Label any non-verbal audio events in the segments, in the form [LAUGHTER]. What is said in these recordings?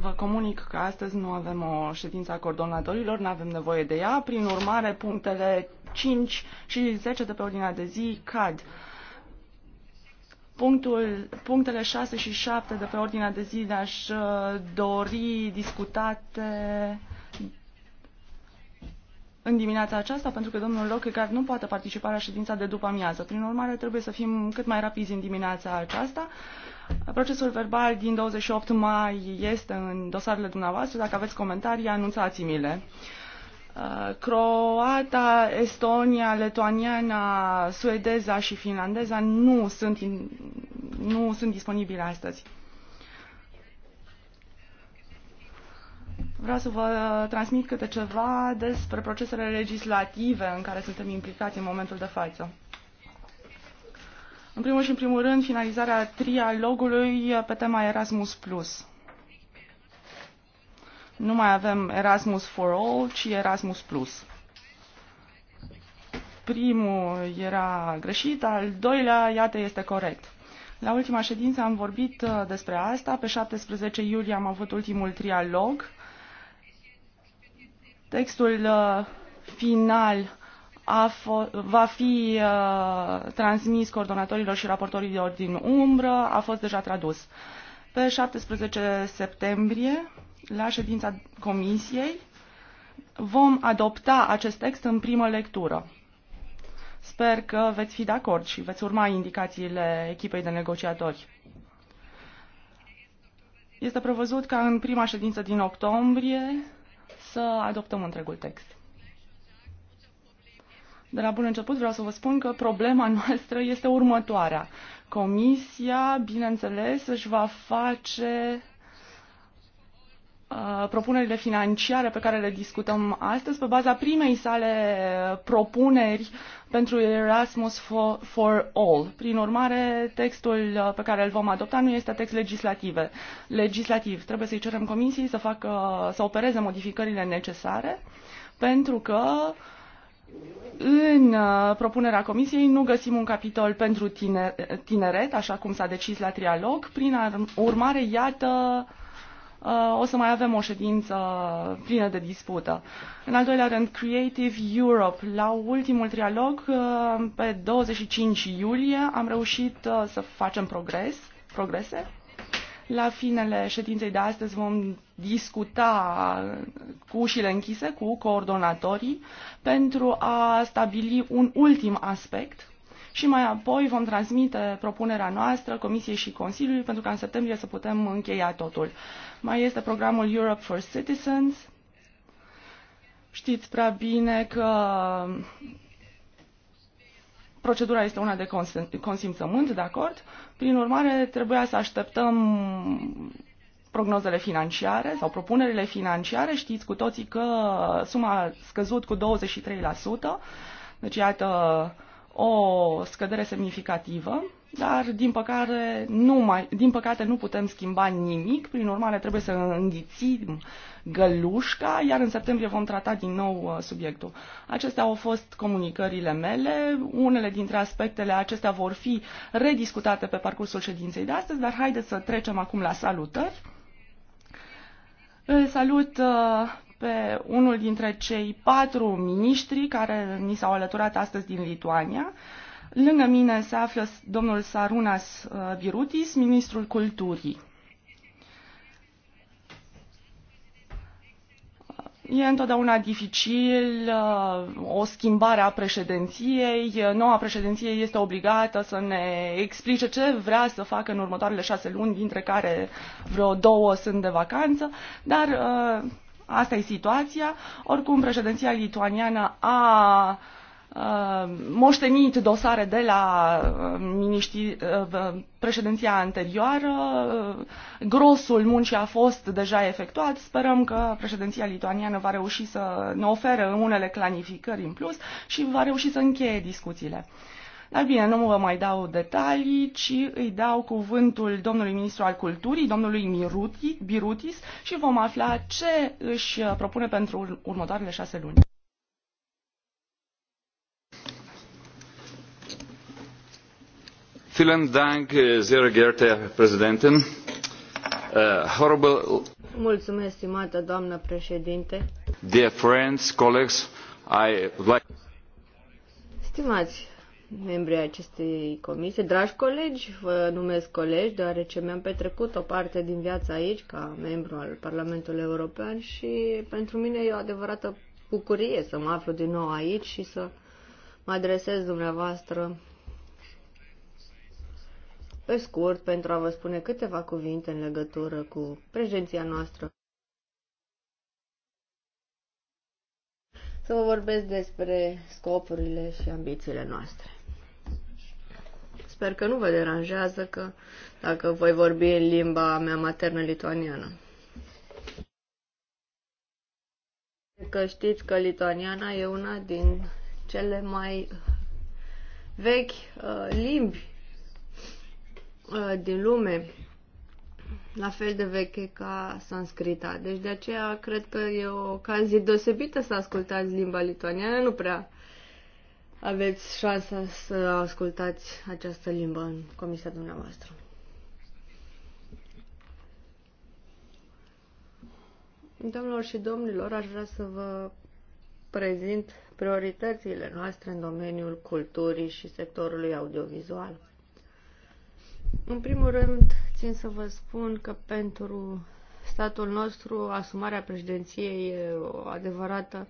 Vă comunic că astăzi nu avem o ședință a coordonatorilor, nu avem nevoie de ea. Prin urmare, punctele 5 și 10 de pe ordinea de zi cad. Punctul, punctele 6 și 7 de pe ordinea de zi le-aș uh, dori discutate în dimineața aceasta, pentru că domnul Lockhart nu poate participa la ședința de după amiază. Prin urmare, trebuie să fim cât mai rapizi în dimineața aceasta. Procesul verbal din 28 mai este în dosarele dumneavoastră. Dacă aveți comentarii, anunțați-mi-le. Uh, croata, Estonia, Letoaniana, Suedeza și Finlandeza nu sunt, in, nu sunt disponibile astăzi. Vreau să vă uh, transmit câte ceva despre procesele legislative în care suntem implicați în momentul de față. În primul și în primul rând, finalizarea trialogului pe tema Erasmus+. Nu mai avem Erasmus for All, ci Erasmus+. Primul era greșit, al doilea, iată, este corect. La ultima ședință am vorbit uh, despre asta. Pe 17 iulie am avut ultimul trialog Textul uh, final a va fi uh, transmis coordonatorilor și raportorilor din umbră, a fost deja tradus. Pe 17 septembrie, la ședința comisiei, vom adopta acest text în primă lectură. Sper că veți fi de acord și veți urma indicațiile echipei de negociatori. Este prevăzut ca în prima ședință din octombrie să adoptăm întregul text. De la bun început vreau să vă spun că problema [LAUGHS] noastră este următoarea. Comisia, bineînțeles, își va face uh, propunerile financiare pe care le discutăm astăzi pe baza primei sale propuneri pentru Erasmus for, for All. Prin urmare, textul uh, pe care îl vom adopta nu este text legislativ. legislativ. Trebuie să-i cerem comisiei să, facă, să opereze modificările necesare, pentru că în uh, propunerea comisiei nu găsim un capitol pentru tineret, așa cum s-a decis la trialog. Prin urmare, iată Uh, o să mai avem o ședință plină de dispută. În al doilea rând, Creative Europe. La ultimul trialog, uh, pe 25 iulie, am reușit uh, să facem progres, progrese. La finele ședinței de astăzi vom discuta cu ușile închise, cu coordonatorii, pentru a stabili un ultim aspect și mai apoi vom transmite propunerea noastră Comisiei și Consiliului pentru ca în septembrie să putem încheia totul. Mai este programul Europe for Citizens. Știți prea bine că procedura este una de consimțământ, de acord? Prin urmare, trebuia să așteptăm prognozele financiare sau propunerile financiare. Știți cu toții că suma a scăzut cu 23%. Deci, iată, o scădere semnificativă, dar din păcate, nu mai, din păcate nu putem schimba nimic, prin urmare trebuie să înghițim gălușca, iar în septembrie vom trata din nou uh, subiectul. Acestea au fost comunicările mele, unele dintre aspectele acestea vor fi rediscutate pe parcursul ședinței de astăzi, dar haideți să trecem acum la salutări. Îl salut uh, pe unul dintre cei patru miniștri care ni s-au alăturat astăzi din Lituania. Lângă mine se află domnul Sarunas Birutis, uh, ministrul culturii. E întotdeauna dificil uh, o schimbare a președinției. Noua președinție este obligată să ne explice ce vrea să facă în următoarele șase luni, dintre care vreo două sunt de vacanță, dar uh, Asta e situația. Oricum, președinția lituaniană a moștenit dosare de la președinția anterioară. Grosul muncii a fost deja efectuat. Sperăm că președinția lituaniană va reuși să ne ofere unele clarificări în plus și va reuși să încheie discuțiile. Dar bine, nu vă mai dau detalii, ci îi dau cuvântul domnului ministru al culturii, domnului Miruti, Birutis, și vom afla ce își propune pentru următoarele șase luni. Vielen Dank, eh, sehr geehrte Präsidentin. Uh, horrible... Mulțumesc, stimată doamnă președinte. Dear friends, colleagues, I like... Stimați membrii acestei comisii. Dragi colegi, vă numesc colegi, deoarece mi-am petrecut o parte din viața aici ca membru al Parlamentului European și pentru mine e o adevărată bucurie să mă aflu din nou aici și să mă adresez dumneavoastră pe scurt pentru a vă spune câteva cuvinte în legătură cu prezenția noastră. Să vă vorbesc despre scopurile și ambițiile noastre. Sper că nu vă deranjează că dacă voi vorbi în limba mea maternă lituaniană. Că știți că lituaniana e una din cele mai vechi uh, limbi uh, din lume, la fel de veche ca sanscrita. Deci de aceea cred că e o ocazie deosebită să ascultați limba lituaniană, nu prea uh, aveți șansa să ascultați această limbă în comisia dumneavoastră. Domnilor și domnilor, aș vrea să vă prezint prioritățile noastre în domeniul culturii și sectorului audiovizual. În primul rând, țin să vă spun că pentru statul nostru asumarea președinției e o adevărată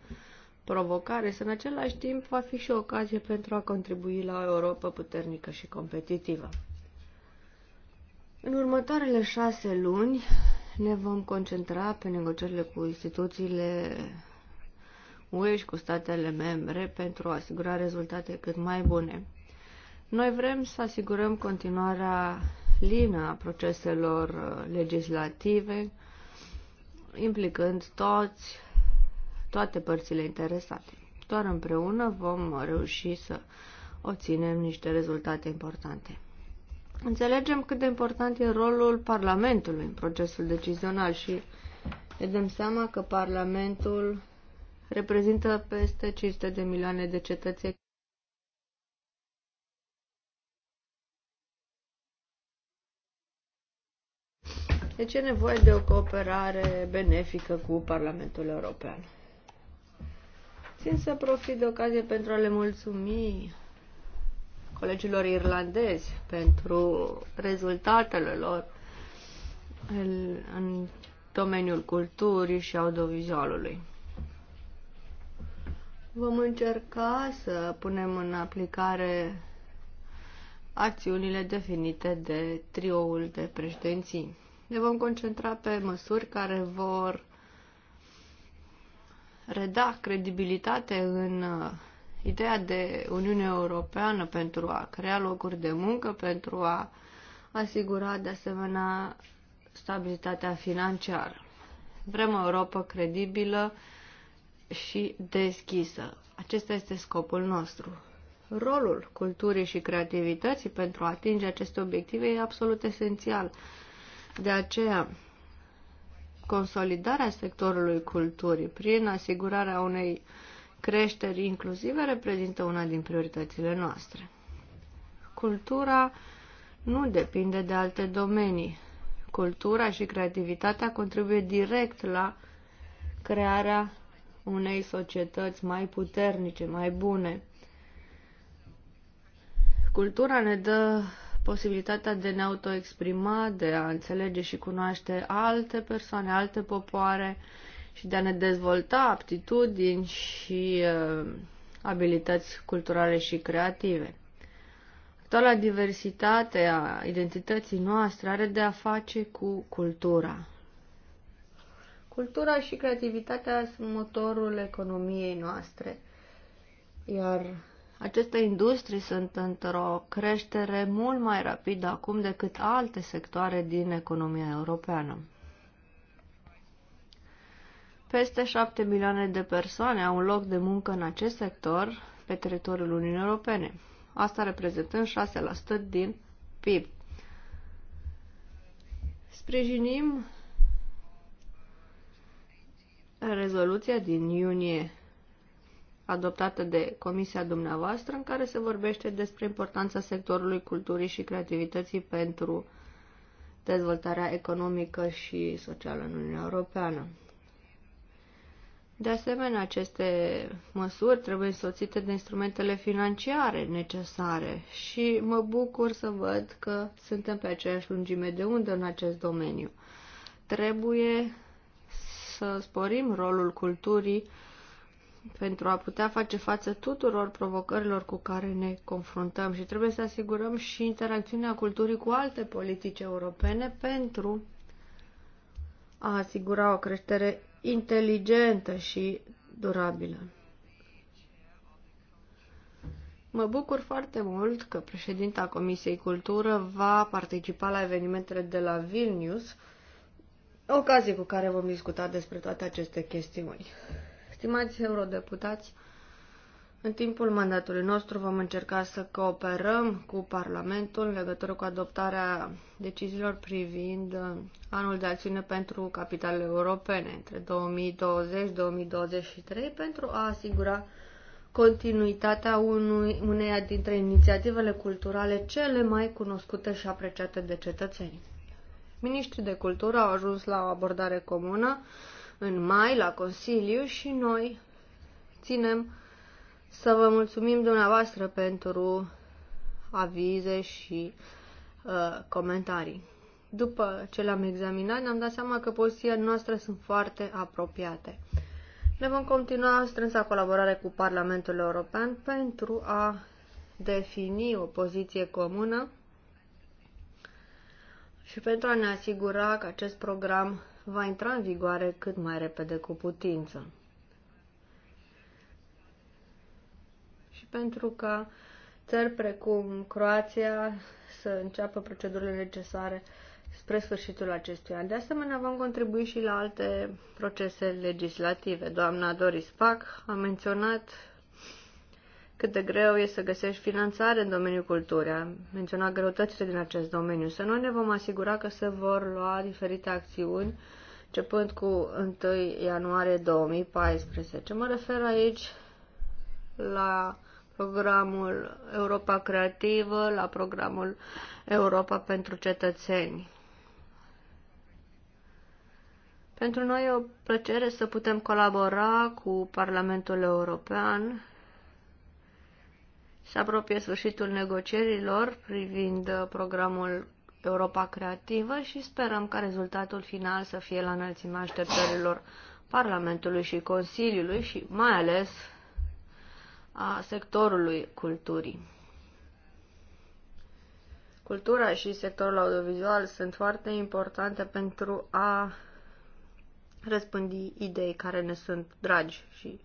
provocare, să în același timp va fi și o ocazie pentru a contribui la o Europa puternică și competitivă. În următoarele șase luni ne vom concentra pe negocierile cu instituțiile UE și cu statele membre pentru a asigura rezultate cât mai bune. Noi vrem să asigurăm continuarea lină a proceselor uh, legislative, implicând toți toate părțile interesate. Doar împreună vom reuși să obținem niște rezultate importante. Înțelegem cât de important e rolul Parlamentului în procesul decizional și ne dăm seama că Parlamentul reprezintă peste 500 de milioane de cetățeni. Deci e nevoie de o cooperare benefică cu Parlamentul European. Țin să profit de ocazie pentru a le mulțumi colegilor irlandezi pentru rezultatele lor în domeniul culturii și audiovizualului. Vom încerca să punem în aplicare acțiunile definite de trioul de președinții. Ne vom concentra pe măsuri care vor reda credibilitate în uh, ideea de Uniune Europeană pentru a crea locuri de muncă, pentru a asigura de asemenea stabilitatea financiară. Vrem o Europa credibilă și deschisă. Acesta este scopul nostru. Rolul culturii și creativității pentru a atinge aceste obiective e absolut esențial. De aceea, consolidarea sectorului culturii prin asigurarea unei creșteri inclusive reprezintă una din prioritățile noastre. Cultura nu depinde de alte domenii. Cultura și creativitatea contribuie direct la crearea unei societăți mai puternice, mai bune. Cultura ne dă posibilitatea de ne autoexprima, de a înțelege și cunoaște alte persoane, alte popoare și de a ne dezvolta aptitudini și uh, abilități culturale și creative. Actuala diversitate a identității noastre are de a face cu cultura. Cultura și creativitatea sunt motorul economiei noastre, iar aceste industrii sunt într-o creștere mult mai rapidă acum decât alte sectoare din economia europeană. Peste 7 milioane de persoane au un loc de muncă în acest sector pe teritoriul Uniunii Europene, asta reprezentând 6% din PIB. Sprijinim rezoluția din iunie adoptată de comisia dumneavoastră în care se vorbește despre importanța sectorului culturii și creativității pentru dezvoltarea economică și socială în Uniunea Europeană. De asemenea, aceste măsuri trebuie însoțite de instrumentele financiare necesare și mă bucur să văd că suntem pe aceeași lungime de undă în acest domeniu. Trebuie să sporim rolul culturii pentru a putea face față tuturor provocărilor cu care ne confruntăm și trebuie să asigurăm și interacțiunea culturii cu alte politici europene pentru a asigura o creștere inteligentă și durabilă. Mă bucur foarte mult că președinta Comisiei Cultură va participa la evenimentele de la Vilnius, ocazie cu care vom discuta despre toate aceste chestiuni. Stimați eurodeputați, în timpul mandatului nostru vom încerca să cooperăm cu Parlamentul în legătură cu adoptarea deciziilor privind uh, anul de acțiune pentru capitalele europene între 2020-2023 pentru a asigura continuitatea unui, uneia dintre inițiativele culturale cele mai cunoscute și apreciate de cetățeni. Ministrii de cultură au ajuns la o abordare comună în mai la Consiliu și noi ținem să vă mulțumim dumneavoastră pentru avize și uh, comentarii. După ce le-am examinat, ne-am dat seama că pozițiile noastre sunt foarte apropiate. Ne vom continua strânsa colaborare cu Parlamentul European pentru a defini o poziție comună și pentru a ne asigura că acest program va intra în vigoare cât mai repede cu putință. Și pentru ca țări precum Croația să înceapă procedurile necesare spre sfârșitul acestui an. De asemenea, vom contribui și la alte procese legislative. Doamna Doris Pac a menționat cât de greu e să găsești finanțare în domeniul culturii. Am menționat greutățile din acest domeniu. Să noi ne vom asigura că se vor lua diferite acțiuni începând cu 1 ianuarie 2014. Mă refer aici la programul Europa Creativă, la programul Europa pentru cetățeni. Pentru noi e o plăcere să putem colabora cu Parlamentul European se apropie sfârșitul negocierilor privind uh, programul Europa Creativă și sperăm ca rezultatul final să fie la înălțimea așteptărilor Parlamentului și Consiliului și mai ales a sectorului culturii. Cultura și sectorul audiovizual sunt foarte importante pentru a răspândi idei care ne sunt dragi și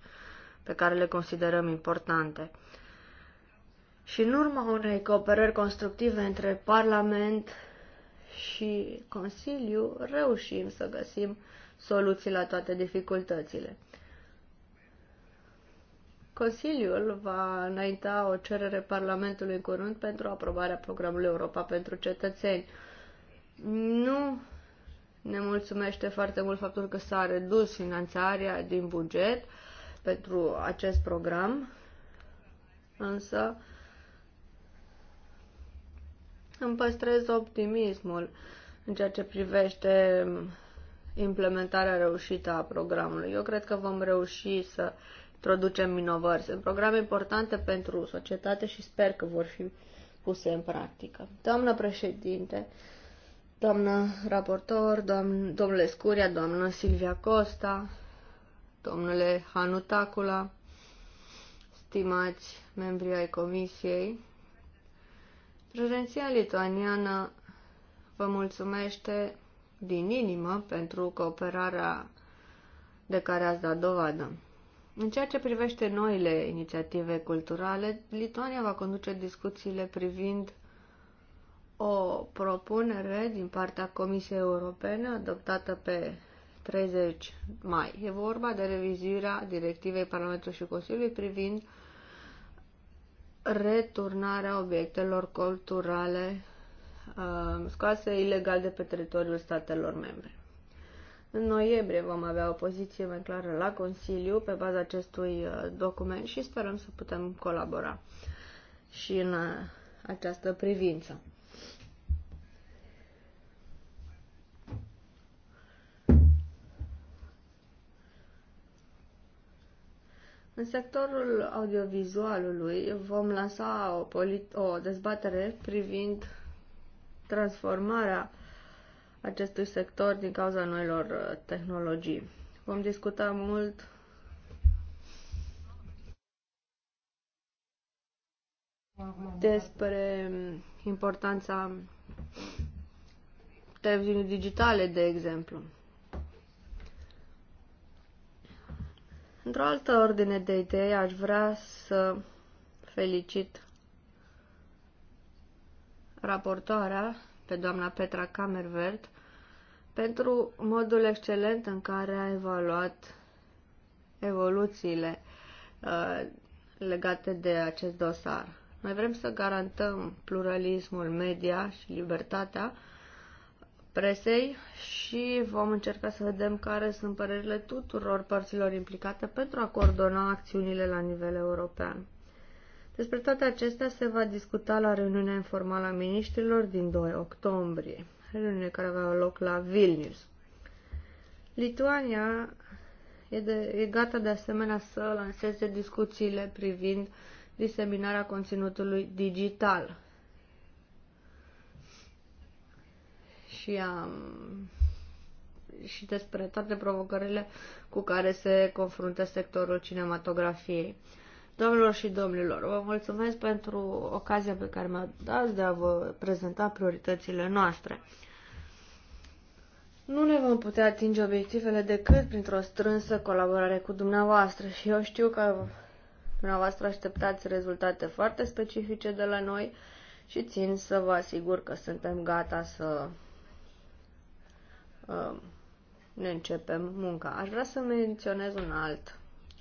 pe care le considerăm importante. Și în urma unei cooperări constructive între Parlament și Consiliu, reușim să găsim soluții la toate dificultățile. Consiliul va înainta o cerere Parlamentului în curând pentru aprobarea programului Europa pentru cetățeni. Nu ne mulțumește foarte mult faptul că s-a redus finanțarea din buget pentru acest program, însă îmi păstrez optimismul în ceea ce privește implementarea reușită a programului. Eu cred că vom reuși să introducem inovări. Sunt programe importante pentru societate și sper că vor fi puse în practică. Doamnă președinte, doamnă raportor, doamn, domnule Scuria, doamnă Silvia Costa, domnule Hanutacula, stimați membri ai comisiei, Prezenția lituaniană vă mulțumește din inimă pentru cooperarea de care ați dat dovadă. În ceea ce privește noile inițiative culturale, Lituania va conduce discuțiile privind o propunere din partea Comisiei Europene adoptată pe 30 mai. E vorba de revizuirea directivei Parlamentului și Consiliului privind returnarea obiectelor culturale uh, scoase ilegal de pe teritoriul statelor membre. În noiembrie vom avea o poziție mai clară la Consiliu pe baza acestui uh, document și sperăm să putem colabora și în uh, această privință. În sectorul audiovizualului vom lansa o, o dezbatere privind transformarea acestui sector din cauza noilor uh, tehnologii. Vom discuta mult despre um, importanța televiziunii digitale, de exemplu. Într-o altă ordine de idei, aș vrea să felicit raportoarea pe doamna Petra Camervert pentru modul excelent în care a evaluat evoluțiile uh, legate de acest dosar. Noi vrem să garantăm pluralismul media și libertatea presei și vom încerca să vedem care sunt părerile tuturor părților implicate pentru a coordona acțiunile la nivel european. Despre toate acestea se va discuta la reuniunea informală a miniștrilor din 2 octombrie, reuniune care avea loc la Vilnius. Lituania e, de, e gata de asemenea să lanseze discuțiile privind diseminarea conținutului digital și, a, și despre toate provocările cu care se confruntă sectorul cinematografiei. Domnilor și domnilor, vă mulțumesc pentru ocazia pe care mi-a dat de a vă prezenta prioritățile noastre. Nu ne vom putea atinge obiectivele decât printr-o strânsă colaborare cu dumneavoastră și eu știu că dumneavoastră așteptați rezultate foarte specifice de la noi și țin să vă asigur că suntem gata să Um, ne începem munca. Aș vrea să menționez un alt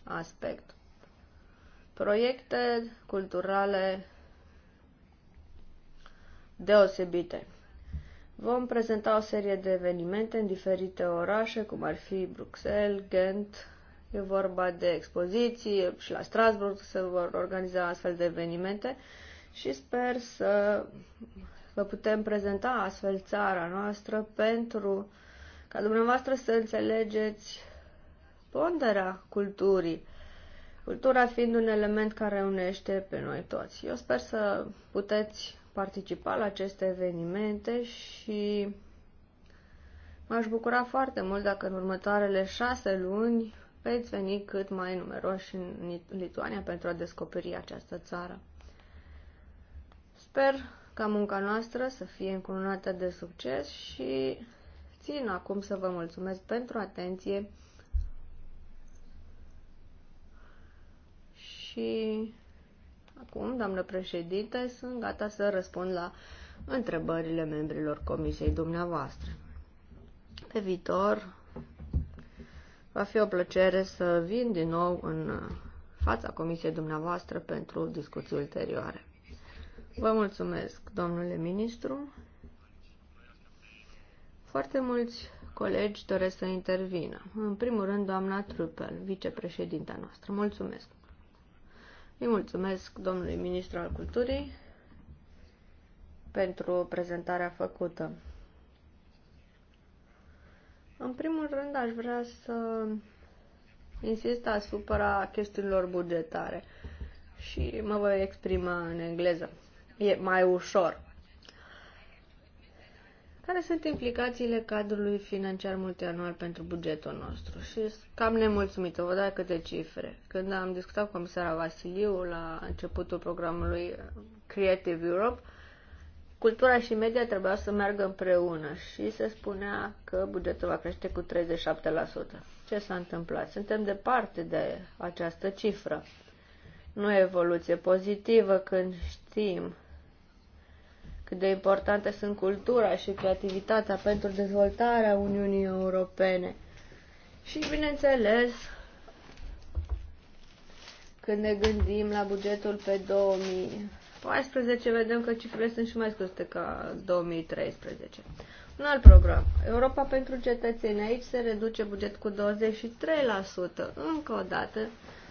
aspect. Proiecte culturale deosebite. Vom prezenta o serie de evenimente în diferite orașe, cum ar fi Bruxelles, Ghent, e vorba de expoziții și la Strasbourg se vor organiza astfel de evenimente și sper să vă putem prezenta astfel țara noastră pentru ca dumneavoastră să înțelegeți ponderea culturii, cultura fiind un element care unește pe noi toți. Eu sper să puteți participa la aceste evenimente și m-aș bucura foarte mult dacă în următoarele șase luni veți veni cât mai numeroși în Lituania pentru a descoperi această țară. Sper ca munca noastră să fie încununată de succes și țin acum să vă mulțumesc pentru atenție și acum, doamnă președinte, sunt gata să răspund la întrebările membrilor comisiei dumneavoastră. Pe viitor va fi o plăcere să vin din nou în fața comisiei dumneavoastră pentru discuții ulterioare. Vă mulțumesc, domnule ministru. Foarte mulți colegi doresc să intervină. În primul rând, doamna Trupel, vicepreședinta noastră. Mulțumesc! Îi mulțumesc domnului ministru al culturii pentru prezentarea făcută. În primul rând, aș vrea să insist asupra chestiunilor bugetare și mă voi exprima în engleză. E mai ușor care sunt implicațiile cadrului financiar multianual pentru bugetul nostru. Și cam nemulțumită, vă dau câte cifre. Când am discutat cu comisara Vasiliu la începutul programului uh, Creative Europe, cultura și media trebuiau să meargă împreună și se spunea că bugetul va crește cu 37%. Ce s-a întâmplat? Suntem departe de această cifră. Nu e evoluție pozitivă când știm cât de importante sunt cultura și creativitatea pentru dezvoltarea Uniunii Europene. Și, bineînțeles, când ne gândim la bugetul pe 2014, vedem că cifrele sunt și mai scurte ca 2013. Un alt program, Europa pentru cetățeni, aici se reduce buget cu 23%. Încă o dată,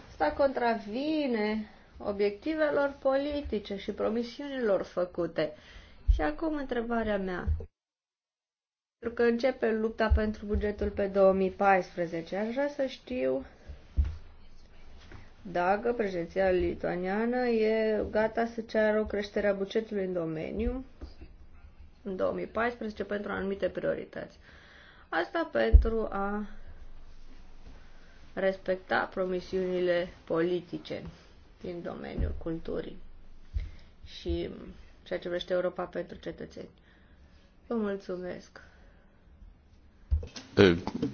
asta contravine obiectivelor politice și promisiunilor făcute. Și acum întrebarea mea. Pentru că începe lupta pentru bugetul pe 2014, aș vrea să știu dacă președinția lituaniană e gata să ceară o creștere a bugetului în domeniu în 2014 pentru anumite priorități. Asta pentru a respecta promisiunile politice din domeniul culturii. Și ceea ce vrește Europa pentru cetățeni. Vă mulțumesc.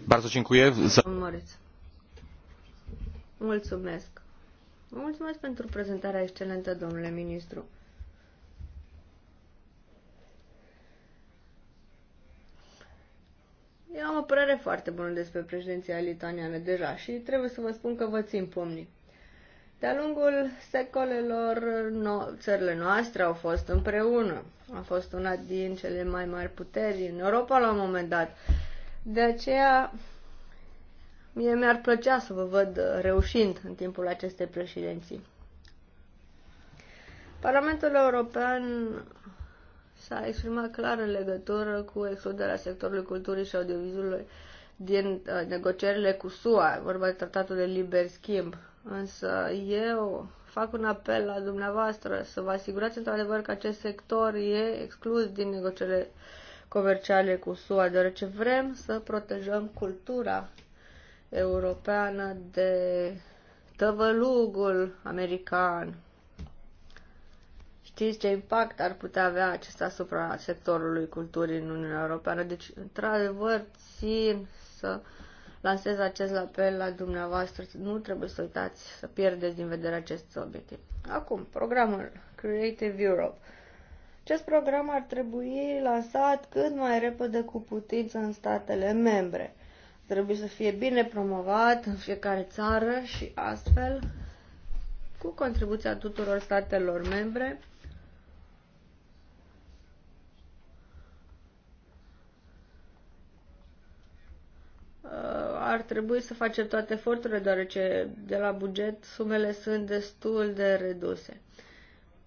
Bardzo dziękuję. Mulțumesc. Vă mulțumesc pentru prezentarea excelentă, domnule ministru. Eu am o părere foarte bună despre președinția litaniană deja și trebuie să vă spun că vă țin pomnii. De-a lungul secolelor, no- țările noastre au fost împreună. A fost una din cele mai mari puteri în Europa la un moment dat. De aceea, mie mi-ar plăcea să vă văd reușind în timpul acestei președinții. Parlamentul European s-a exprimat clar în legătură cu excluderea sectorului culturii și audiovizualului din uh, negocierile cu SUA, vorba de tratatul de liber schimb Însă eu fac un apel la dumneavoastră să vă asigurați într-adevăr că acest sector e exclus din negocierile comerciale cu SUA, deoarece vrem să protejăm cultura europeană de tăvălugul american. Știți ce impact ar putea avea acesta asupra sectorului culturii în Uniunea Europeană? Deci, într-adevăr, țin să lansez acest apel la dumneavoastră. Nu trebuie să uitați să pierdeți din vedere acest obiectiv. Acum, programul Creative Europe. Acest program ar trebui lansat cât mai repede cu putință în statele membre. Trebuie să fie bine promovat în fiecare țară și astfel, cu contribuția tuturor statelor membre, Uh, ar trebui să facem toate eforturile, deoarece de la buget sumele sunt destul de reduse.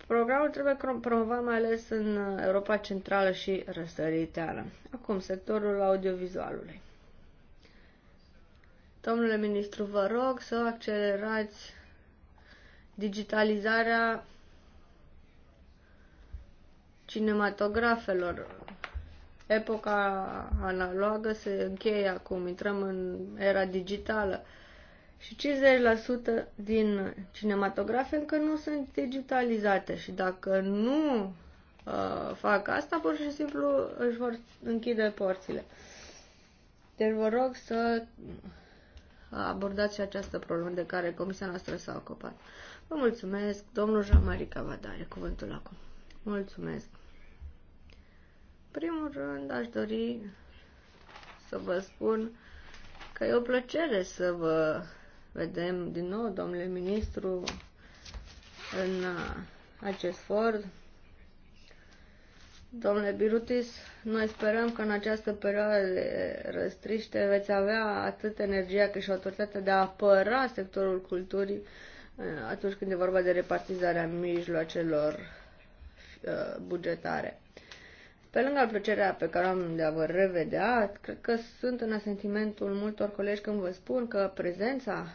Programul trebuie promovat mai ales în Europa Centrală și Răsăriteană. Acum, sectorul audiovizualului. Domnule ministru, vă rog să accelerați digitalizarea cinematografelor Epoca analogă se încheie acum, intrăm în era digitală și 50% din cinematografe încă nu sunt digitalizate și dacă nu uh, fac asta, pur și simplu își vor închide porțile. Deci vă rog să abordați și această problemă de care comisia noastră s-a ocupat. Vă mulțumesc, domnul Jean-Marie Cavadare, cuvântul acum. Mulțumesc primul rând aș dori să vă spun că e o plăcere să vă vedem din nou, domnule ministru, în uh, acest for. Domnule Birutis, noi sperăm că în această perioadă de răstriște veți avea atât energia cât și autoritatea de a apăra sectorul culturii uh, atunci când e vorba de repartizarea mijloacelor uh, bugetare. Pe lângă plăcerea pe care am de a vă revedea, cred că sunt în asentimentul multor colegi când vă spun că prezența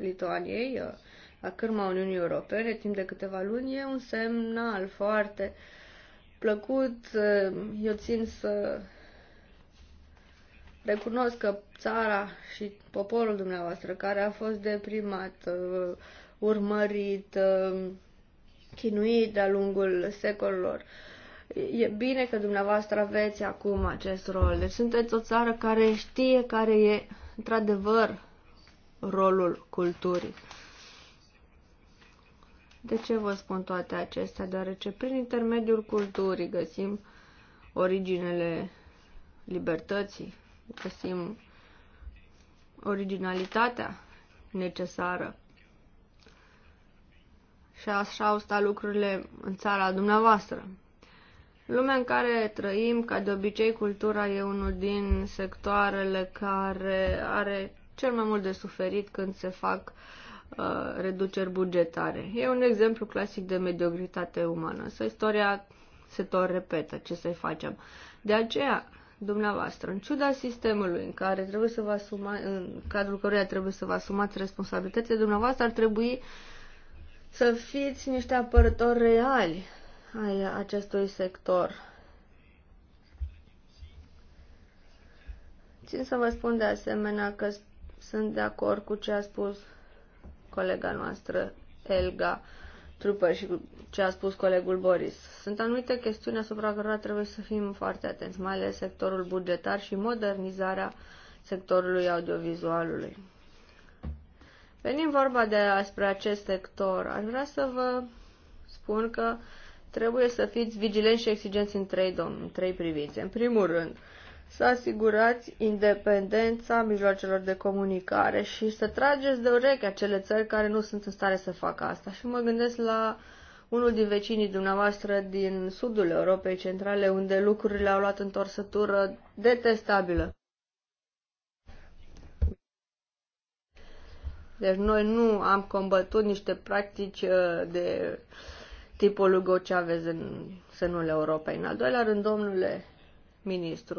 Lituaniei uh, la cârma Uniunii Europene timp de câteva luni e un semnal foarte plăcut. Uh, eu țin să recunosc că țara și poporul dumneavoastră care a fost deprimat, uh, urmărit, chinuit de-a lungul secolelor, E bine că dumneavoastră aveți acum acest rol. Deci sunteți o țară care știe care e într-adevăr rolul culturii. De ce vă spun toate acestea? Deoarece prin intermediul culturii găsim originele libertății, găsim originalitatea necesară. Și așa au stat lucrurile în țara dumneavoastră. Lumea în care trăim, ca de obicei, cultura e unul din sectoarele care are cel mai mult de suferit când se fac uh, reduceri bugetare. E un exemplu clasic de mediocritate umană. Să istoria se tot repetă, ce să-i facem. De aceea, dumneavoastră, în ciuda sistemului în care trebuie să vă asuma, în cadrul căruia trebuie să vă asumați responsabilitățile, dumneavoastră ar trebui să fiți niște apărători reali ai acestui sector. Țin să vă spun de asemenea că sunt de acord cu ce a spus colega noastră Elga Trupă și cu ce a spus colegul Boris. Sunt anumite chestiuni asupra cărora trebuie să fim foarte atenți, mai ales sectorul bugetar și modernizarea sectorului audiovizualului. Venim vorba de, despre acest sector. Aș vrea să vă spun că trebuie să fiți vigilenți și exigenți în trei, domn, în trei privințe. În primul rând, să asigurați independența mijloacelor de comunicare și să trageți de ureche acele țări care nu sunt în stare să facă asta. Și mă gândesc la unul din vecinii dumneavoastră din sudul Europei Centrale, unde lucrurile au luat întorsătură detestabilă. Deci noi nu am combătut niște practici uh, de uh, tipul Hugo Chavez în sânul Europei. În al doilea rând, domnule ministru,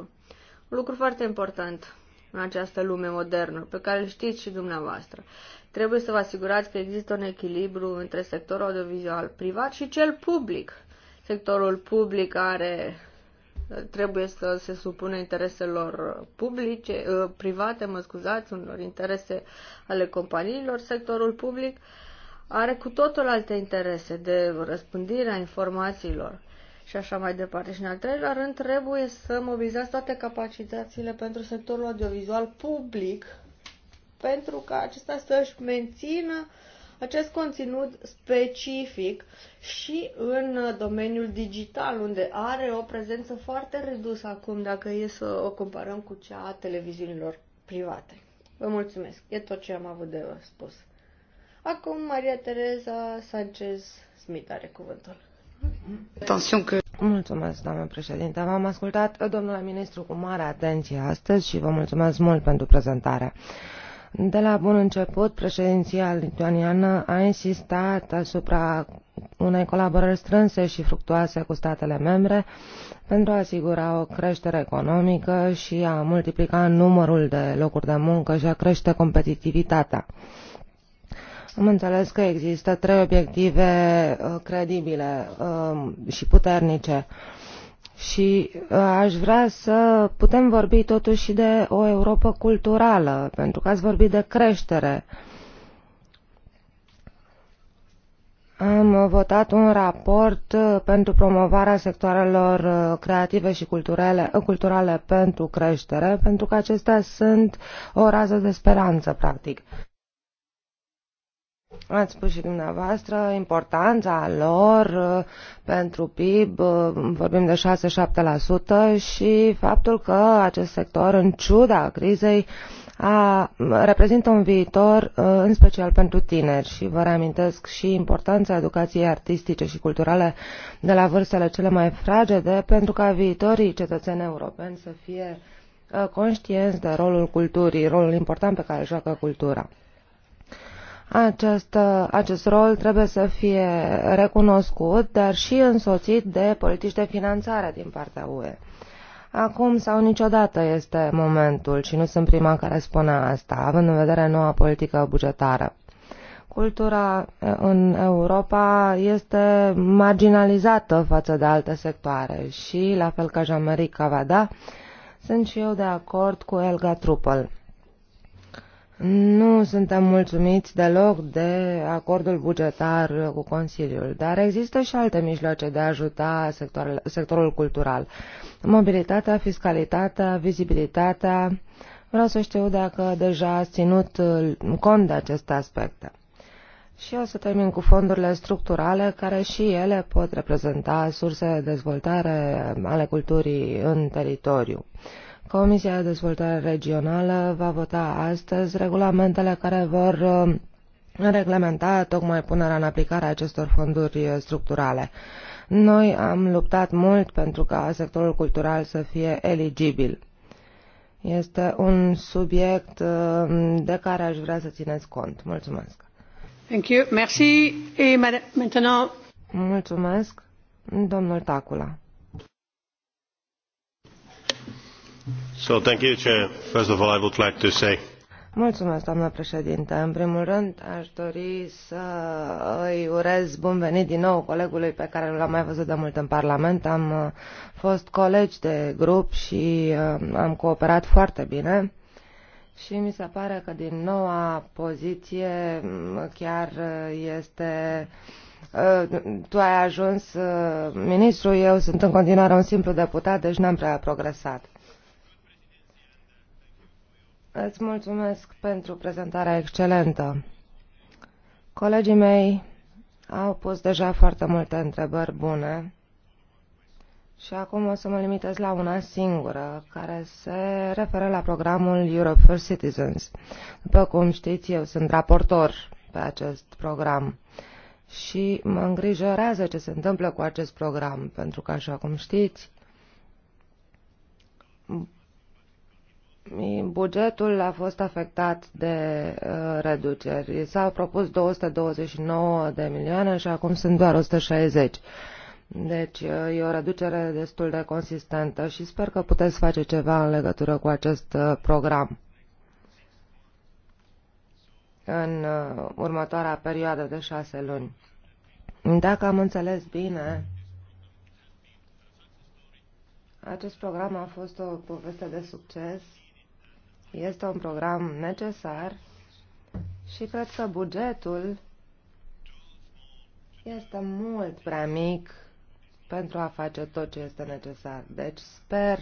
un lucru foarte important în această lume modernă, pe care îl știți și dumneavoastră. Trebuie să vă asigurați că există un echilibru între sectorul audiovizual privat și cel public. Sectorul public are trebuie să se supune intereselor publice, eh, private, mă scuzați, unor interese ale companiilor, sectorul public are cu totul alte interese de răspândirea informațiilor și așa mai departe. Și în al treilea rând trebuie să mobilizați toate capacitățile pentru sectorul audiovizual public pentru ca acesta să-și mențină acest conținut specific și în domeniul digital, unde are o prezență foarte redusă acum dacă e să o comparăm cu cea a televiziunilor private. Vă mulțumesc. E tot ce am avut de spus. Acum Maria Tereza Sanchez Smith are cuvântul. Atențion că... Mulțumesc, doamnă președinte. V-am ascultat, domnule ministru, cu mare atenție astăzi și vă mulțumesc mult pentru prezentare. De la bun început, președinția lituaniană a insistat asupra unei colaborări strânse și fructuoase cu statele membre pentru a asigura o creștere economică și a multiplica numărul de locuri de muncă și a crește competitivitatea. Am înțeles că există trei obiective uh, credibile um, și puternice și uh, aș vrea să putem vorbi totuși de o Europa culturală, pentru că ați vorbit de creștere. Am votat un raport uh, pentru promovarea sectoarelor creative și culturale, culturale pentru creștere, pentru că acestea sunt o rază de speranță, practic. Ați spus și dumneavoastră importanța lor uh, pentru PIB, uh, vorbim de 6-7% și faptul că acest sector, în ciuda crizei, a, reprezintă un viitor uh, în special pentru tineri și vă reamintesc și importanța educației artistice și culturale de la vârstele cele mai fragede pentru ca viitorii cetățeni europeni să fie conștienți de rolul culturii, rolul important pe care îl joacă cultura. Acest, acest rol trebuie să fie recunoscut, dar și însoțit de politici de finanțare din partea UE. Acum sau niciodată este momentul și nu sunt prima care spune asta, având în vedere noua politică bugetară. Cultura eh, în Europa este marginalizată față de alte sectoare și, la fel ca Jean-Marie Cavada, sunt și eu de acord cu Elga Truppel. Nu suntem mulțumiți deloc de acordul bugetar cu Consiliul, dar există și alte mijloace de a ajuta sectorul, sectorul cultural. Mobilitatea, fiscalitatea, vizibilitatea. Vreau să știu dacă deja ați ținut uh, cont de aceste aspecte. Și o să termin cu fondurile structurale, care și ele pot reprezenta surse de dezvoltare ale culturii în teritoriu. Uh, Comisia de Dezvoltare Regională va vota astăzi regulamentele care vor uh, reglementa tocmai punerea în aplicare a acestor fonduri uh, structurale. Noi am luptat mult pentru ca sectorul cultural să fie eligibil. Este un subiect uh, de care aș vrea să țineți cont. Mulțumesc. Thank you. Merci. Et maintenant... Mulțumesc, domnul Tacula. So, thank you, Chair. First of all, I would like to say Mulțumesc, doamnă președinte. În primul rând, aș dori să îi urez bun venit din nou colegului pe care nu l-am mai văzut de mult în Parlament. Am uh, fost colegi de grup și uh, am cooperat foarte bine. Și mi se pare că din noua poziție chiar uh, este tu ai ajuns ministru, eu sunt în continuare un simplu deputat, deci n-am prea progresat. Îți mulțumesc pentru prezentarea excelentă. Colegii mei au pus deja foarte multe întrebări bune și acum o să mă limitez la una singură, care se referă la programul Europe for Citizens. După cum știți, eu sunt raportor pe acest program și mă îngrijorează ce se întâmplă cu acest program, pentru că, așa cum știți, Bugetul a fost afectat de uh, reduceri. S-au propus 229 de milioane și acum sunt doar 160. Deci uh, e o reducere destul de consistentă și sper că puteți face ceva în legătură cu acest uh, program în următoarea perioadă de șase luni. Dacă am înțeles bine, acest program a fost o poveste de succes este un program necesar și cred că bugetul este mult prea mic pentru a face tot ce este necesar. Deci sper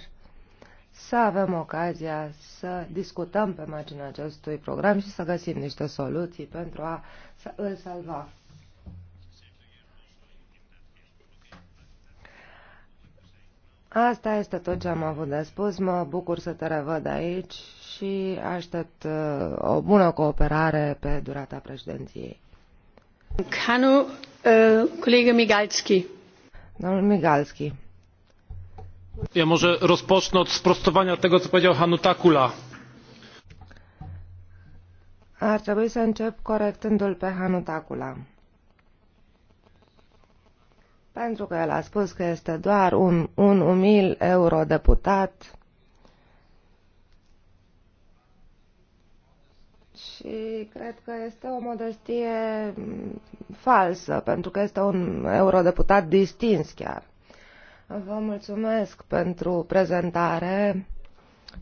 să avem ocazia să discutăm pe marginea acestui program și să găsim niște soluții pentru a să îl salva. Asta este tot ce am avut de spus. Mă bucur să te revăd aici și aștept uh, o bună cooperare pe durata președinției. Canu, uh, colegă Migalski. Domnul Migalski. Ja może rozpocznę od sprostowania tego, co powiedział Hanuta Kula? Ar trebui să încep corectându-l pe Hanuta Kula. Pentru că el a spus că este doar un, un umil eurodeputat și cred că este o modestie mm, falsă, pentru că este un eurodeputat distins chiar. Vă mulțumesc pentru prezentare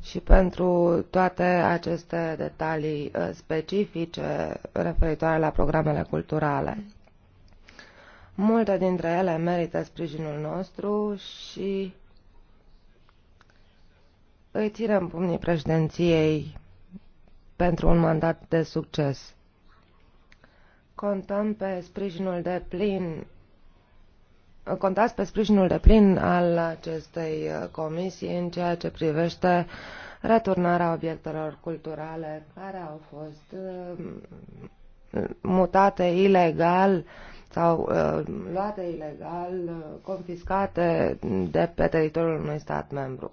și pentru toate aceste detalii uh, specifice referitoare la programele culturale. Multe dintre ele merită sprijinul nostru și îi ținem pumnii președinției pentru un mandat de succes. Contăm pe sprijinul de plin contați pe sprijinul de plin al acestei comisii în ceea ce privește returnarea obiectelor culturale care au fost um, mutate ilegal sau uh, luate ilegal, uh, confiscate de pe teritoriul unui stat membru.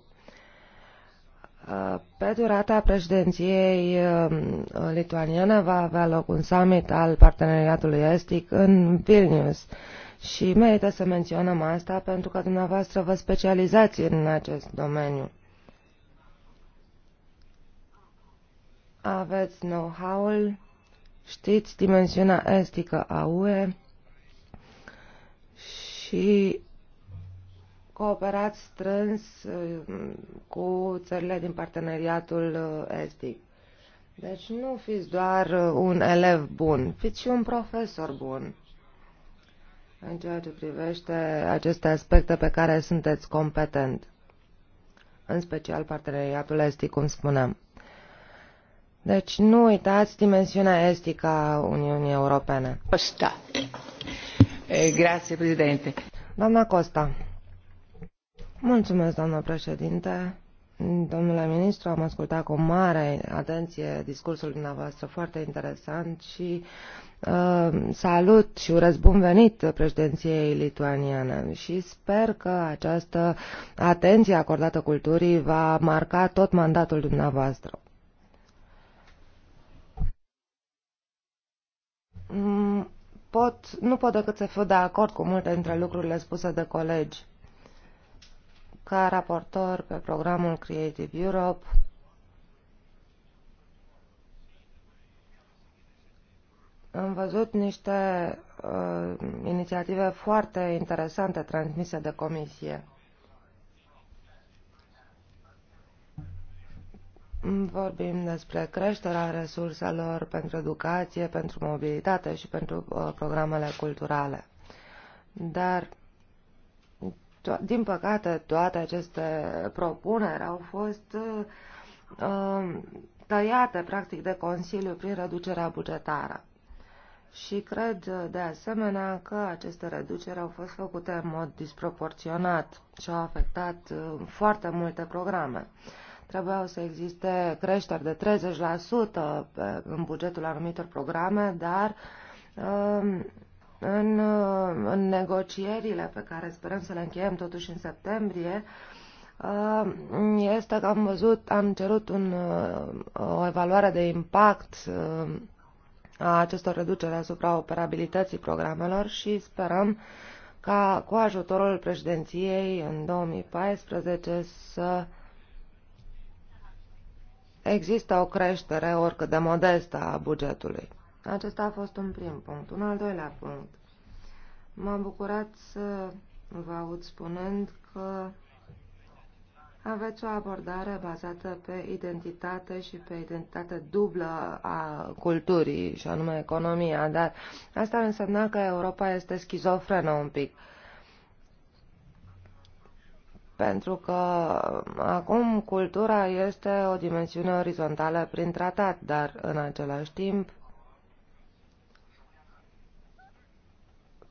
Uh, pe durata președinției uh, lituaniene va avea loc un summit al parteneriatului estic în Vilnius și merită să menționăm asta pentru că dumneavoastră vă specializați în acest domeniu. Aveți know-how-ul, știți dimensiunea estică a UE și cooperat strâns uh, cu țările din parteneriatul estic. Uh, deci nu fiți doar uh, un elev bun, fiți și un profesor bun în ceea ce privește aceste aspecte pe care sunteți competent, în special parteneriatul estic, cum spuneam. Deci nu uitați dimensiunea estică a Uniunii Europene. Costa. Eh, grazie, președinte. Doamna Costa. Mulțumesc, doamnă președinte. Domnule ministru, am ascultat cu mare atenție discursul dumneavoastră, foarte interesant și uh, salut și urez bun venit președinției lituaniene și sper că această atenție acordată culturii va marca tot mandatul dumneavoastră. Mm, pot, nu pot decât să fiu de acord cu multe dintre lucrurile spuse de colegi ca raportor pe programul Creative Europe Am văzut niște uh, inițiative foarte interesante transmise de comisie. Vorbim despre creșterea resurselor pentru educație, pentru mobilitate și pentru uh, programele culturale. Dar din păcate, toate aceste propuneri au fost uh, tăiate, practic, de Consiliu prin reducerea bugetară. Și cred, de asemenea, că aceste reduceri au fost făcute în mod disproporționat și au afectat uh, foarte multe programe. Trebuiau să existe creșteri de 30% în bugetul anumitor programe, dar uh, în, în negocierile pe care sperăm să le încheiem totuși în septembrie, uh, este că am văzut, am cerut un, uh, o evaluare de impact uh, a acestor reduceri asupra operabilității programelor și sperăm ca cu ajutorul președinției în 2014 să există o creștere oricât de modestă a bugetului. Acesta a fost un prim punct. Un al doilea punct. M-am bucurat să vă aud spunând că aveți o abordare bazată pe identitate și pe identitate dublă a culturii, și anume economia, dar asta ar însemna că Europa este schizofrenă un pic. Pentru că acum cultura este o dimensiune orizontală prin tratat, dar în același timp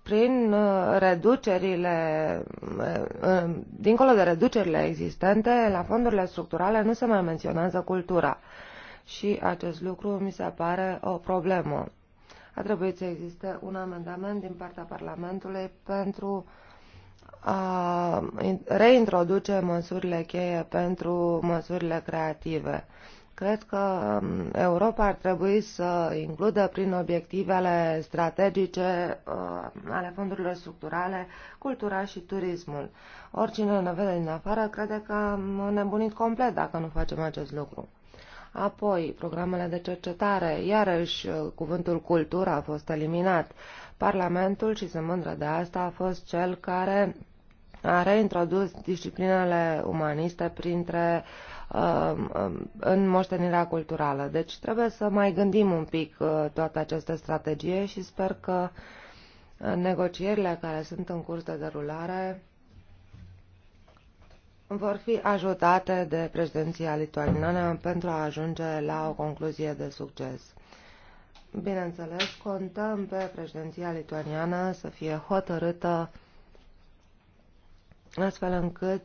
prin uh, reducerile, uh, uh, dincolo de reducerile existente, la fondurile structurale nu se mai menționează cultura. Și acest lucru mi se pare o problemă. A trebuit să existe un amendament din partea Parlamentului pentru a reintroduce măsurile cheie pentru măsurile creative. Cred că um, Europa ar trebui să includă prin obiectivele strategice uh, ale fondurilor structurale cultura și turismul. Oricine ne vede din afară crede că am nebunit complet dacă nu facem acest lucru. Apoi, programele de cercetare, iarăși uh, cuvântul cultură a fost eliminat. Parlamentul, și se mândră de asta, a fost cel care a reintrodus disciplinele umaniste printre uh, Um, um, în moștenirea culturală. Deci trebuie să mai gândim un pic uh, toată această strategie și sper că uh, negocierile care sunt în curs de derulare vor fi ajutate de președinția lituaniană pentru a ajunge la o concluzie de succes. Bineînțeles, contăm pe președinția lituaniană să fie hotărâtă astfel încât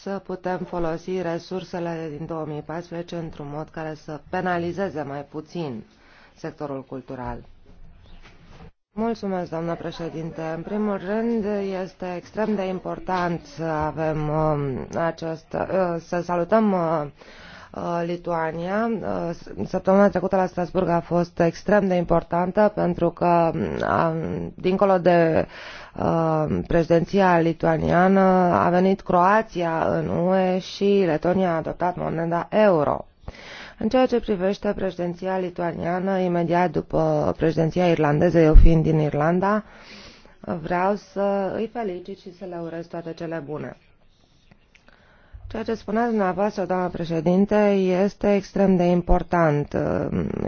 să putem folosi resursele din 2014 într-un mod care să penalizeze mai puțin sectorul cultural. Mulțumesc, doamnă președinte. În primul rând, este extrem de important să avem uh, um, acest, uh, să salutăm uh, Uh, Lituania. Uh, săptămâna trecută la Strasburg a fost extrem de importantă pentru că, um, dincolo de uh, președinția lituaniană, a venit Croația în UE și Letonia a adoptat moneda euro. În ceea ce privește președinția lituaniană, imediat după președinția irlandeză, eu fiind din Irlanda, vreau să îi felicit și să le urez toate cele bune. Ceea ce spuneați dumneavoastră, doamnă președinte, este extrem de important.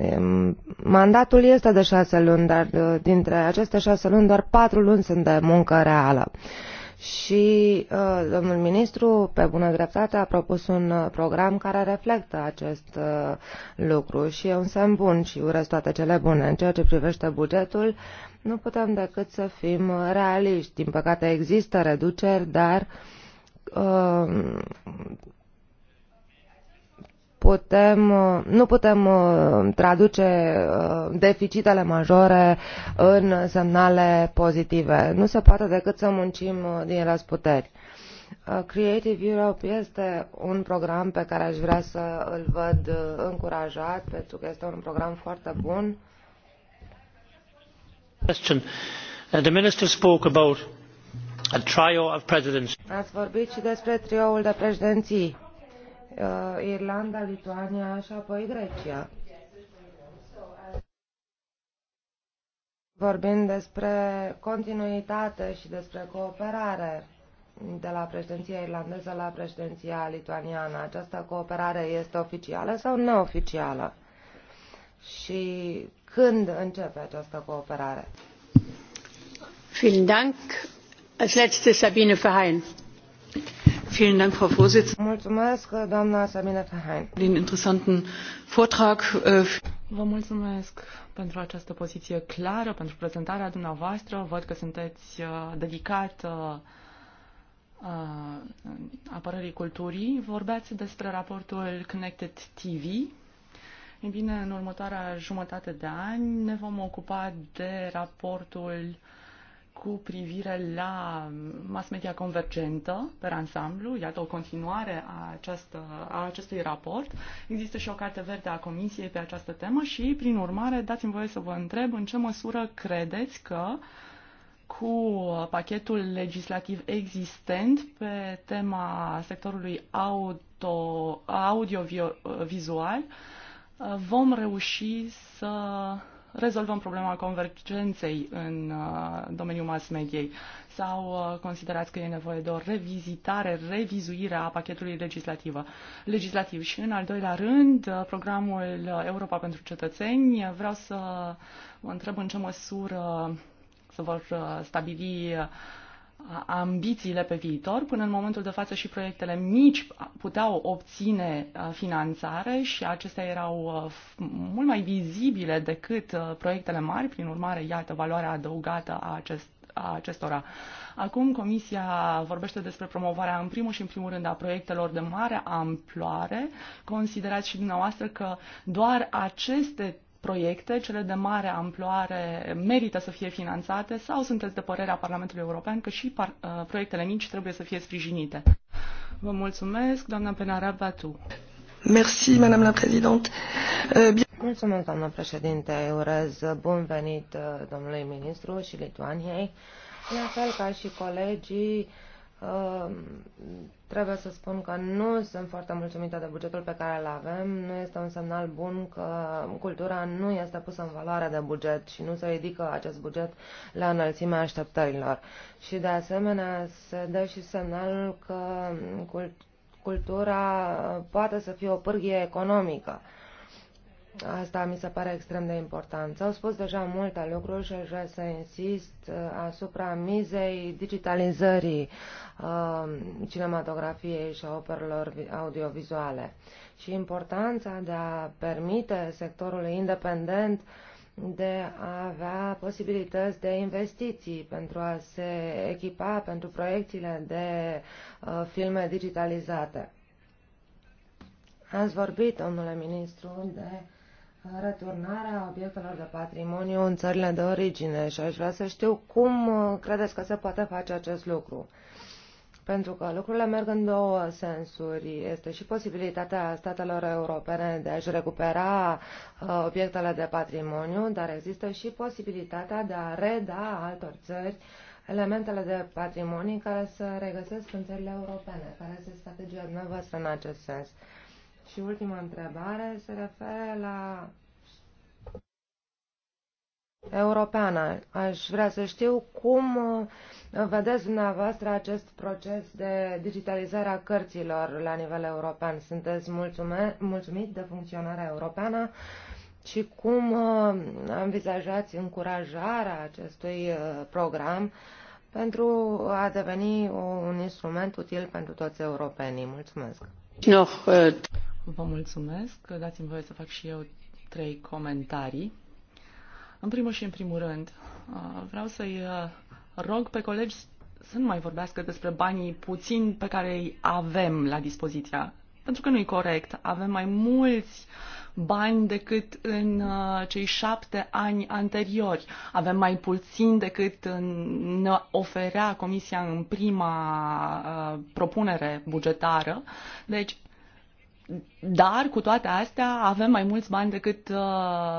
Ehm, mandatul este de șase luni, dar uh, dintre aceste șase luni, doar patru luni sunt de muncă reală. Și uh, domnul ministru, pe bună dreptate, a propus un uh, program care reflectă acest lucru și e un semn bun și urez toate cele bune. În ceea ce privește bugetul, nu putem decât să fim realiști. Din păcate există reduceri, dar uh, Ehm, putem, eh, nu putem eh, traduce eh, deficitele majore în semnale pozitive. Nu se poate decât să muncim din răsputeri. Creative Europe este un program pe care aș vrea să îl văd încurajat, pentru că este un program foarte bun. Question. Uh, the minister spoke about Ați vorbit și despre trioul de președinții, uh, Irlanda, Lituania și apoi Grecia. Vorbim despre continuitate și despre cooperare de la președinția irlandeză la președinția lituaniană. Această cooperare este oficială sau neoficială? Și când începe această cooperare? Vielen Dank. Sabine Frau präsidentin! Mulțumesc, Den interessanten Vortrag. Äh, Vă mulțumesc pentru această poziție clară, pentru prezentarea dumneavoastră. Văd că sunteți uh, dedicat uh, uh, apărării culturii. Vorbeați despre raportul Connected TV. Ei bine, în următoarea jumătate de ani ne vom ocupa de raportul cu privire la mass media convergentă pe ansamblu, iată o continuare a, această, a acestui raport. Există și o carte verde a Comisiei pe această temă și, prin urmare, dați-mi voie să vă întreb în ce măsură credeți că cu pachetul legislativ existent pe tema sectorului audio, audio-vizual vom reuși să rezolvăm problema convergenței în uh, domeniul mass mediei sau uh, considerați că e nevoie de o revizitare, revizuire a pachetului legislativ. legislativ. Și în al doilea rând, uh, programul Europa pentru cetățeni. Vreau să vă întreb în ce măsură se vor stabili ambițiile pe viitor. Până în momentul de față și proiectele mici puteau obține finanțare și acestea erau mult mai vizibile decât proiectele mari, prin urmare, iată, valoarea adăugată a acest a acestora. Acum Comisia vorbește despre promovarea în primul și în primul rând a proiectelor de mare amploare. Considerați și dumneavoastră că doar aceste proiecte, cele de mare amploare, merită să fie finanțate sau sunteți de părerea Parlamentului European că și uh, proiectele mici trebuie să fie sprijinite? Vă mulțumesc, doamna Penara Batu. Merci, madame la présidente. Euh, mulțumesc, doamna președinte. Urez bun venit uh, domnului ministru și Lituaniei. La fel ca și colegii, uh, Trebuie să spun că nu sunt foarte mulțumită de bugetul pe care îl avem. Nu este un semnal bun că cultura nu este pusă în valoare de buget și nu se ridică acest buget la înălțimea așteptărilor. Și de asemenea se dă și semnalul că cultura poate să fie o pârghie economică Asta mi se pare extrem de important. S-au spus deja multe lucruri și aș vrea să insist uh, asupra mizei digitalizării uh, cinematografiei și a operelor audiovizuale și importanța de a permite sectorului independent de a avea posibilități de investiții pentru a se echipa pentru proiecțiile de uh, filme digitalizate. Ați vorbit, domnule ministru, de returnarea obiectelor de patrimoniu în țările de origine și aș vrea să știu cum uh, credeți că se poate face acest lucru. Pentru că lucrurile merg în două sensuri. Este și posibilitatea statelor europene de a-și recupera uh, obiectele de patrimoniu, dar există și posibilitatea de a reda altor țări elementele de patrimoniu care se regăsesc în țările europene. Care este strategia dumneavoastră în acest sens? Și ultima întrebare se referă la europeană. Aș vrea să știu cum uh, vedeți dumneavoastră acest proces de digitalizare a cărților la nivel european. Sunteți mulțume, mulțumit de funcționarea europeană și cum uh, învizajați încurajarea acestui uh, program pentru a deveni un instrument util pentru toți europenii. Mulțumesc! No. Vă mulțumesc. Dați-mi voie să fac și eu trei comentarii. În primul și în primul rând, uh, vreau să-i uh, rog pe colegi să nu mai vorbească despre banii puțini pe care îi avem la dispoziția. Pentru că nu i corect. Avem mai mulți bani decât în uh, cei șapte ani anteriori. Avem mai puțin decât ne oferea Comisia în prima propunere bugetară. Deci dar, cu toate astea, avem mai mulți bani decât uh,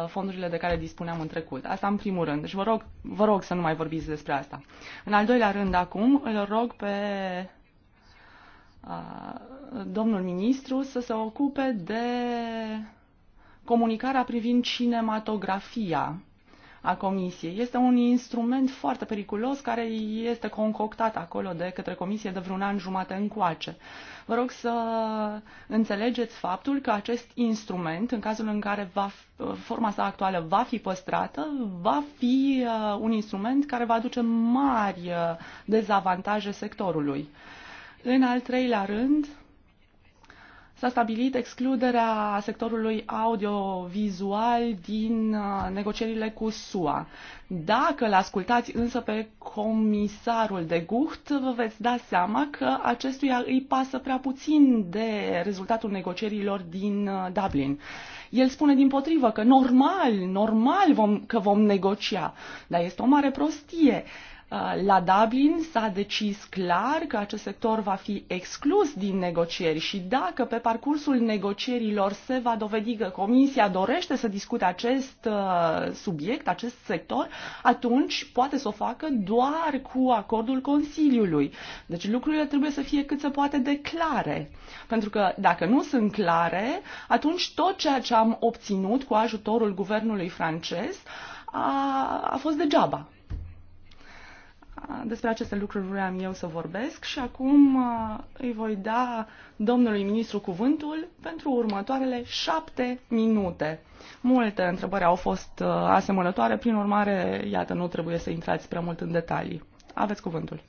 fondurile de care dispuneam în trecut. Asta în primul rând. Deci vă rog, vă rog să nu mai vorbiți despre asta. În al doilea rând, acum, îl rog pe uh, domnul ministru să se ocupe de comunicarea privind cinematografia a Comisiei. Este un instrument foarte periculos care este concoctat acolo de către Comisie de vreun an jumate încoace. Uh, Vă rog să înțelegeți faptul că acest instrument, în cazul în care va, forma sa actuală va fi păstrată, va fi uh, un instrument care va aduce mari uh, dezavantaje sectorului. În al treilea rând, s-a stabilit excluderea sectorului audio-vizual din uh, negocierile cu SUA. Dacă l ascultați însă pe comisarul de Gucht, vă veți da seama că acestuia îi pasă prea puțin de rezultatul negocierilor din uh, Dublin. El spune din potrivă că normal, normal vom, că vom negocia, dar este o mare prostie. Uh, Uh, la Dublin s-a decis clar că acest sector va fi exclus din negocieri și dacă pe parcursul negocierilor se va dovedi că Comisia dorește să discute acest uh, subiect, acest sector, atunci poate să o facă doar cu acordul Consiliului. Deci lucrurile trebuie să fie cât se poate de clare. Pentru că dacă nu sunt clare, atunci tot ceea ce am obținut cu ajutorul guvernului francez a, a fost degeaba despre aceste lucruri vreau eu să vorbesc și acum uh, îi voi da domnului ministru cuvântul pentru următoarele șapte minute. Multe întrebări au fost uh, asemănătoare, prin urmare, iată, nu trebuie să intrați prea mult în detalii. Aveți cuvântul.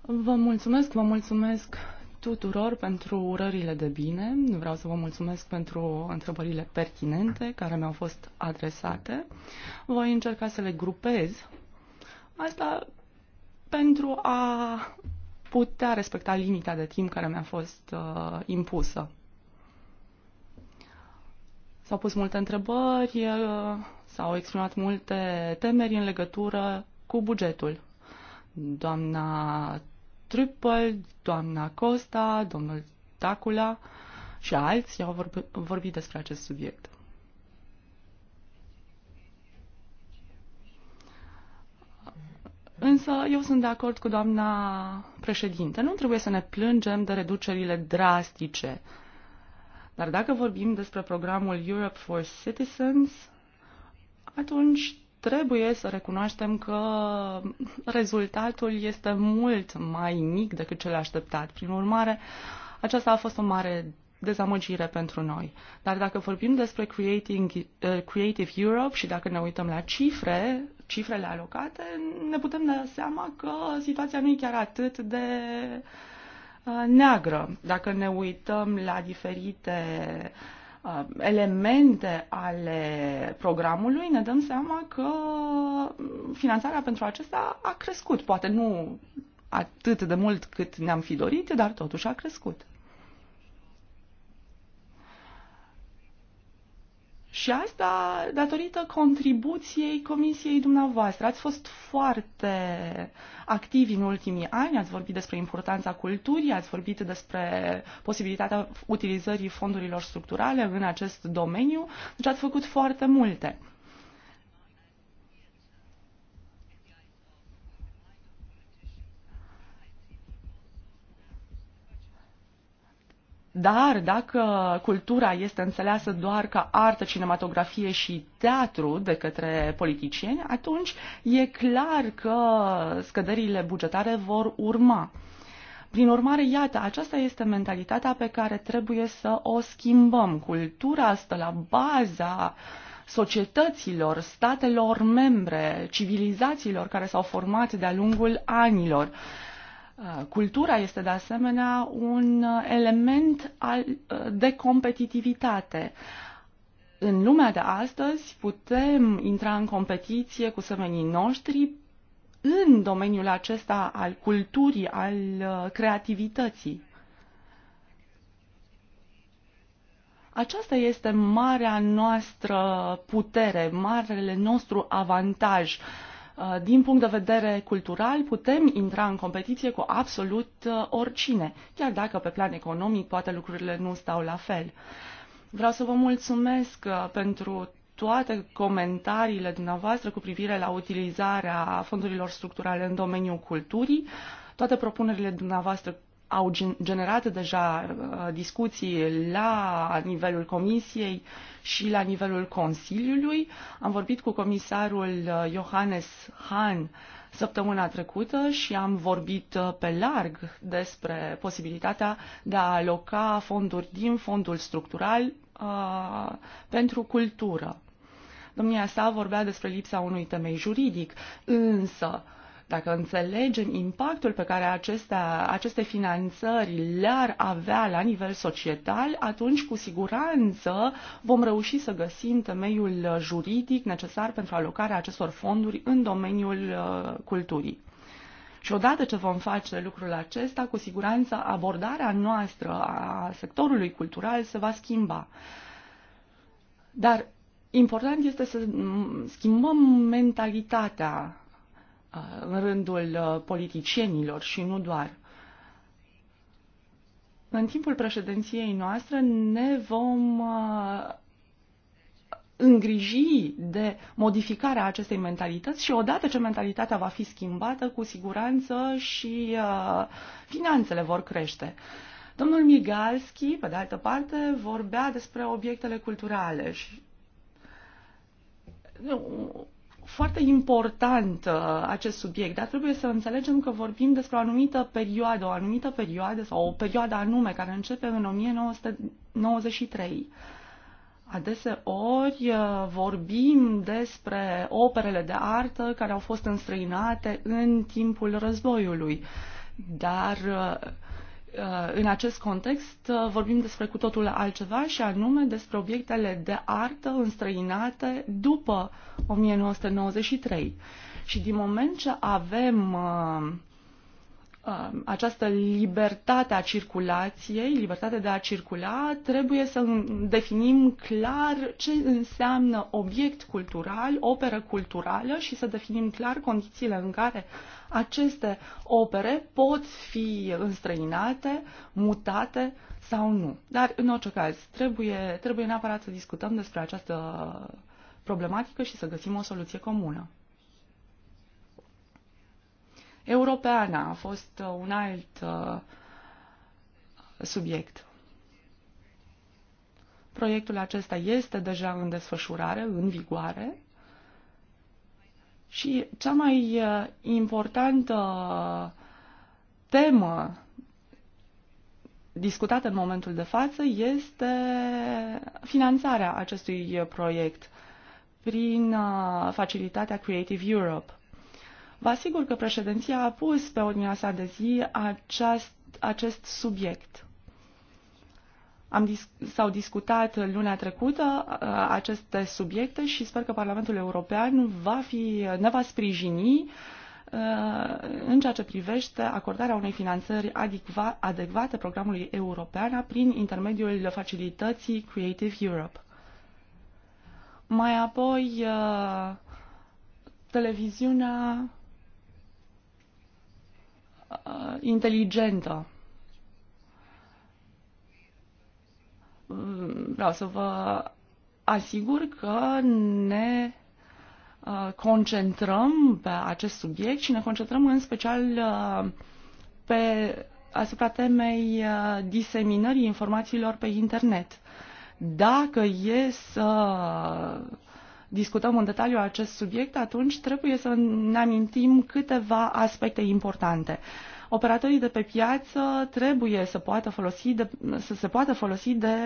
Vă mulțumesc, vă mulțumesc tuturor pentru urările de bine. Vreau să vă mulțumesc pentru întrebările pertinente care mi-au fost adresate. Voi încerca să le grupez. Asta pentru a putea respecta limita de timp care mi-a fost uh, impusă. S-au pus multe întrebări, uh, s-au exprimat multe temeri în legătură cu bugetul. Doamna Trüppel, doamna Costa, domnul Tacula și alții au vorbit despre acest subiect. Însă eu sunt de acord cu doamna președinte. Nu trebuie să ne plângem de reducerile drastice. Dar dacă vorbim despre programul Europe for Citizens, atunci trebuie să recunoaștem că rezultatul este mult mai mic decât cel așteptat. Prin urmare, aceasta a fost o mare dezamăgire pentru noi. Dar dacă vorbim despre Creating, uh, Creative Europe și dacă ne uităm la cifre, cifrele alocate, ne putem da seama că situația nu e chiar atât de uh, neagră. Dacă ne uităm la diferite uh, Uh, elemente ale programului, ne dăm seama că finanțarea pentru acesta a crescut. Poate nu atât de mult cât ne-am fi dorit, dar totuși a crescut. Și asta datorită contribuției comisiei dumneavoastră. Ați fost foarte activi în ultimii ani, ați vorbit despre importanța culturii, ați vorbit despre posibilitatea utilizării fondurilor structurale în acest domeniu, deci ați făcut foarte multe. Dar dacă cultura este înțeleasă doar ca artă, cinematografie și teatru de către politicieni, atunci e clar că scăderile bugetare vor urma. Prin urmare, iată, aceasta este mentalitatea pe care trebuie să o schimbăm. Cultura stă la baza societăților, statelor membre, civilizațiilor care s-au format de-a lungul anilor. Cultura este de asemenea un element de competitivitate. În lumea de astăzi putem intra în competiție cu semenii noștri în domeniul acesta al culturii, al creativității. Aceasta este marea noastră putere, marele nostru avantaj. Uh, Uh, din punct de vedere cultural, putem intra în competiție cu absolut uh, oricine, chiar dacă pe plan economic poate lucrurile nu stau la fel. Vreau să vă mulțumesc uh, pentru toate comentariile dumneavoastră cu privire la utilizarea fondurilor structurale în domeniul culturii. Toate propunerile dumneavoastră au generat deja uh, discuții la nivelul Comisiei și la nivelul Consiliului. Am vorbit cu comisarul uh, Johannes Hahn săptămâna trecută și am vorbit uh, pe larg despre posibilitatea de a aloca fonduri din fondul structural uh, pentru cultură. Domnia sa vorbea despre lipsa unui temei juridic, însă dacă înțelegem impactul pe care acestea, aceste finanțări le-ar avea la nivel societal, atunci cu siguranță vom reuși să găsim temeiul juridic necesar pentru alocarea acestor fonduri în domeniul uh, culturii. Și odată ce vom face lucrul acesta, cu siguranță abordarea noastră a sectorului cultural se va schimba. Dar important este să schimbăm mentalitatea Uh, în rândul uh, politicienilor și nu doar. În timpul președinției noastre ne vom uh, îngriji de modificarea acestei mentalități și odată ce mentalitatea va fi schimbată, cu siguranță și finanțele vor crește. Domnul Migalski, pe de altă parte, vorbea despre obiectele culturale și foarte important uh, acest subiect, dar trebuie să înțelegem că vorbim despre o anumită perioadă, o anumită perioadă sau o perioadă anume care începe în 1993. Adeseori uh, vorbim despre operele de artă care au fost înstrăinate în timpul războiului, dar uh, Uh, în acest context uh, vorbim despre cu totul altceva și anume despre obiectele de artă înstrăinate după 1993. Și din moment ce avem uh, uh, această libertate a circulației, libertatea de a circula, trebuie să definim clar ce înseamnă obiect cultural, operă culturală și să definim clar condițiile în care uh, aceste opere pot fi înstrăinate, mutate sau nu. Dar, în orice caz, trebuie, trebuie neapărat să discutăm despre această problematică și să găsim o soluție comună. Europeana a fost un alt uh, subiect. Proiectul acesta este deja în desfășurare, în vigoare. Și cea mai uh, importantă temă discutată în momentul de față este finanțarea acestui uh, proiect prin uh, facilitatea Creative Europe. Vă asigur că președinția a pus pe ordinea sa de zi acest, acest subiect. Am s-au discutat luna trecută uh, aceste subiecte și sper că Parlamentul European va fi, ne va sprijini uh, în ceea ce privește acordarea unei finanțări adecvate programului european prin intermediul facilității Creative Europe. Mai apoi, uh, televiziunea inteligentă. vreau să vă asigur că ne uh, concentrăm pe acest subiect și ne concentrăm în special uh, pe asupra temei uh, diseminării informațiilor pe internet. Dacă e să discutăm în detaliu acest subiect, atunci trebuie să ne amintim câteva aspecte importante. Uh, Operatorii de pe piață trebuie să, poată folosi de, să se poată folosi de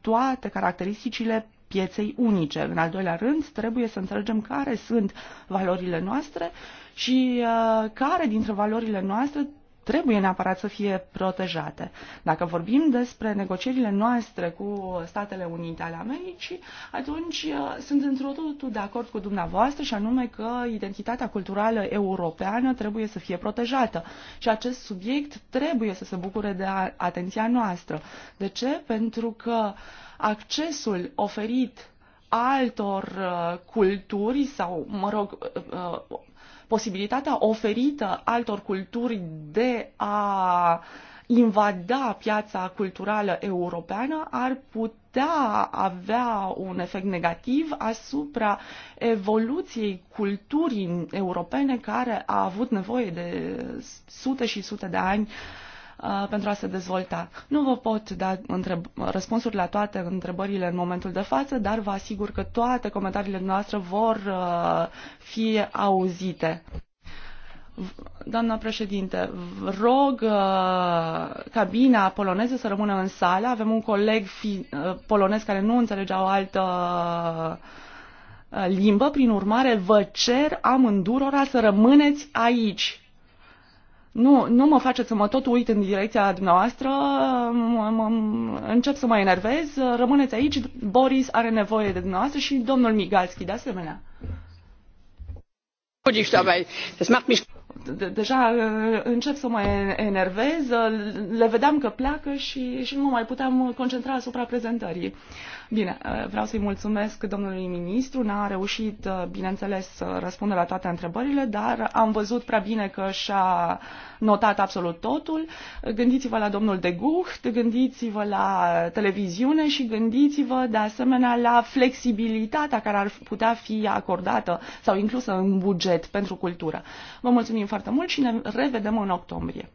toate caracteristicile pieței unice. În al doilea rând, trebuie să înțelegem care sunt valorile noastre și uh, care dintre valorile noastre trebuie neapărat să fie protejate. Dacă vorbim despre negocierile noastre cu Statele Unite ale Americii, atunci uh, sunt într-o totul de acord cu dumneavoastră și anume că identitatea culturală europeană trebuie să fie protejată și acest subiect trebuie să se bucure de atenția noastră. De ce? Pentru că accesul oferit altor uh, culturi sau, mă rog, uh, posibilitatea oferită altor culturi de a invada piața culturală europeană ar putea avea un efect negativ asupra evoluției culturii europene care a avut nevoie de sute și sute de ani uh, Uh, pentru a se dezvolta. Nu vă pot da întreb- răspunsuri la toate întrebările în momentul de față, dar vă asigur că toate comentariile noastre vor uh, fi auzite. Doamna președinte, rog uh, cabina poloneză să rămână în sală. Avem un coleg fi, polonez care nu înțelegea o altă limbă. Prin urmare, vă cer amândurora să rămâneți aici. Nu, nu mă face să mă tot uit în direcția dumneavoastră, mă, mă, încep să mă enervez, rămâneți aici, Boris are nevoie de dumneavoastră și domnul Migalski de asemenea. De Deja uh, încep să mă enervez, uh, le vedeam că pleacă și, și nu mă mai puteam concentra asupra prezentării. Bine, uh, vreau să-i mulțumesc domnului ministru. N-a reușit, uh, bineînțeles, să răspundă la toate întrebările, dar am văzut prea bine că și-a notat absolut totul. Gândiți-vă la domnul de Gucht, gândiți-vă la televiziune și gândiți-vă, de asemenea, la flexibilitatea care ar putea fi acordată sau inclusă în buget pentru cultură. Vă mulțumim foarte mult și ne revedem în octombrie.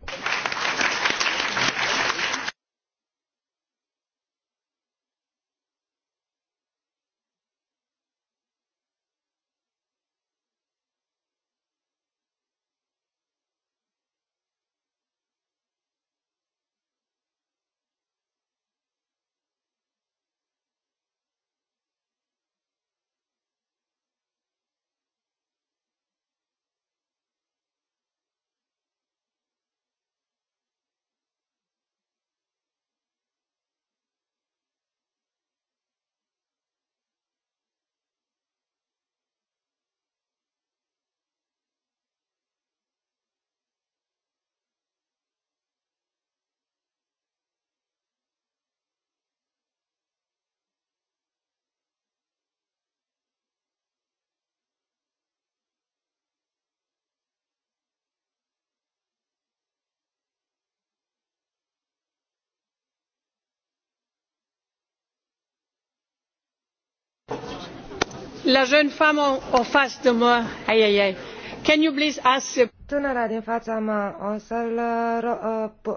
La jeune femme en face de moi, aïe aïe aïe, can you please ask... Tânăra din fața mea, o să-l,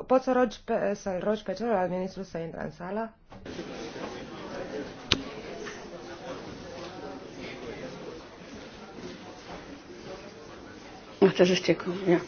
poți să rogi pe, să-l rogi pe celălalt ministru să intre în sală? Asta se știe cum, ia. Yeah.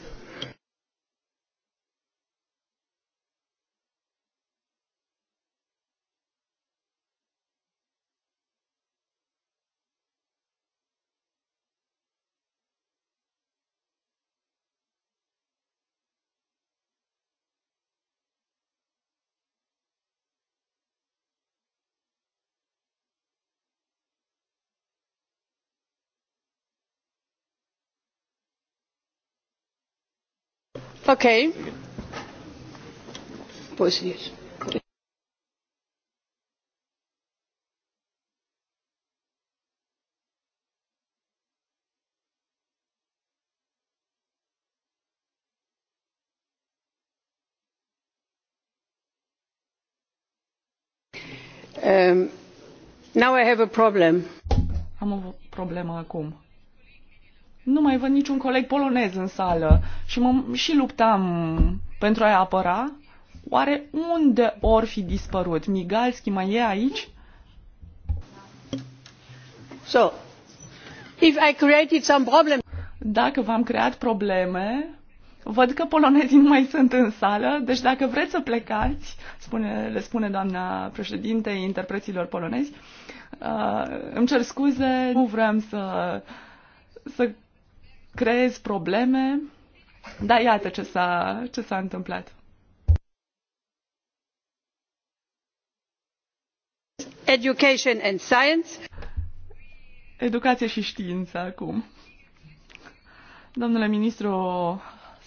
Okay. Pues yes. Um, now I have a problem. Am o problemă acum nu mai văd niciun coleg polonez în sală și, mă, și luptam pentru a-i apăra, oare unde or fi dispărut? Migalski mai e aici? So, if I created some problem... Dacă v-am creat probleme, văd că polonezii nu mai sunt în sală, deci dacă vreți să plecați, spune, le spune doamna președinte interpreților polonezi, uh, îmi cer scuze, nu vrem să, să creezi probleme. Da, iată ce s-a, ce s-a întâmplat. Education and science. Educație și știință acum. Domnule ministru,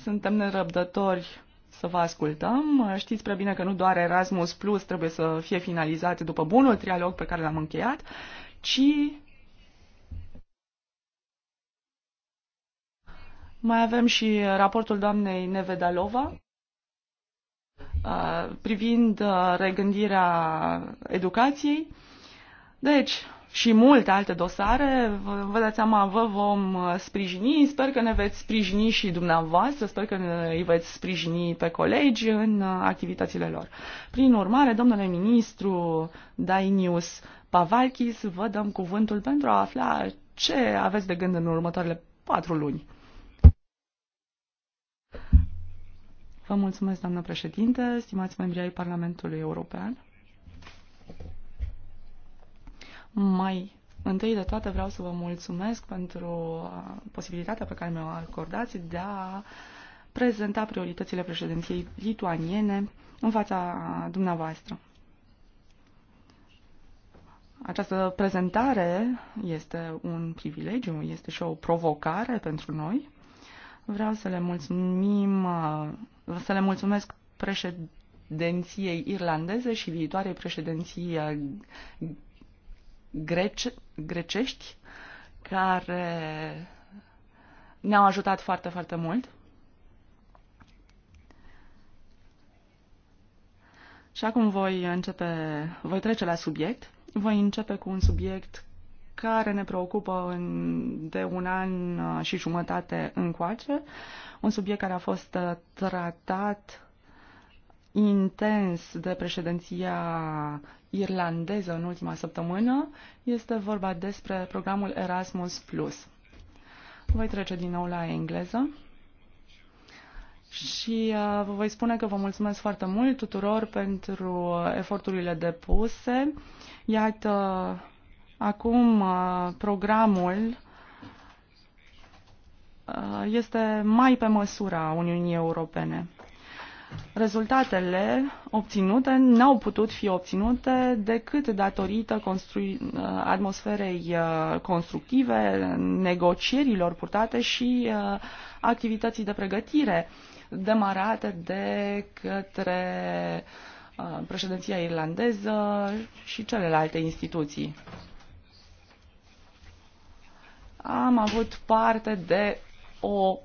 suntem nerăbdători să vă ascultăm. Știți prea bine că nu doar Erasmus Plus trebuie să fie finalizat după bunul trialog pe care l-am încheiat, ci Mai avem și raportul doamnei Nevedalova uh, privind uh, regândirea educației. Deci, și multe alte dosare, vă dați seama, vă vom uh, sprijini, sper că ne veți sprijini și dumneavoastră, sper că îi veți sprijini pe colegi în activitățile lor. Prin urmare, domnule ministru Dainius Pavalkis, vă dăm cuvântul pentru a afla ce aveți de gând în următoarele patru luni. Vă mulțumesc, doamnă președinte, stimați membri ai Parlamentului European. Mai întâi de toate vreau să vă mulțumesc pentru uh, posibilitatea pe care mi-o acordați de a prezenta prioritățile președinției lituaniene în fața dumneavoastră. Această prezentare este un privilegiu, este și o provocare pentru noi. Vreau să le mulțumim uh, să le mulțumesc președinției irlandeze și viitoarei președinții uh, grece, grecești, care ne-au ajutat foarte, foarte mult. Și acum voi începe, voi trece la subiect. Voi începe cu un subiect care ne preocupă în, de un an uh, și jumătate încoace, un subiect care a fost uh, tratat intens de președinția irlandeză în ultima săptămână. Este vorba despre programul Erasmus+. Plus. Voi trece din nou la engleză și uh, vă voi spune că vă mulțumesc foarte mult tuturor pentru eforturile depuse. Iată, Acum uh, programul uh, este mai pe măsura Uniunii Europene. Rezultatele obținute n-au putut fi obținute decât datorită construi, uh, atmosferei constructive, negocierilor purtate și activității de pregătire demarate de către președinția irlandeză și celelalte instituții am avut parte de o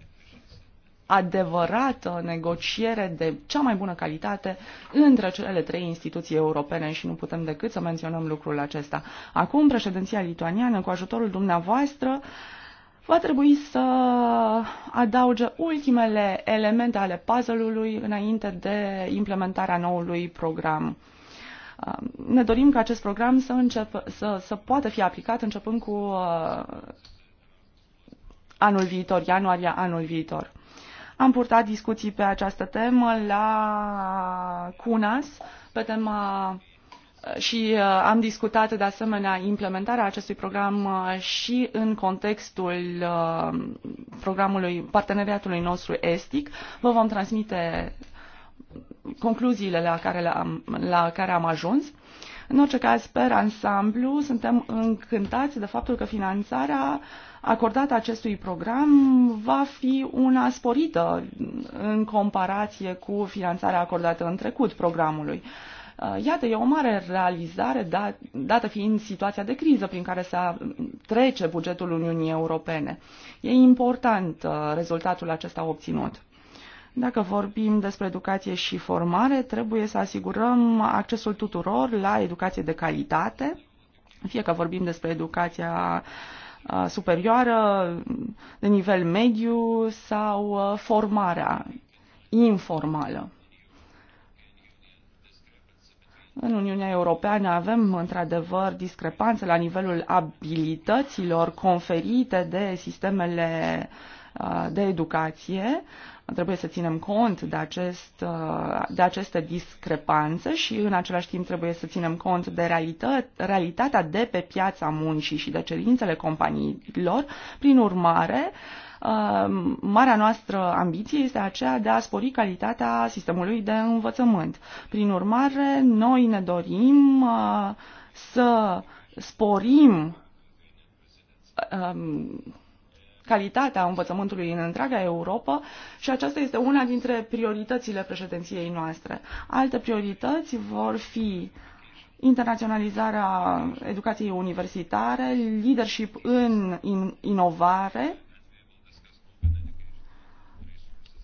adevărată negociere de cea mai bună calitate între cele trei instituții europene și nu putem decât să menționăm lucrul acesta. Acum, președinția lituaniană, cu ajutorul dumneavoastră, va trebui să adauge ultimele elemente ale puzzle-ului înainte de implementarea noului program. Ne dorim ca acest program să, încep, să, să poată fi aplicat începând cu uh, anul viitor, ianuarie anul viitor. Am purtat discuții pe această temă la CUNAS pe tema și uh, am discutat de asemenea implementarea acestui program uh, și în contextul uh, programului parteneriatului nostru estic. Vă vom transmite concluziile la care, le-am, la care am ajuns. În orice caz, per ansamblu, suntem încântați de faptul că finanțarea uh, acordată acestui program va fi una sporită în comparație cu finanțarea acordată în trecut programului. Uh, iată, e o mare realizare, da, dată fiind situația de criză prin care se trece bugetul Uniunii Europene. E important uh, rezultatul acesta obținut. Dacă vorbim despre educație și formare, trebuie să asigurăm accesul tuturor la educație de calitate, fie că vorbim despre educația uh, Uh, superioară, de nivel mediu sau uh, formarea informală. În Uniunea Europeană avem, într-adevăr, discrepanțe la nivelul abilităților conferite de sistemele uh, de educație, Trebuie să ținem cont de, acest, uh, de aceste discrepanțe și în același timp trebuie să ținem cont de realitate, realitatea de pe piața muncii și de cerințele companiilor. Prin urmare, uh, marea noastră ambiție este aceea de a spori calitatea sistemului de învățământ. Prin urmare, noi ne dorim uh, să sporim um, calitatea învățământului în întreaga Europa și aceasta este una dintre prioritățile președinției noastre. Alte priorități vor fi internaționalizarea educației universitare, leadership în inovare,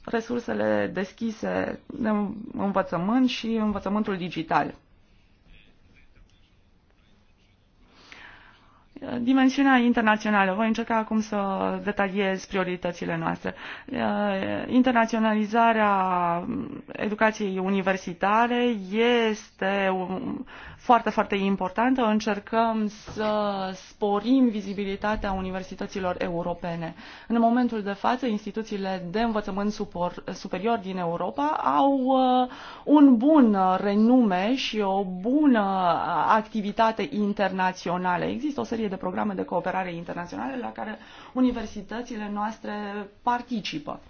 resursele deschise de învățământ și învățământul digital. Dimensiunea internațională. Voi încerca acum să detaliez prioritățile noastre. Eh, internaționalizarea educației universitare este foarte, foarte importantă. Încercăm să sporim vizibilitatea universităților europene. În momentul de față, instituțiile de învățământ super, superior din Europa au uh, un bun renume și o bună activitate internațională. Există o serie de programe de cooperare internaționale la care universitățile noastre participă.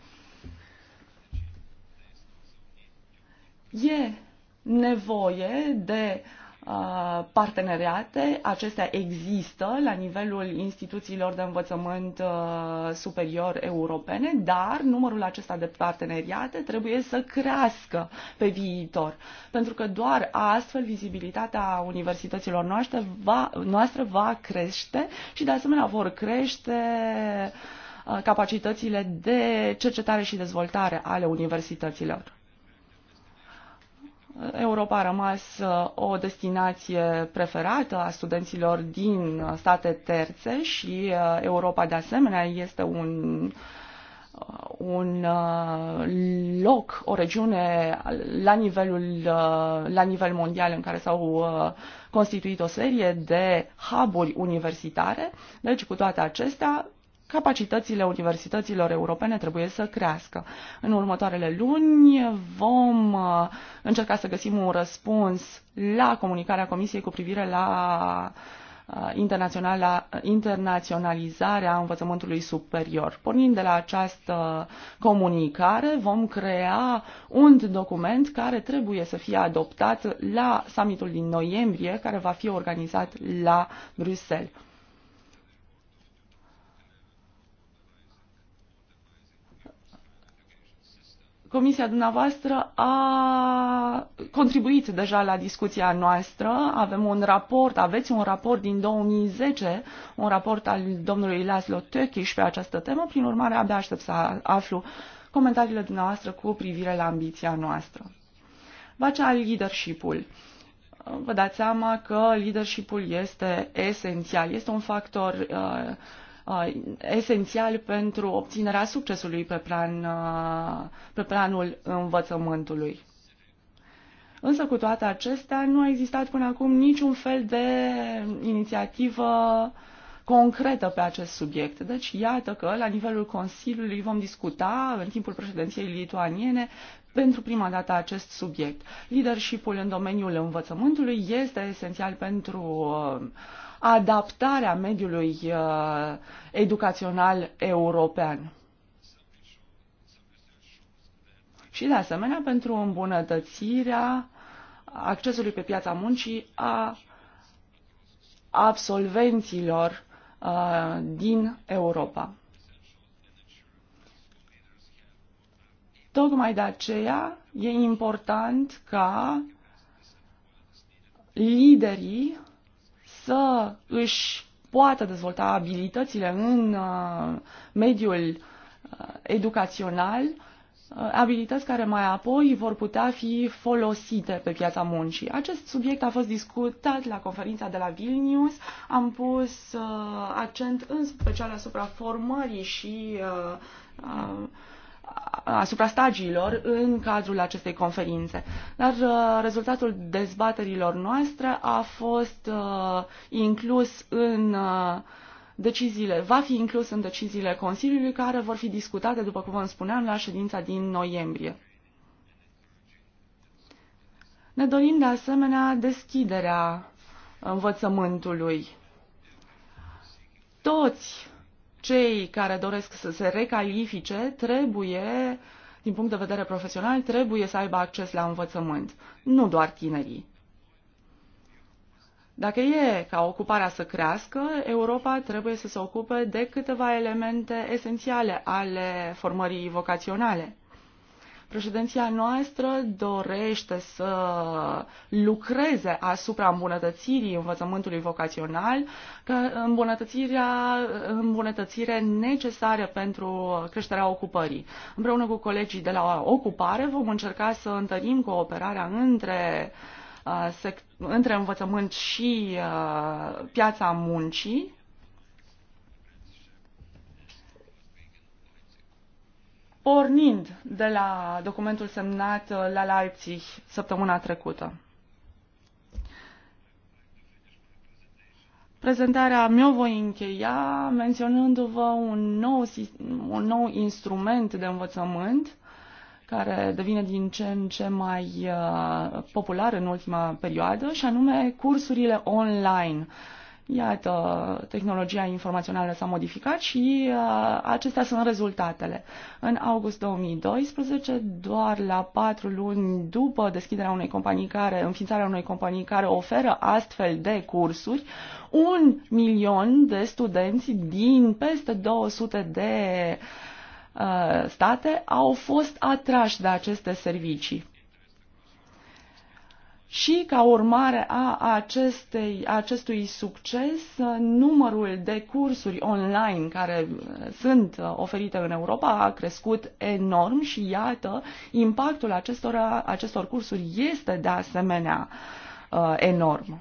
E nevoie de uh, Uh, parteneriate, acestea există la nivelul instituțiilor de învățământ uh, superior europene, dar numărul acesta de parteneriate trebuie să crească pe viitor, pentru că doar astfel vizibilitatea universităților noastre va, noastre va crește și de asemenea vor crește uh, capacitățile de cercetare și dezvoltare ale universităților. Europa a rămas uh, o destinație preferată a studenților din state terțe și uh, Europa de asemenea este un, uh, un loc, o regiune la, nivelul, la nivel mondial în care s-au constituit o serie de hub-uri universitare. Deci, cu toate acestea, capacitățile universităților europene trebuie să crească. În următoarele luni vom uh, încerca să găsim un răspuns la comunicarea Comisiei cu privire la uh, internaționalizarea învățământului superior. Pornind de la această comunicare, vom crea un document care trebuie să fie adoptat la summitul din noiembrie, care va fi organizat la Bruxelles. Comisia dumneavoastră a contribuit deja la discuția noastră. Avem un raport, aveți un raport din 2010, un raport al domnului Laszlo Tökis pe această temă. Prin urmare, abia aștept să aflu comentariile dumneavoastră cu privire la ambiția noastră. Vacea leadership-ul. Vă dați seama că leadership-ul este esențial, este un factor uh, Uh, esențial pentru obținerea succesului pe, plan, uh, pe planul învățământului. Însă, cu toate acestea, nu a existat până acum niciun fel de inițiativă concretă pe acest subiect. Deci, iată că, la nivelul Consiliului, vom discuta, în timpul președinției lituaniene, pentru prima dată acest subiect. Leadershipul în domeniul învățământului este esențial pentru uh, adaptarea mediului uh, educațional european. Și de asemenea pentru îmbunătățirea accesului pe piața muncii a absolvenților uh, din Europa. Tocmai de aceea e important ca liderii să își poată dezvolta abilitățile în uh, mediul uh, educațional, uh, abilități care mai apoi vor putea fi folosite pe piața muncii. Acest subiect a fost discutat la conferința de la Vilnius. Am pus accent în special asupra formării și uh, uh, asupra stagiilor în cadrul acestei conferințe. Dar uh, rezultatul dezbaterilor noastre a fost uh, inclus în uh, deciziile, va fi inclus în deciziile Consiliului care vor fi discutate, după cum vă spuneam, la ședința din noiembrie. Ne dorim de asemenea deschiderea învățământului. Toți cei care doresc să se recalifice trebuie, din punct de vedere profesional, trebuie să aibă acces la învățământ, nu doar tinerii. Dacă e ca ocuparea să crească, Europa trebuie să se ocupe de câteva elemente esențiale ale formării vocaționale. Președinția noastră dorește să lucreze asupra îmbunătățirii învățământului vocațional, că îmbunătățirea, îmbunătățire necesară pentru creșterea ocupării. Împreună cu colegii de la Ocupare vom încerca să întărim cooperarea între, uh, între învățământ și uh, piața muncii, pornind de la documentul semnat uh, la Leipzig săptămâna trecută. Prezentarea mea o voi încheia menționându-vă un nou, un nou instrument de învățământ care devine din ce în ce mai uh, popular în ultima perioadă, și anume cursurile online. Uh, Iată, tehnologia informațională s-a modificat și uh, acestea sunt rezultatele. În august 2012, doar la patru luni după deschiderea unei companii care, înființarea unei companii care oferă astfel de cursuri, un milion de studenți din peste 200 de uh, state au fost atrași de aceste servicii. Și ca urmare a acestei, acestui succes, numărul de cursuri online care uh, sunt uh, oferite în Europa a crescut enorm și iată, impactul acestor, acestor cursuri este de asemenea uh, enorm.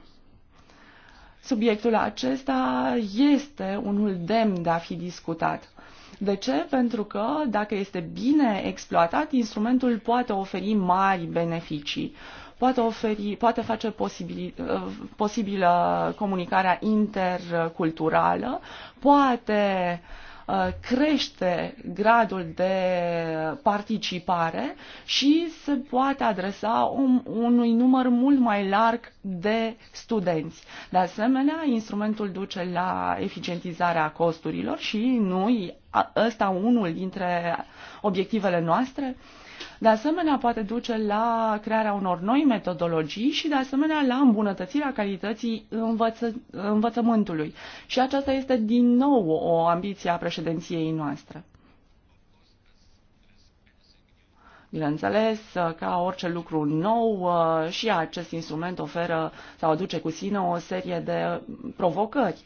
Subiectul acesta este unul demn de a fi discutat. De ce? Pentru că, dacă este bine exploatat, instrumentul poate oferi mari beneficii. Uh, poate, oferi, poate face posibil, uh, posibilă comunicarea interculturală, poate uh, crește gradul de participare și se poate adresa unui număr mult mai larg de studenți. De asemenea, instrumentul duce la eficientizarea costurilor și noi, ăsta unul dintre obiectivele noastre, uh, de asemenea, poate duce la crearea unor noi metodologii și, de asemenea, la îmbunătățirea calității învăță- învățământului. Și aceasta este, din nou, o ambiție a președinției noastre. Bineînțeles, ca orice lucru nou, uh, și acest instrument oferă sau aduce cu sine o serie de provocări.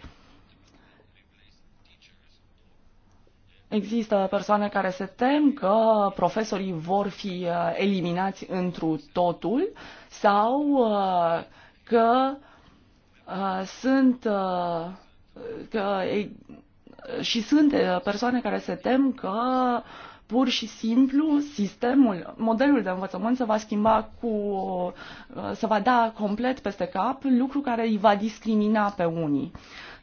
Există persoane care se tem că profesorii vor fi uh, eliminați întru totul sau uh, că uh, sunt că, și sunt persoane care se tem că pur și simplu sistemul, modelul de învățământ se va schimba cu, se va da complet peste cap, lucru care îi va discrimina pe unii.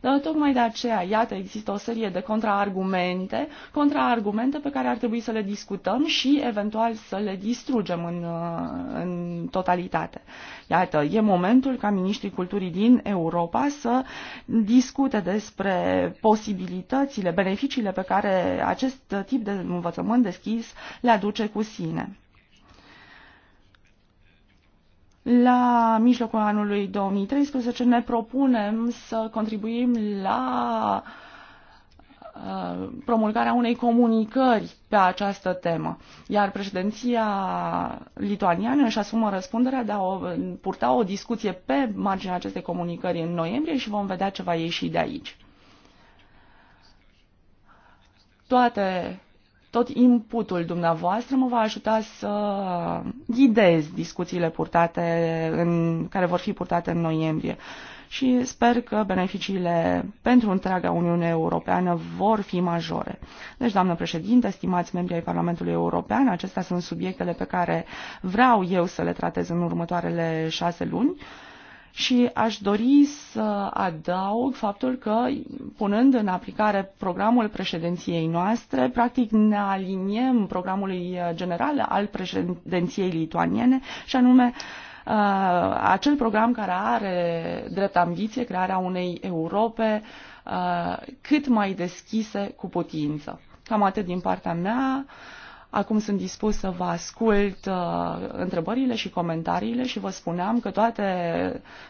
Dar tocmai de aceea, iată, există o serie de contraargumente, contraargumente pe care ar trebui să le discutăm și eventual să le distrugem în, uh, în totalitate. Iată, e momentul ca ministrii culturii din Europa să discute despre posibilitățile, beneficiile pe care acest tip de învățământ deschis le aduce cu sine. La mijlocul anului 2013 ne propunem să contribuim la uh, promulgarea unei comunicări pe această temă, iar președinția lituaniană își asumă răspunderea de a o, purta o discuție pe marginea acestei comunicări în noiembrie și vom vedea ce va ieși de aici. Toate tot inputul dumneavoastră mă va ajuta să ghidez discuțiile purtate în, care vor fi purtate în noiembrie și sper că beneficiile pentru întreaga Uniune Europeană vor fi majore. Deci, doamnă președinte, stimați membri ai Parlamentului European, acestea sunt subiectele pe care vreau eu să le tratez în următoarele șase luni. Și aș dori să adaug faptul că, punând în aplicare programul președinției noastre, practic ne aliniem programului general al președinției lituaniene, și anume uh, acel program care are drept ambiție crearea unei Europe uh, cât mai deschise cu putință. Cam atât din partea mea. Acum sunt dispus să vă ascult uh, întrebările și comentariile și vă spuneam că toate,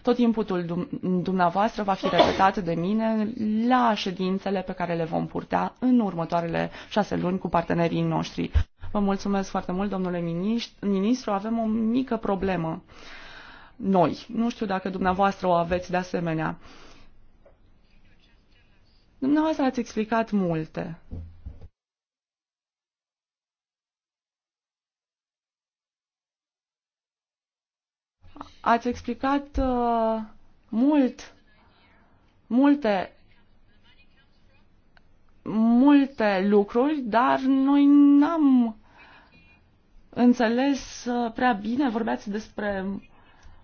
tot inputul dum- dumneavoastră va fi repetat de mine la ședințele pe care le vom purta în următoarele șase luni cu partenerii noștri. Vă mulțumesc foarte mult, domnule ministru. Avem o mică problemă. Noi. Nu știu dacă dumneavoastră o aveți de asemenea. Dumneavoastră ați explicat multe. Ați explicat uh, mult, multe multe lucruri, dar noi n-am înțeles uh, prea bine, vorbeați despre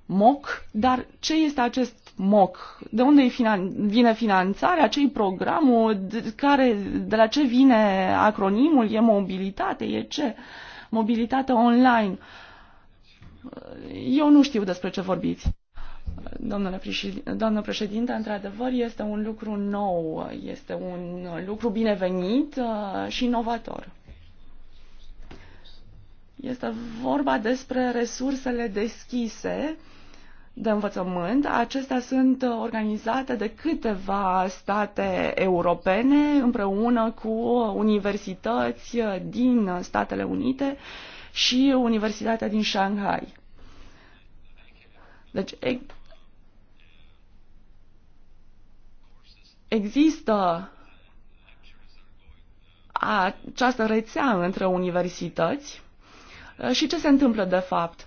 MOC, dar ce este acest MOC? De unde finan- vine finanțarea? Ce-i programul? De, care, de la ce vine acronimul? E mobilitate? E ce? Mobilitate online. Uh, eu nu știu despre ce vorbiți. Domnule doamnă președinte, într-adevăr este un lucru nou, este un lucru binevenit uh, și inovator. Este vorba despre resursele deschise de învățământ. Acestea sunt organizate de câteva state europene împreună cu universități din Statele Unite și Universitatea din Shanghai. Deci există această rețea între universități și ce se întâmplă de fapt?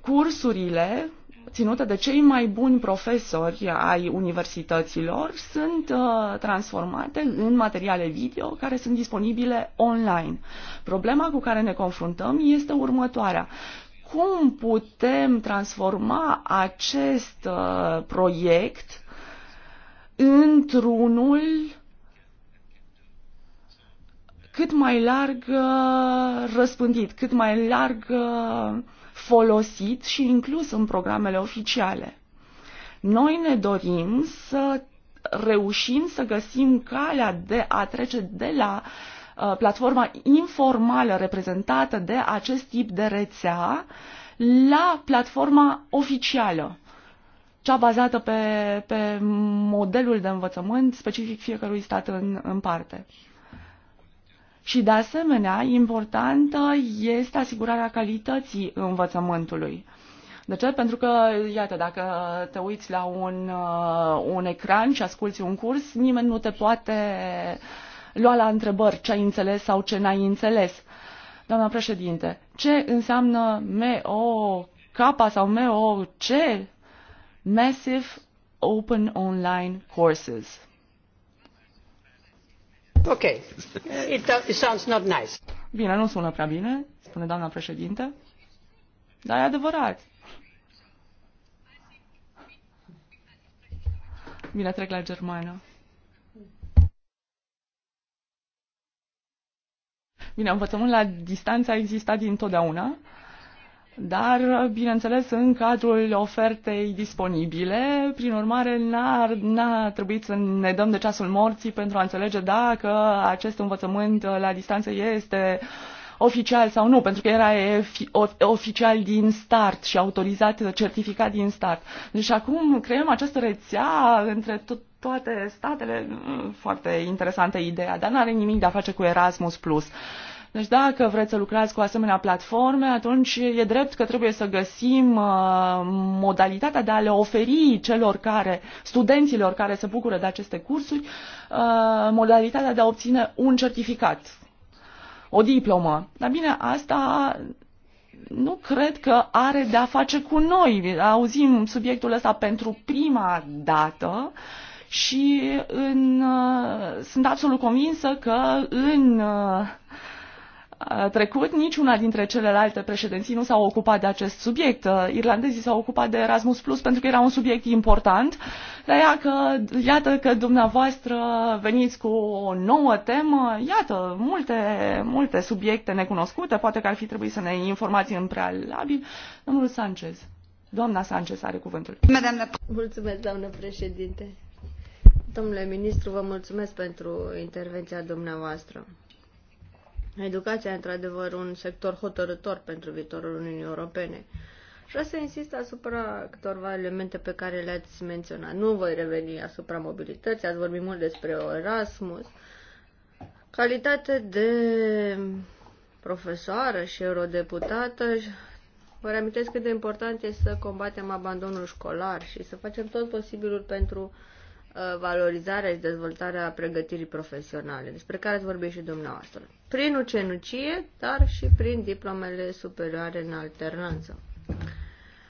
Cursurile ținută de cei mai buni profesori ai universităților sunt uh, transformate în materiale video care sunt disponibile online. Problema cu care ne confruntăm este următoarea. Cum putem transforma acest uh, proiect într-unul cât mai larg uh, răspândit, cât mai larg uh, folosit și inclus în programele oficiale. Noi ne dorim să reușim să găsim calea de a trece de la uh, platforma informală reprezentată de acest tip de rețea la platforma oficială, cea bazată pe, pe modelul de învățământ specific fiecărui stat în, în parte. Și de asemenea, importantă este asigurarea calității învățământului. De ce? Pentru că, iată, dacă te uiți la un, uh, un ecran și asculți un curs, nimeni nu te poate lua la întrebări ce ai înțeles sau ce n-ai înțeles. Doamna președinte, ce înseamnă MOK sau MOC? Massive Open Online Courses. Ok. It, uh, it sounds not nice. Bine, nu sună prea bine, spune doamna președinte. Dar e adevărat. Bine, trec la germană. Bine, învățământul la distanță a existat dintotdeauna dar, bineînțeles, în cadrul ofertei disponibile, prin urmare, n-ar, n-a trebuit să ne dăm de ceasul morții pentru a înțelege dacă acest învățământ la distanță este oficial sau nu, pentru că era oficial din start și autorizat, certificat din start. Deci acum creăm această rețea între tot, toate statele, mm, foarte interesantă ideea, dar nu are nimic de a face cu Erasmus+. Plus. Uh, deci dacă vreți să lucrați cu asemenea platforme, atunci e drept că trebuie să găsim uh, modalitatea de a le oferi celor care, studenților care se bucură de aceste cursuri, uh, modalitatea de a obține un certificat, o diplomă. Dar bine, asta nu cred că are de-a face cu noi. Auzim subiectul ăsta pentru prima dată și în, uh, sunt absolut convinsă că în trecut, niciuna dintre celelalte președinții nu s-a ocupat de acest subiect. Uh, irlandezii s-au ocupat de Erasmus Plus pentru că era un subiect important, dar ia că, iată că dumneavoastră veniți cu o nouă temă, iată, multe, multe subiecte necunoscute, poate că ar fi trebuit să ne informați în prealabil. Domnul Sanchez. Doamna Sanchez are cuvântul. Mulțumesc, doamnă președinte. Domnule ministru, vă mulțumesc pentru intervenția dumneavoastră. Educația într-adevăr un sector hotărător pentru viitorul Uniunii Europene. Și să insist asupra câtorva elemente pe care le-ați menționat. Nu voi reveni asupra mobilității, ați vorbit mult despre Erasmus. Calitate de profesoară și eurodeputată, vă reamintesc cât de important este să combatem abandonul școlar și să facem tot posibilul pentru uh, Uh, valorizarea și dezvoltarea pregătirii profesionale, despre care ați vorbit și dumneavoastră. Prin ucenucie, dar și prin diplomele superioare în alternanță.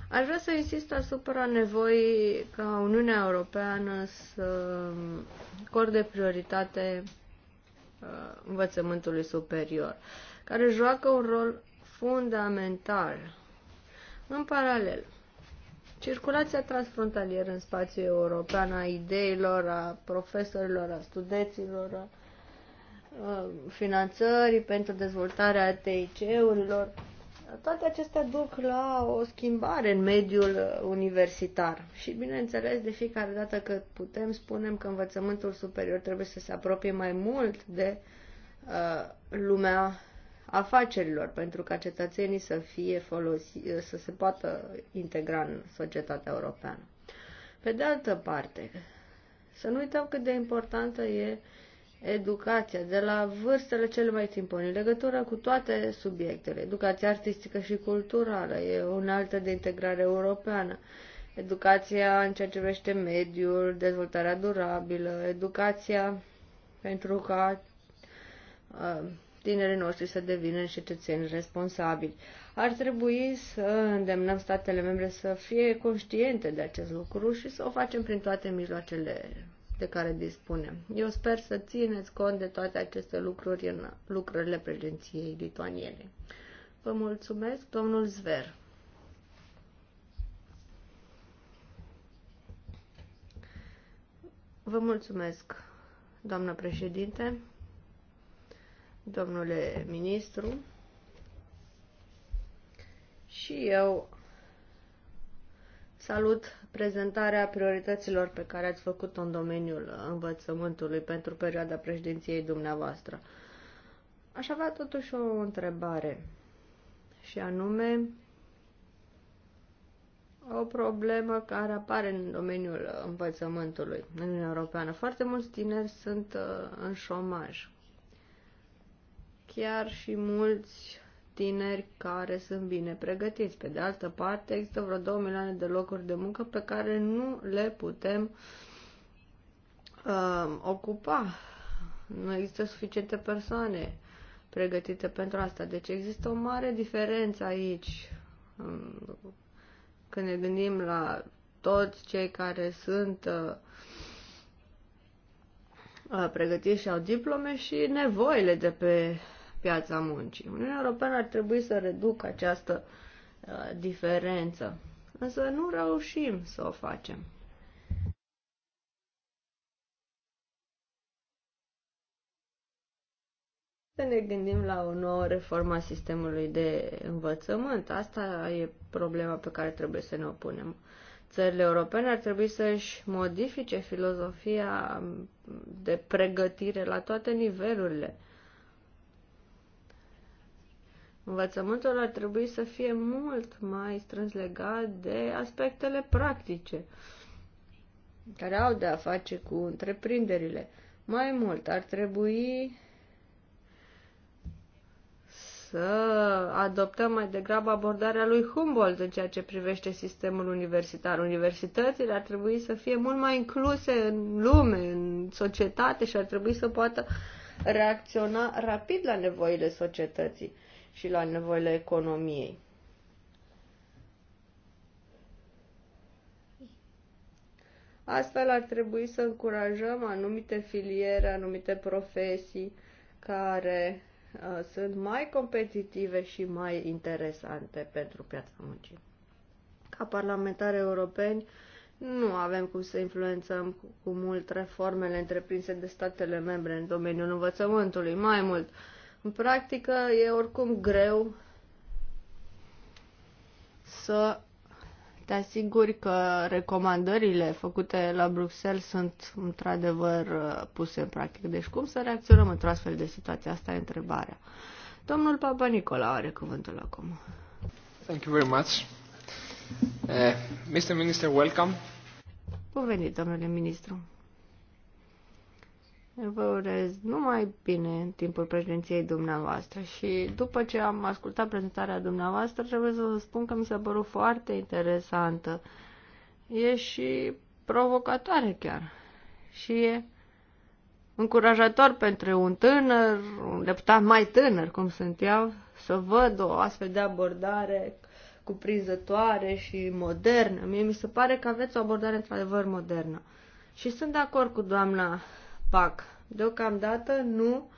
Aș vrea să insist asupra nevoii ca Uniunea Europeană să corde prioritate uh, învățământului superior, care joacă un rol fundamental. În paralel, Circulația transfrontalieră în spațiul european a ideilor, a profesorilor, a studenților, a finanțării pentru dezvoltarea TIC-urilor, toate acestea duc la o schimbare în mediul universitar. Și bineînțeles, de fiecare dată că putem, spunem că învățământul superior trebuie să se apropie mai mult de uh, lumea afacerilor, pentru ca cetățenii să fie folosi, să se poată integra în societatea europeană. Pe de altă parte, să nu uităm cât de importantă e educația de la vârstele cele mai timpuri, în legătură cu toate subiectele. Educația artistică și culturală e o altă de integrare europeană. Educația în ceea ce privește mediul, dezvoltarea durabilă, educația pentru ca uh, tinerii noștri să devină cetățeni responsabili. Ar trebui să îndemnăm statele membre să fie conștiente de acest lucru și să o facem prin toate mijloacele de care dispunem. Eu sper să țineți cont de toate aceste lucruri în lucrările prezenției lituaniene. Vă mulțumesc, domnul Zver. Vă mulțumesc, doamnă președinte domnule ministru. Și eu salut prezentarea priorităților pe care ați făcut-o în domeniul învățământului pentru perioada președinției dumneavoastră. Aș avea totuși o întrebare și anume o problemă care apare în domeniul învățământului în Uniunea Europeană. Foarte mulți tineri sunt uh, în șomaj chiar și mulți tineri care sunt bine pregătiți. Pe de altă parte, există vreo 2 milioane de locuri de muncă pe care nu le putem uh, ocupa. Nu există suficiente persoane pregătite pentru asta. Deci există o mare diferență aici um, când ne gândim la toți cei care sunt uh, uh pregătiți și au diplome și nevoile de pe piața muncii. Uniunea Europeană ar trebui să reducă această uh, diferență, însă nu reușim să o facem. Să ne gândim la o nouă reformă a sistemului de învățământ. Asta e problema pe care trebuie să ne opunem țările europene ar trebui să-și modifice filozofia de pregătire la toate nivelurile învățământul ar trebui să fie mult mai strâns legat de aspectele practice care au de a face cu întreprinderile. Mai mult, ar trebui să adoptăm mai degrabă abordarea lui Humboldt în ceea ce privește sistemul universitar. Universitățile ar trebui să fie mult mai incluse în lume, în societate și ar trebui să poată reacționa rapid la nevoile societății și la nevoile economiei. Astfel ar trebui să încurajăm anumite filiere, anumite profesii care uh, sunt mai competitive și mai interesante pentru piața muncii. Ca parlamentari europeni nu avem cum să influențăm cu, cu mult reformele întreprinse de statele membre în domeniul învățământului. Mai mult, uh, în practică e oricum greu să te asiguri că recomandările făcute la Bruxelles sunt într-adevăr uh, puse în practică. Deci cum să reacționăm într-o astfel de situație? Asta e întrebarea. Domnul Papa Nicola are cuvântul acum. Thank you very much. Uh, Mr. Minister, welcome. Bun venit, domnule ministru. Vă urez numai bine în timpul președinției dumneavoastră și după ce am ascultat prezentarea dumneavoastră, trebuie să vă spun că mi s-a părut foarte interesantă. E și provocatoare chiar. Și e încurajator pentru un tânăr, un deputat mai tânăr, cum sunt eu, să văd o astfel de abordare cuprinzătoare și modernă. Mie mi se pare că aveți o abordare într-adevăr modernă. Și sunt de acord cu doamna PAC. Deocamdată nu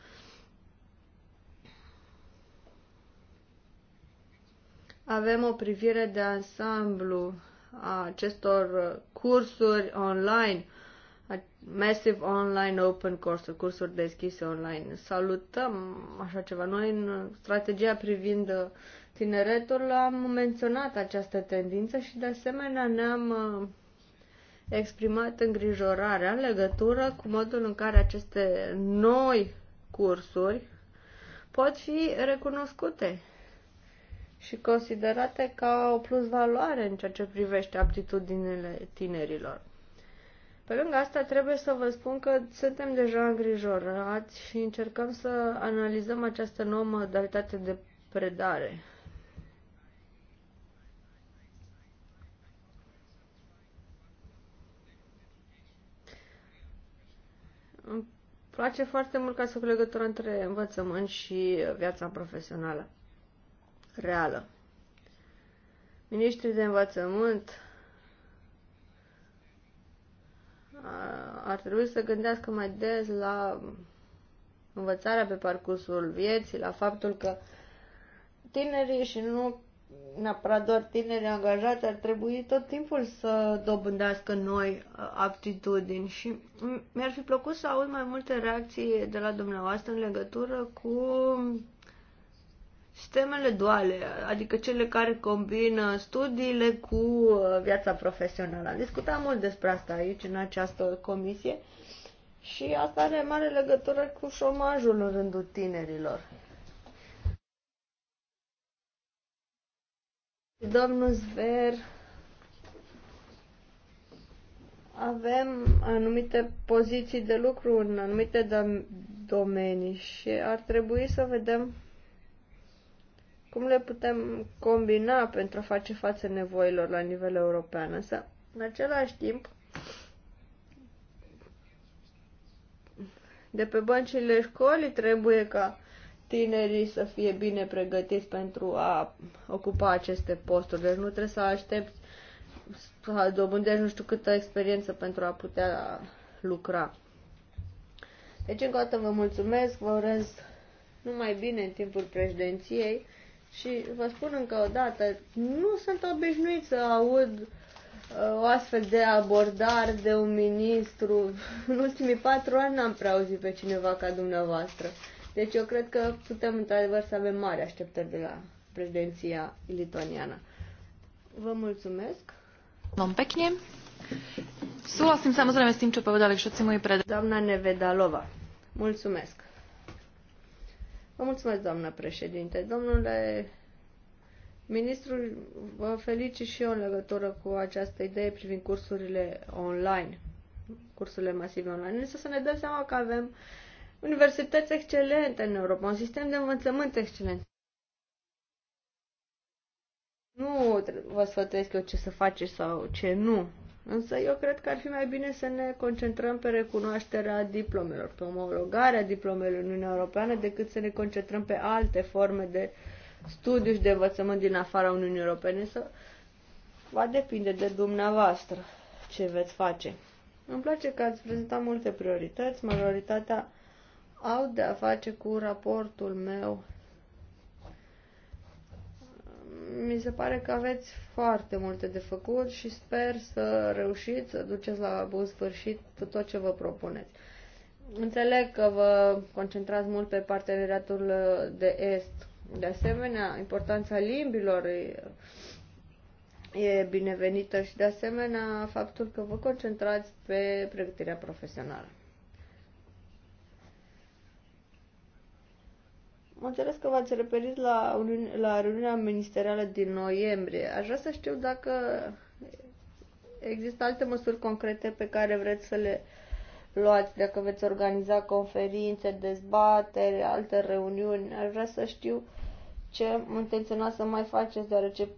avem o privire de ansamblu a acestor cursuri online, Massive Online Open Course, cursuri deschise online. Salutăm așa ceva. Noi în strategia privind tineretul am menționat această tendință și de asemenea ne-am uh, exprimat îngrijorarea în legătură cu modul în care aceste noi cursuri pot fi recunoscute și considerate ca o plusvaloare în ceea ce privește aptitudinile tinerilor. Pe lângă asta, trebuie să vă spun că suntem deja îngrijorați și încercăm să analizăm această nouă modalitate de predare. Îmi place foarte mult ca să fie legătura între învățământ și viața profesională reală. Ministrii de învățământ ar trebui să gândească mai des la învățarea pe parcursul vieții, la faptul că tinerii și nu neapărat doar tineri angajați ar trebui tot timpul să dobândească noi uh, aptitudini și mi-ar fi plăcut să aud mai multe reacții de la dumneavoastră în legătură cu sistemele duale, adică cele care combină studiile cu uh, viața profesională. Am discutat mult despre asta aici, în această comisie, și asta are mare legătură cu șomajul în rândul tinerilor. Domnul Zver, avem anumite poziții de lucru în anumite domenii și ar trebui să vedem cum le putem combina pentru a face față nevoilor la nivel european. Însă, în același timp, de pe băncile școlii trebuie ca tinerii să fie bine pregătiți pentru a ocupa aceste posturi. Deci nu trebuie să aștepți să dobândești nu știu câtă experiență pentru a putea lucra. Deci încă o dată vă mulțumesc, vă urez numai bine în timpul președinției și vă spun încă o dată, nu sunt obișnuit să aud uh, o astfel de abordare de un ministru. În ultimii patru ani n-am prea auzit pe cineva ca dumneavoastră. Deci eu cred că putem într-adevăr să avem mari așteptări de la președinția lituaniană. Vă mulțumesc. Vom pekne. Súhlasím samozrejme s tým, čo povedali všetci moji pred... Doamna Nevedalova, mulțumesc. Vă mulțumesc, doamna președinte. Domnule ministrul, vă felicit și eu în legătură cu această idee privind cursurile online, cursurile masive online. Însă să ne dăm seama că avem uh, universități excelente în Europa, un sistem de învățământ excelent. Nu vă sfătuiesc eu ce să faceți sau ce nu, însă eu cred că ar fi mai bine să ne concentrăm pe recunoașterea diplomelor, pe omologarea diplomelor în Uniunea Europeană, decât să ne concentrăm pe alte forme de studiu și de învățământ din afara Uniunii Europene. Să va depinde de dumneavoastră ce veți face. Îmi place că ați prezentat multe priorități, majoritatea au de a face cu raportul meu. Mi se pare că aveți foarte multe de făcut și sper să reușiți să duceți la bun sfârșit tot ce vă propuneți. Înțeleg că vă concentrați mult pe parteneriatul de est. De asemenea, importanța limbilor e binevenită și de asemenea faptul că vă concentrați pe pregătirea profesională. Am înțeles că v-ați referit la, la reuniunea ministerială din noiembrie. Aș vrea să știu dacă există alte măsuri concrete pe care vreți să le luați, dacă veți organiza conferințe, dezbateri, alte reuniuni. Aș vrea să știu ce intenționați să mai faceți, deoarece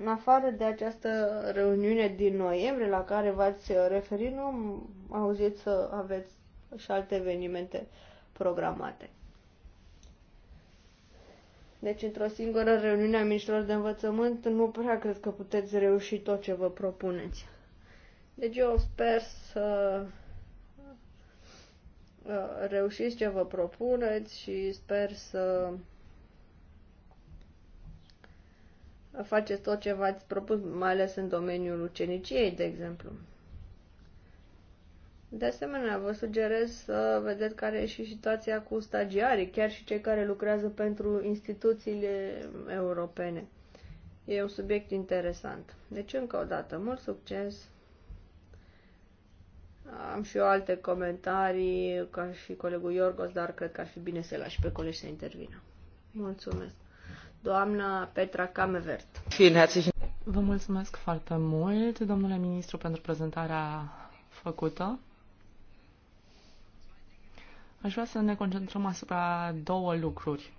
în afară de această reuniune din noiembrie la care v-ați referit, nu am auzit să aveți și alte evenimente programate. Deci, într-o singură reuniune a ministrilor de învățământ, nu prea cred că puteți reuși tot ce vă propuneți. Deci eu sper să uh, reușiți ce vă propuneți și sper să faceți tot ce v-ați propus, mai ales în domeniul uceniciei, de exemplu. De asemenea, vă sugerez să vedeți care e și situația cu stagiarii, chiar și cei care lucrează pentru instituțiile europene. E un subiect interesant. Deci, încă o dată, mult succes! Am și eu alte comentarii, ca și colegul Iorgos, dar cred că ar fi bine să-i lași pe colegi să intervină. Mulțumesc! Doamna Petra Camevert. Vă mulțumesc foarte mult, domnule ministru, pentru prezentarea făcută. Aș vrea să ne concentrăm asupra două lucruri.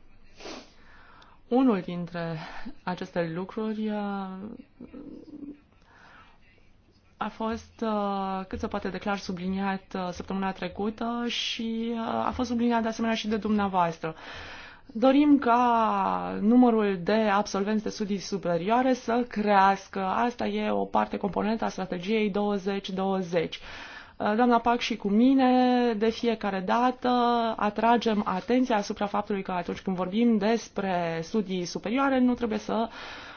Unul dintre aceste lucruri uh, a fost uh, cât se poate declar subliniat uh, săptămâna trecută și a fost subliniat de asemenea și de dumneavoastră. Dorim ca numărul de absolvenți de studii superioare să crească. Asta e o parte componentă a strategiei 2020. Uh, doamna Pac și cu mine, de fiecare dată atragem atenția asupra faptului că atunci când vorbim despre studii superioare, nu trebuie să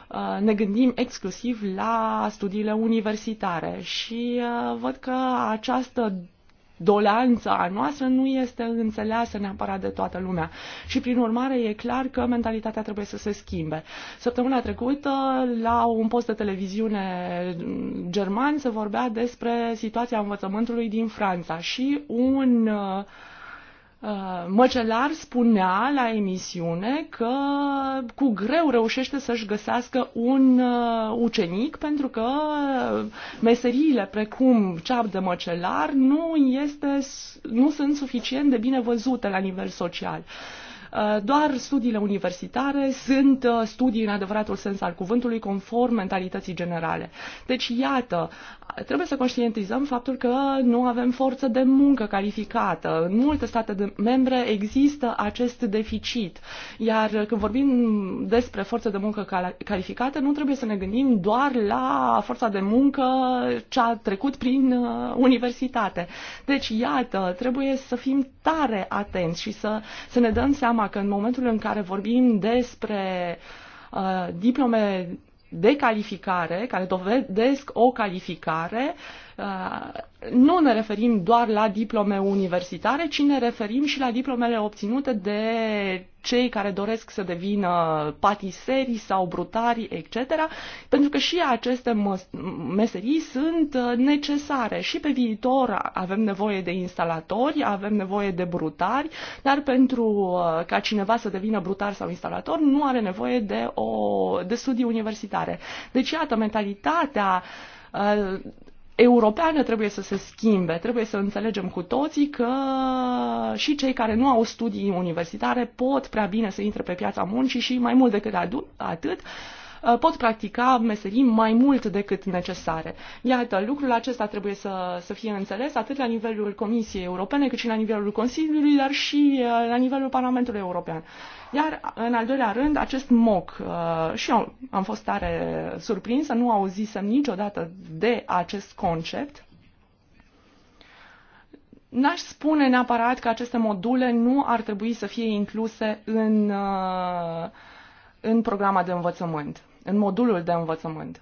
uh, ne gândim exclusiv la studiile universitare și uh, văd că această dolanța noastră nu este înțeleasă neapărat de toată lumea. Și prin urmare e clar că mentalitatea trebuie să se schimbe. Săptămâna trecută, la un post de televiziune german, se vorbea despre situația învățământului din Franța și un uh, Uh, măcelar spunea la emisiune că cu greu reușește să-și găsească un uh, ucenic pentru că meseriile precum ceap de măcelar nu, este, nu sunt suficient de bine văzute la nivel social. Uh, doar studiile universitare sunt uh, studii în adevăratul sens al cuvântului, conform mentalității generale. Deci, iată, trebuie să conștientizăm faptul că nu avem forță de muncă calificată. În multe state membre există acest deficit. Iar când vorbim despre forță de muncă calificată, nu trebuie să ne gândim doar la forța de muncă ce a trecut prin uh, universitate. Deci, iată, trebuie să fim tare atenți și să, să ne dăm seama seama că în momentul în care vorbim despre uh, diplome de calificare, care dovedesc o calificare, uh, Uh, nu ne referim doar la diplome universitare, ci ne referim și la diplomele obținute de cei care doresc să devină patiseri sau brutari, etc., pentru că și aceste meserii sunt uh, necesare și pe viitor avem nevoie de instalatori, avem nevoie de brutari, dar pentru uh, ca cineva să devină brutar sau instalator nu are nevoie de, o, de studii universitare. Deci, iată, mentalitatea europeană trebuie să se schimbe. Trebuie să înțelegem cu toții că și cei care nu au studii universitare pot prea bine să intre pe piața muncii și mai mult decât atât, Uh, pot practica meserii mai mult decât necesare. Iată, lucrul acesta trebuie să, să fie înțeles atât la nivelul Comisiei Europene, cât și la nivelul Consiliului, dar și uh, la nivelul Parlamentului European. Iar, în al doilea rând, acest MOC. Uh, și eu am fost tare surprinsă, nu auzisem niciodată de acest concept. N-aș spune neapărat că aceste module nu ar trebui să fie incluse în, în programa de învățământ în modulul de învățământ.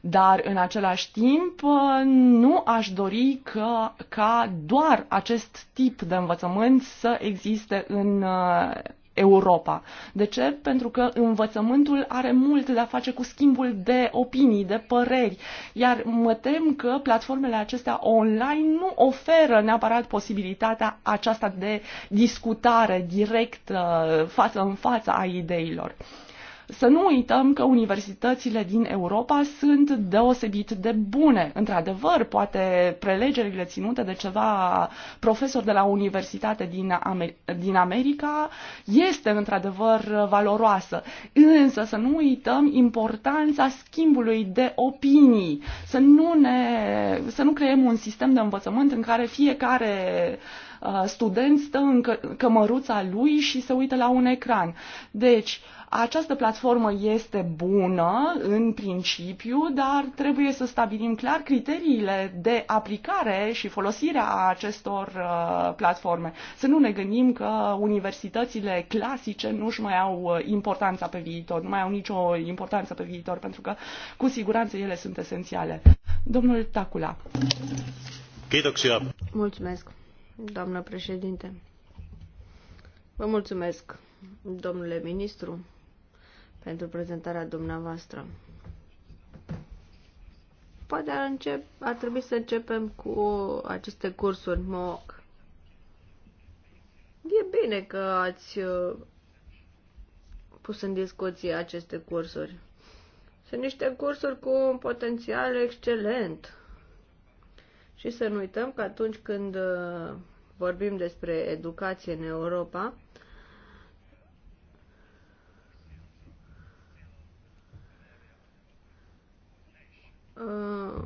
Dar, în același timp, nu aș dori că, ca doar acest tip de învățământ să existe în uh, Europa. De ce? Pentru că învățământul are mult de a face cu schimbul de opinii, de păreri, iar mă tem că platformele acestea online nu oferă neapărat posibilitatea aceasta de discutare direct uh, față în față a ideilor. Să nu uităm că universitățile din Europa sunt deosebit de bune. Într-adevăr, poate prelegerile ținute de ceva profesor de la universitate din, Amer- din America este într-adevăr valoroasă. Însă să nu uităm importanța schimbului de opinii. Să nu, ne, să nu creăm un sistem de învățământ în care fiecare uh, student stă în cămăruța lui și se uită la un ecran. Deci, uh, această platformă este bună în principiu, dar trebuie să stabilim clar criteriile de aplicare și folosire a acestor uh, platforme. Să nu ne gândim că universitățile clasice nu își mai au uh, importanța pe viitor, nu mai au nicio importanță pe viitor, pentru că cu siguranță ele sunt esențiale. Domnul Tacula. Mulțumesc, doamnă președinte. Vă mulțumesc, domnule ministru, pentru prezentarea dumneavoastră. Poate ar, încep, ar trebui să începem cu aceste cursuri MOOC. E bine că ați uh, pus în discuție aceste cursuri. Sunt niște cursuri cu un potențial excelent. Și să nu uităm că atunci când uh, vorbim despre educație în Europa, Uh,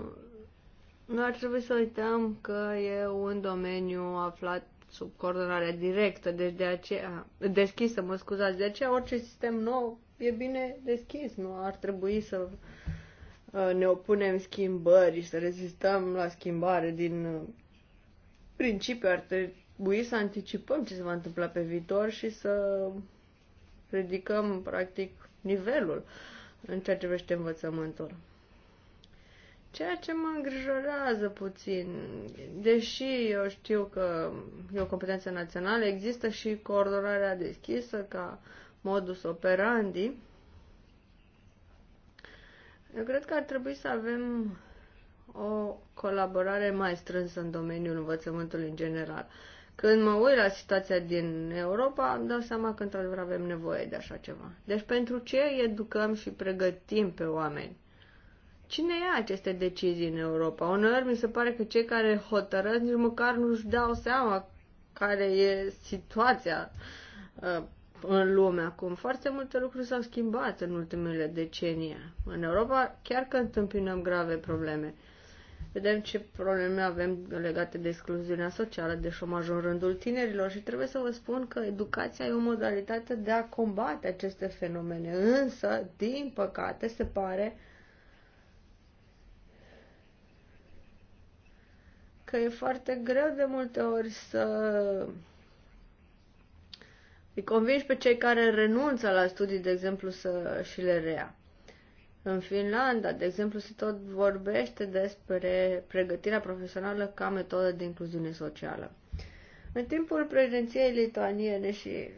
Noi ar trebui să uităm că e un domeniu aflat sub coordonarea directă, deci de aceea, deschisă, mă scuzați, de aceea orice sistem nou e bine deschis, nu ar trebui să uh, ne opunem schimbării, să rezistăm la schimbare din uh, principiu, ar trebui să anticipăm ce se va întâmpla pe viitor și să ridicăm, practic, nivelul în ceea ce privește învățământul. Ceea ce mă îngrijorează puțin, deși eu știu că e o competență națională, există și coordonarea deschisă ca modus operandi. Eu cred că ar trebui să avem o colaborare mai strânsă în domeniul învățământului în general. Când mă uit la situația din Europa, îmi dau seama că într-adevăr avem nevoie de așa ceva. Deci pentru ce educăm și pregătim pe oameni? Cine ia aceste decizii în Europa? Uneori mi se pare că cei care hotărăsc nici măcar nu-și dau seama care e situația uh, în lume acum. Foarte multe lucruri s-au schimbat în ultimele decenii. În Europa chiar că întâmpinăm grave probleme. Vedem ce probleme avem legate de excluziunea socială, de șomaj în rândul tinerilor și trebuie să vă spun că educația e o modalitate de a combate aceste fenomene. Însă, din păcate, se pare că e foarte greu de multe ori să îi convingi pe cei care renunță la studii, de exemplu, să și le rea. În Finlanda, de exemplu, se tot vorbește despre pregătirea profesională ca metodă de incluziune socială. În timpul prezenției lituaniene și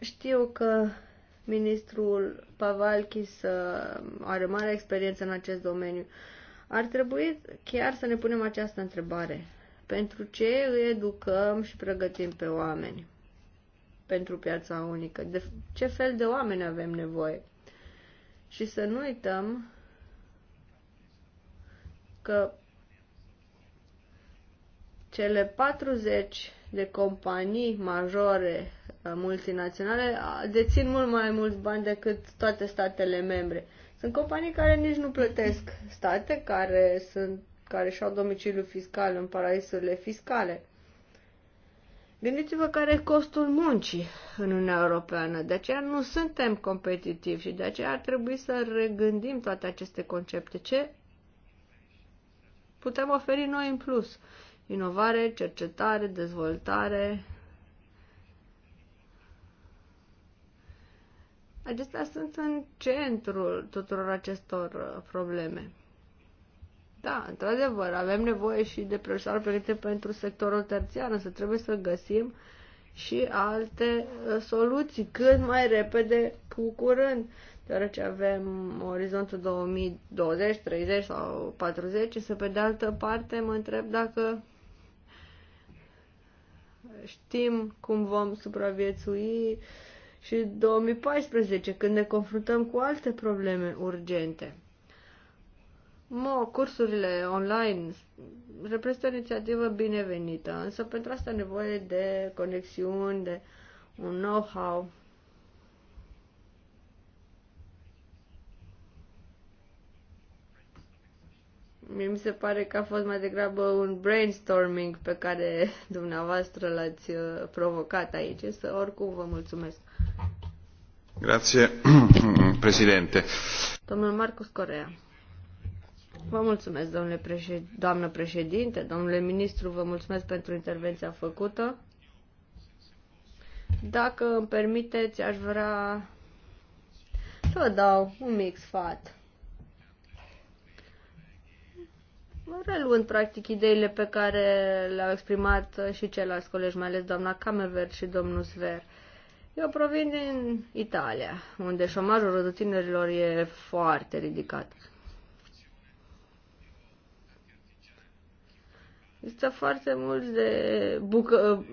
știu că ministrul Pavalkis uh, are mare experiență în acest domeniu, uh, ar trebui chiar să ne punem această întrebare. Pentru ce îi educăm și pregătim pe oameni pentru piața unică? De ce fel de oameni avem nevoie? Și să nu uităm că cele 40 de companii majore multinaționale dețin mult mai mulți bani decât toate statele membre. Sunt companii care nici nu plătesc state, care, sunt, care și-au domiciliu fiscal în paradisurile fiscale. Gândiți-vă care e costul muncii în Uniunea Europeană. De aceea nu suntem competitivi și de aceea ar trebui să regândim toate aceste concepte. Ce putem oferi noi în plus? Inovare, cercetare, dezvoltare, Acestea sunt în centrul tuturor acestor uh, probleme. Da, într-adevăr, avem nevoie și de profesoare pregătite pentru sectorul terțiar, însă trebuie să găsim și alte uh, soluții cât mai repede, cu curând, deoarece avem orizontul 2020, 30 sau 40, să pe de altă parte mă întreb dacă știm cum vom supraviețui și 2014, când ne confruntăm cu alte probleme urgente. Mo, cursurile online reprezintă o inițiativă binevenită, însă pentru asta nevoie de conexiuni, de un know-how. Mie mi se pare că a fost mai degrabă un brainstorming pe care dumneavoastră l-ați uh, provocat aici, să oricum vă mulțumesc. Grazie, [CLEARS THROAT] președinte. Domnul Marcos Corea. Vă mulțumesc, domnule președ... doamnă președinte, domnule ministru, vă mulțumesc pentru intervenția făcută. Dacă îmi permiteți, aș vrea să vă dau un mic sfat. Reluând, practic, ideile pe care le-au exprimat și ceilalți colegi, mai ales doamna Camerver și domnul Sver. Eu provin din Italia, unde șomajul rândul tinerilor e foarte ridicat. Există foarte mulți de bucă...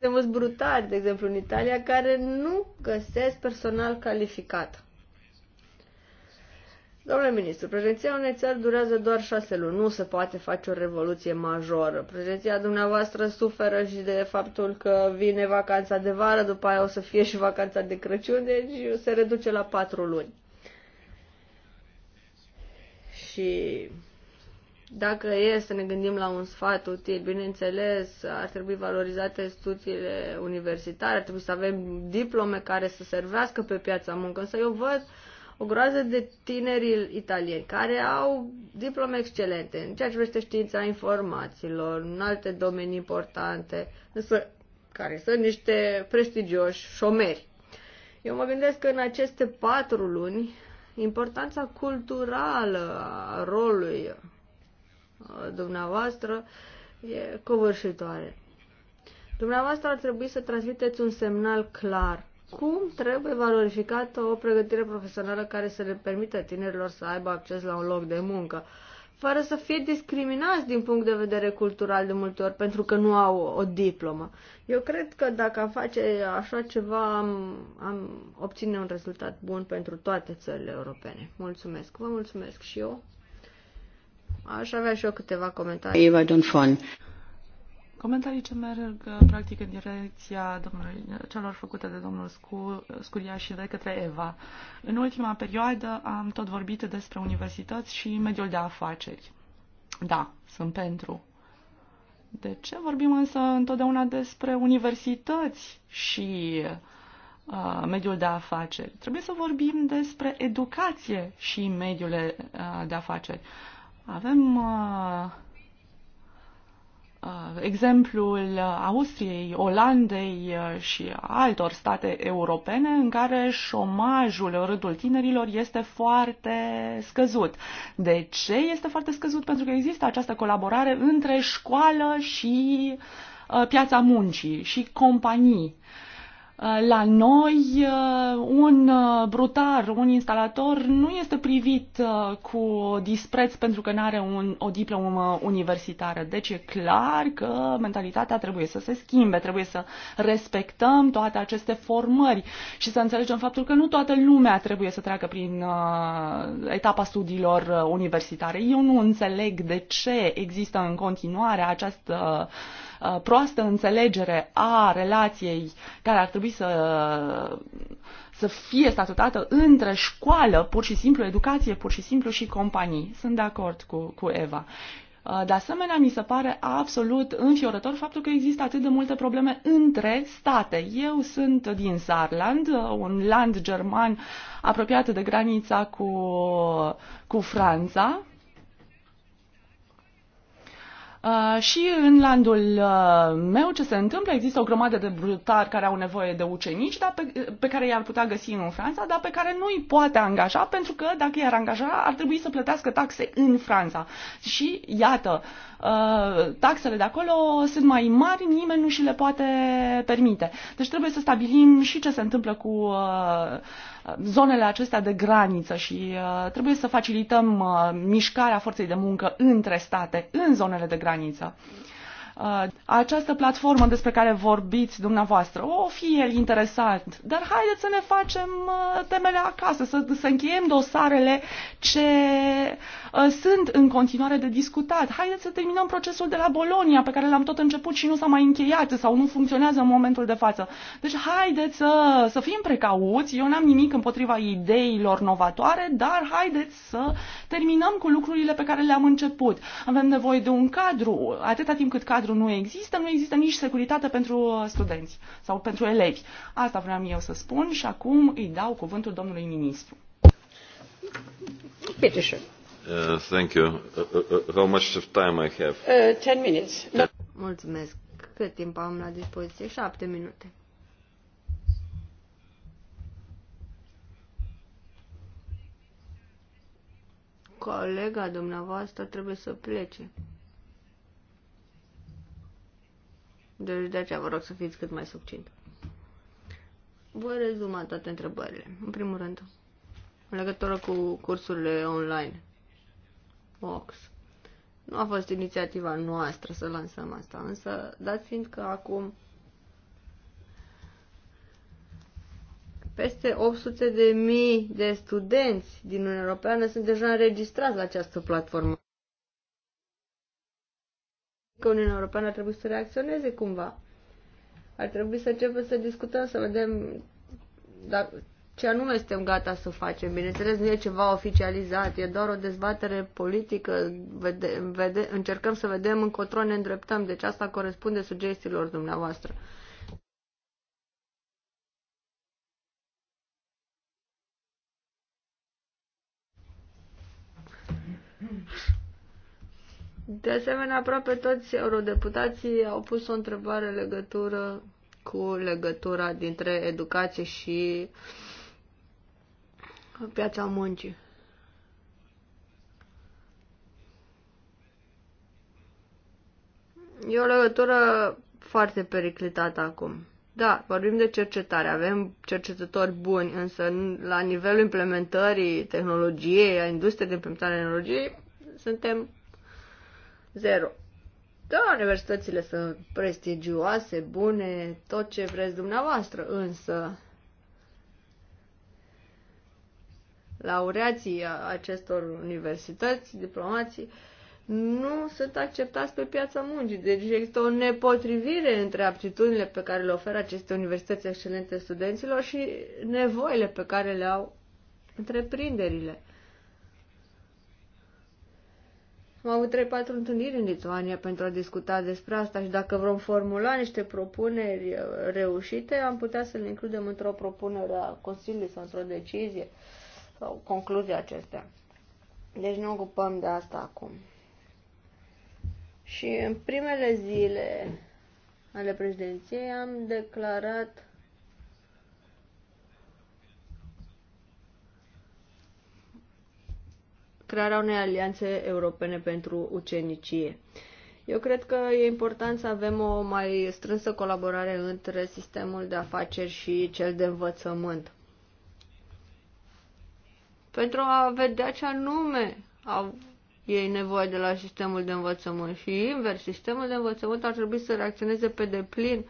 Sunt mulți brutari, de exemplu, în Italia, care nu găsesc personal calificat. Domnule ministru, prezenția unei țări durează doar șase luni. Nu se poate face o revoluție majoră. Prezenția dumneavoastră suferă și de faptul că vine vacanța de vară, după aia o să fie și vacanța de Crăciun, deci se reduce la patru luni. Și dacă e să ne gândim la un sfat util, bineînțeles, ar trebui valorizate studiile universitare, ar trebui să avem diplome care să servească pe piața muncă. Însă eu văd o groază de tineri italieni care au diplome excelente în ceea ce vrește știința informațiilor, în alte domenii importante, însă care sunt niște prestigioși șomeri. Eu mă gândesc că în aceste patru luni, importanța culturală a rolului dumneavoastră e covârșitoare. Dumneavoastră ar trebui să transmiteți un semnal clar cum trebuie valorificată o pregătire profesională care să le permită tinerilor să aibă acces la un loc de muncă, fără să fie discriminați din punct de vedere cultural de multe ori pentru că nu au o, diplomă. Eu cred că dacă am face așa ceva, am, am obține un rezultat bun pentru toate țările europene. Mulțumesc. Vă mulțumesc și eu. Aș avea și eu câteva comentarii. Eva Dunfon. Comentarii ce merg uh, practic în direcția domnului, uh, celor făcute de domnul uh, Scuria și de către Eva. În ultima perioadă am tot vorbit despre universități și mediul de afaceri. Da, sunt pentru. De ce vorbim însă întotdeauna despre universități și uh, mediul de afaceri? Trebuie să vorbim despre educație și mediul de afaceri. Avem uh, Ah, exemplul Austriei, Olandei ah, și altor state europene în care șomajul în rândul tinerilor este foarte scăzut. De ce este foarte scăzut? Pentru că există această colaborare între școală și ah, piața muncii și companii. Uh, Uh, la noi uh, un uh, brutar, un instalator nu este privit cu dispreț pentru că nu are un, o diplomă universitară. Deci e clar că mentalitatea trebuie să se schimbe, trebuie să respectăm toate aceste formări și să înțelegem faptul că nu toată lumea trebuie să treacă prin etapa studiilor universitare. Eu nu înțeleg de ce există în continuare această Uh, proastă înțelegere a relației care ar trebui să să fie statutată între școală, pur și simplu, educație, pur și simplu și companii. Sunt de acord cu, cu Eva. Uh, de asemenea, mi se pare absolut înfiorător faptul că există atât de multe probleme între state. Eu sunt din Saarland, uh, un land german apropiat de granița cu, cu Franța, Uh, și în landul uh, meu ce se întâmplă? Există o grămadă de brutari care au nevoie de ucenici, dar pe, pe care i-ar putea găsi în Franța, dar pe care nu îi poate angaja, pentru că dacă i-ar angaja, ar trebui să plătească taxe în Franța. Și iată, uh, taxele de acolo sunt mai mari, nimeni nu și le poate permite. Deci trebuie să stabilim și ce se întâmplă cu zonele acestea de graniță și uh, trebuie să facilităm uh, mișcarea forței de muncă între state în zonele de graniță. Uh, această platformă despre care vorbiți dumneavoastră, o fi el interesant, dar haideți să ne facem uh, temele acasă, să, să încheiem dosarele ce uh, sunt în continuare de discutat. Haideți să terminăm procesul de la Bolonia, pe care l-am tot început și nu s-a mai încheiat sau nu funcționează în momentul de față. Deci haideți să, să fim precauți, eu n-am nimic împotriva ideilor novatoare, dar haideți să terminăm cu lucrurile pe care le-am început. Avem nevoie de un cadru, atâta timp cât cadru cadru nu există, nu există nici securitate pentru uh, studenți sau pentru elevi. Asta vreau eu să spun și acum îi dau cuvântul domnului ministru. Uh, thank you. Uh, uh, uh, how much of time I have? Uh, ten minutes. No. Mulțumesc. Cât timp am la dispoziție? Șapte minute. colega dumneavoastră trebuie să plece. Deci de aceea vă rog să fiți cât mai succint. Voi rezuma toate întrebările. În primul rând, în legătură cu cursurile online. Vox. Nu a fost inițiativa noastră să lansăm asta, însă dat fiind că acum peste 800 de mii de studenți din Uniunea Europeană sunt deja înregistrați la această platformă că Uniunea Europeană ar trebui să reacționeze cumva. Ar trebui să începem să discutăm, să vedem dar ce anume suntem gata să facem. Bineînțeles, nu e ceva oficializat, e doar o dezbatere politică. Vede, vede, încercăm să vedem încotro ne îndreptăm, deci asta corespunde sugestiilor dumneavoastră. mm de asemenea, aproape toți eurodeputații au pus o întrebare legătură cu legătura dintre educație și piața muncii. E o legătură foarte periclitată acum. Da, vorbim de cercetare, avem cercetători buni, însă la nivelul implementării tehnologiei, a industriei de implementare a tehnologiei, suntem zero. Da, universitățile sunt prestigioase, bune, tot ce vreți dumneavoastră, însă laureații acestor universități, diplomații, nu sunt acceptați pe piața muncii. Deci există o nepotrivire între aptitudinile pe care le oferă aceste universități excelente studenților și nevoile pe care le au întreprinderile. Am avut 3-4 întâlniri în Lituania pentru a discuta despre asta și dacă vom formula niște propuneri uh, reușite, am putea să le includem într-o propunere a Consiliului sau într-o decizie sau concluzia acestea. Deci ne ocupăm de asta acum. Și în primele zile ale președinției am declarat crearea unei alianțe europene pentru ucenicie. Eu cred că e important să avem o mai strânsă colaborare între sistemul de afaceri și cel de învățământ. Pentru a vedea ce anume au ei nevoie de la sistemul de învățământ și invers, sistemul de învățământ ar trebui să reacționeze pe deplin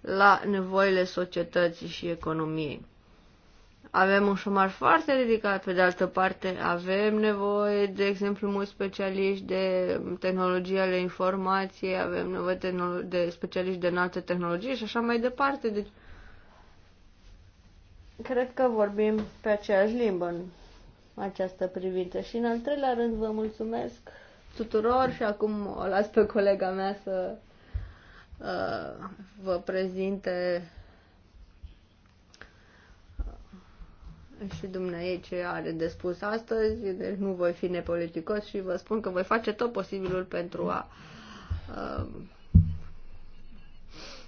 la nevoile societății și economiei. Avem un șomaj foarte ridicat, pe de altă parte avem nevoie, de exemplu, mulți specialiști de tehnologie ale informației, avem nevoie de specialiști de înaltă tehnologie și așa mai departe. Deci, cred că vorbim pe aceeași limbă în această privință. Și în al treilea rând vă mulțumesc tuturor și acum o las pe colega mea să uh, vă prezinte și dumneavoastră ce are de spus astăzi, deci nu voi fi nepoliticos și vă spun că voi face tot posibilul pentru a uh,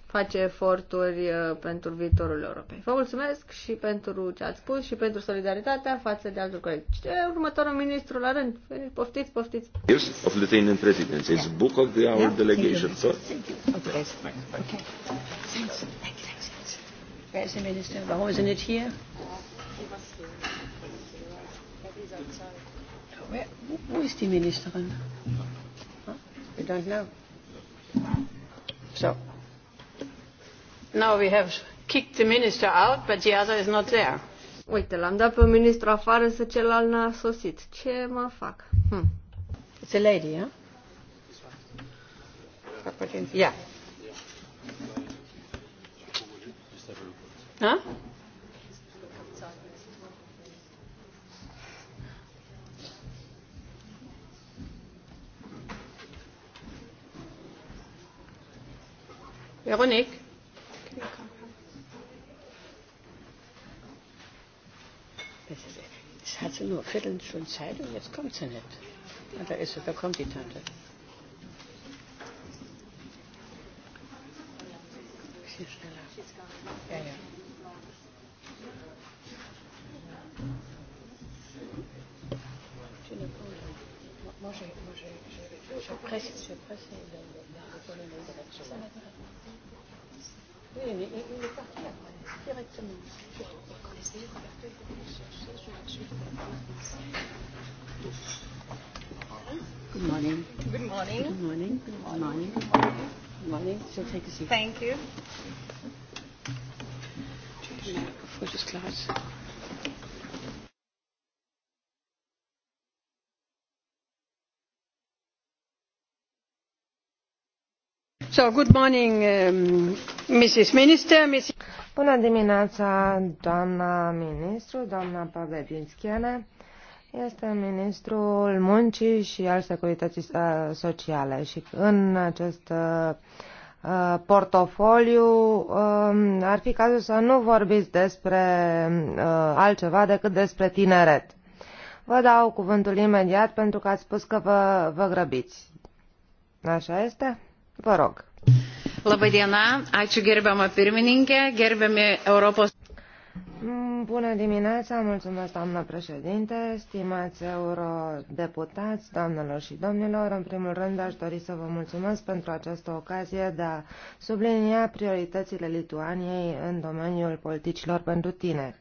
face eforturi uh, pentru viitorul Europei. Vă mulțumesc și pentru ce ați spus și pentru solidaritatea față de altul colegi. Următorul ministru la rând. Păi, poftiți, poftiți. Years of Lithuanian presidency. It's book of the our yeah, delegation. Thank you. Thank you. Okay. okay. Thanks. Thank you. Where is the minister? Warum isn't it here? Where, wo ist die Ministerin? We don't know. So. Now we have kicked the minister out, but the other is not there. Uite, l-am dat pe ministru afară să celălalt n-a sosit. Ce mă fac? Hm. It's a lady, huh? Yeah. Huh? Véronique Es sie nur schon Zeit und jetzt kommt sie nicht. Und ah, da ist sie, er, da kommt die Tante. Ja, ja. Moi, j'ai morning. Good morning. Good morning. Good morning. Good morning. Good morning. Good morning. Good morning. Good morning. Good morning. Good morning. Good morning. So take a seat. Thank you. Faut juste là. Um, Bună dimineața, doamna ministru, doamna Pavledinskiene. Este ministrul muncii și al securității uh, sociale și în acest uh, uh, portofoliu um, ar fi cazul să nu vorbiți despre altceva decât despre tineret. Vă dau cuvântul imediat pentru că ați spus că vă, vă grăbiți. Așa este? Vă rog. Labai diena, ačiū gerbiamą pirmininkę, gerbiami Europos. Mm, bună dimineața, mulțumesc doamnă președinte, stimați eurodeputați, doamnelor și domnilor. În primul rând aș dori să vă mulțumesc pentru această ocazie de a sublinia prioritățile Lituaniei în domeniul politicilor pentru tineri.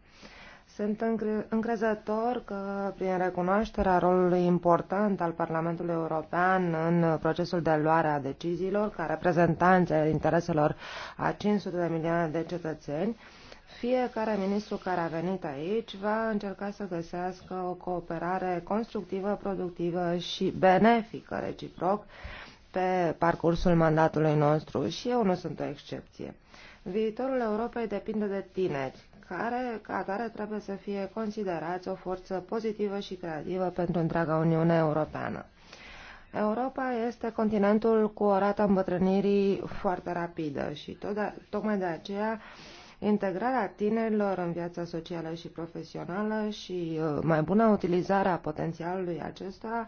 Sunt încrezător că, prin recunoașterea rolului important al Parlamentului European în procesul de luare a deciziilor, ca reprezentanțe intereselor a 500 de milioane de cetățeni, fiecare ministru care a venit aici va încerca să găsească o cooperare constructivă, productivă și benefică reciproc pe parcursul mandatului nostru și eu nu sunt o excepție. Viitorul Europei depinde de tineri care, ca atare, trebuie să fie considerați o forță pozitivă și creativă pentru întreaga Uniune Europeană. Europa este continentul cu o rată îmbătrânirii foarte rapidă și tot de, tocmai de aceea integrarea tinerilor în viața socială și profesională și uh, mai bună utilizarea potențialului acesta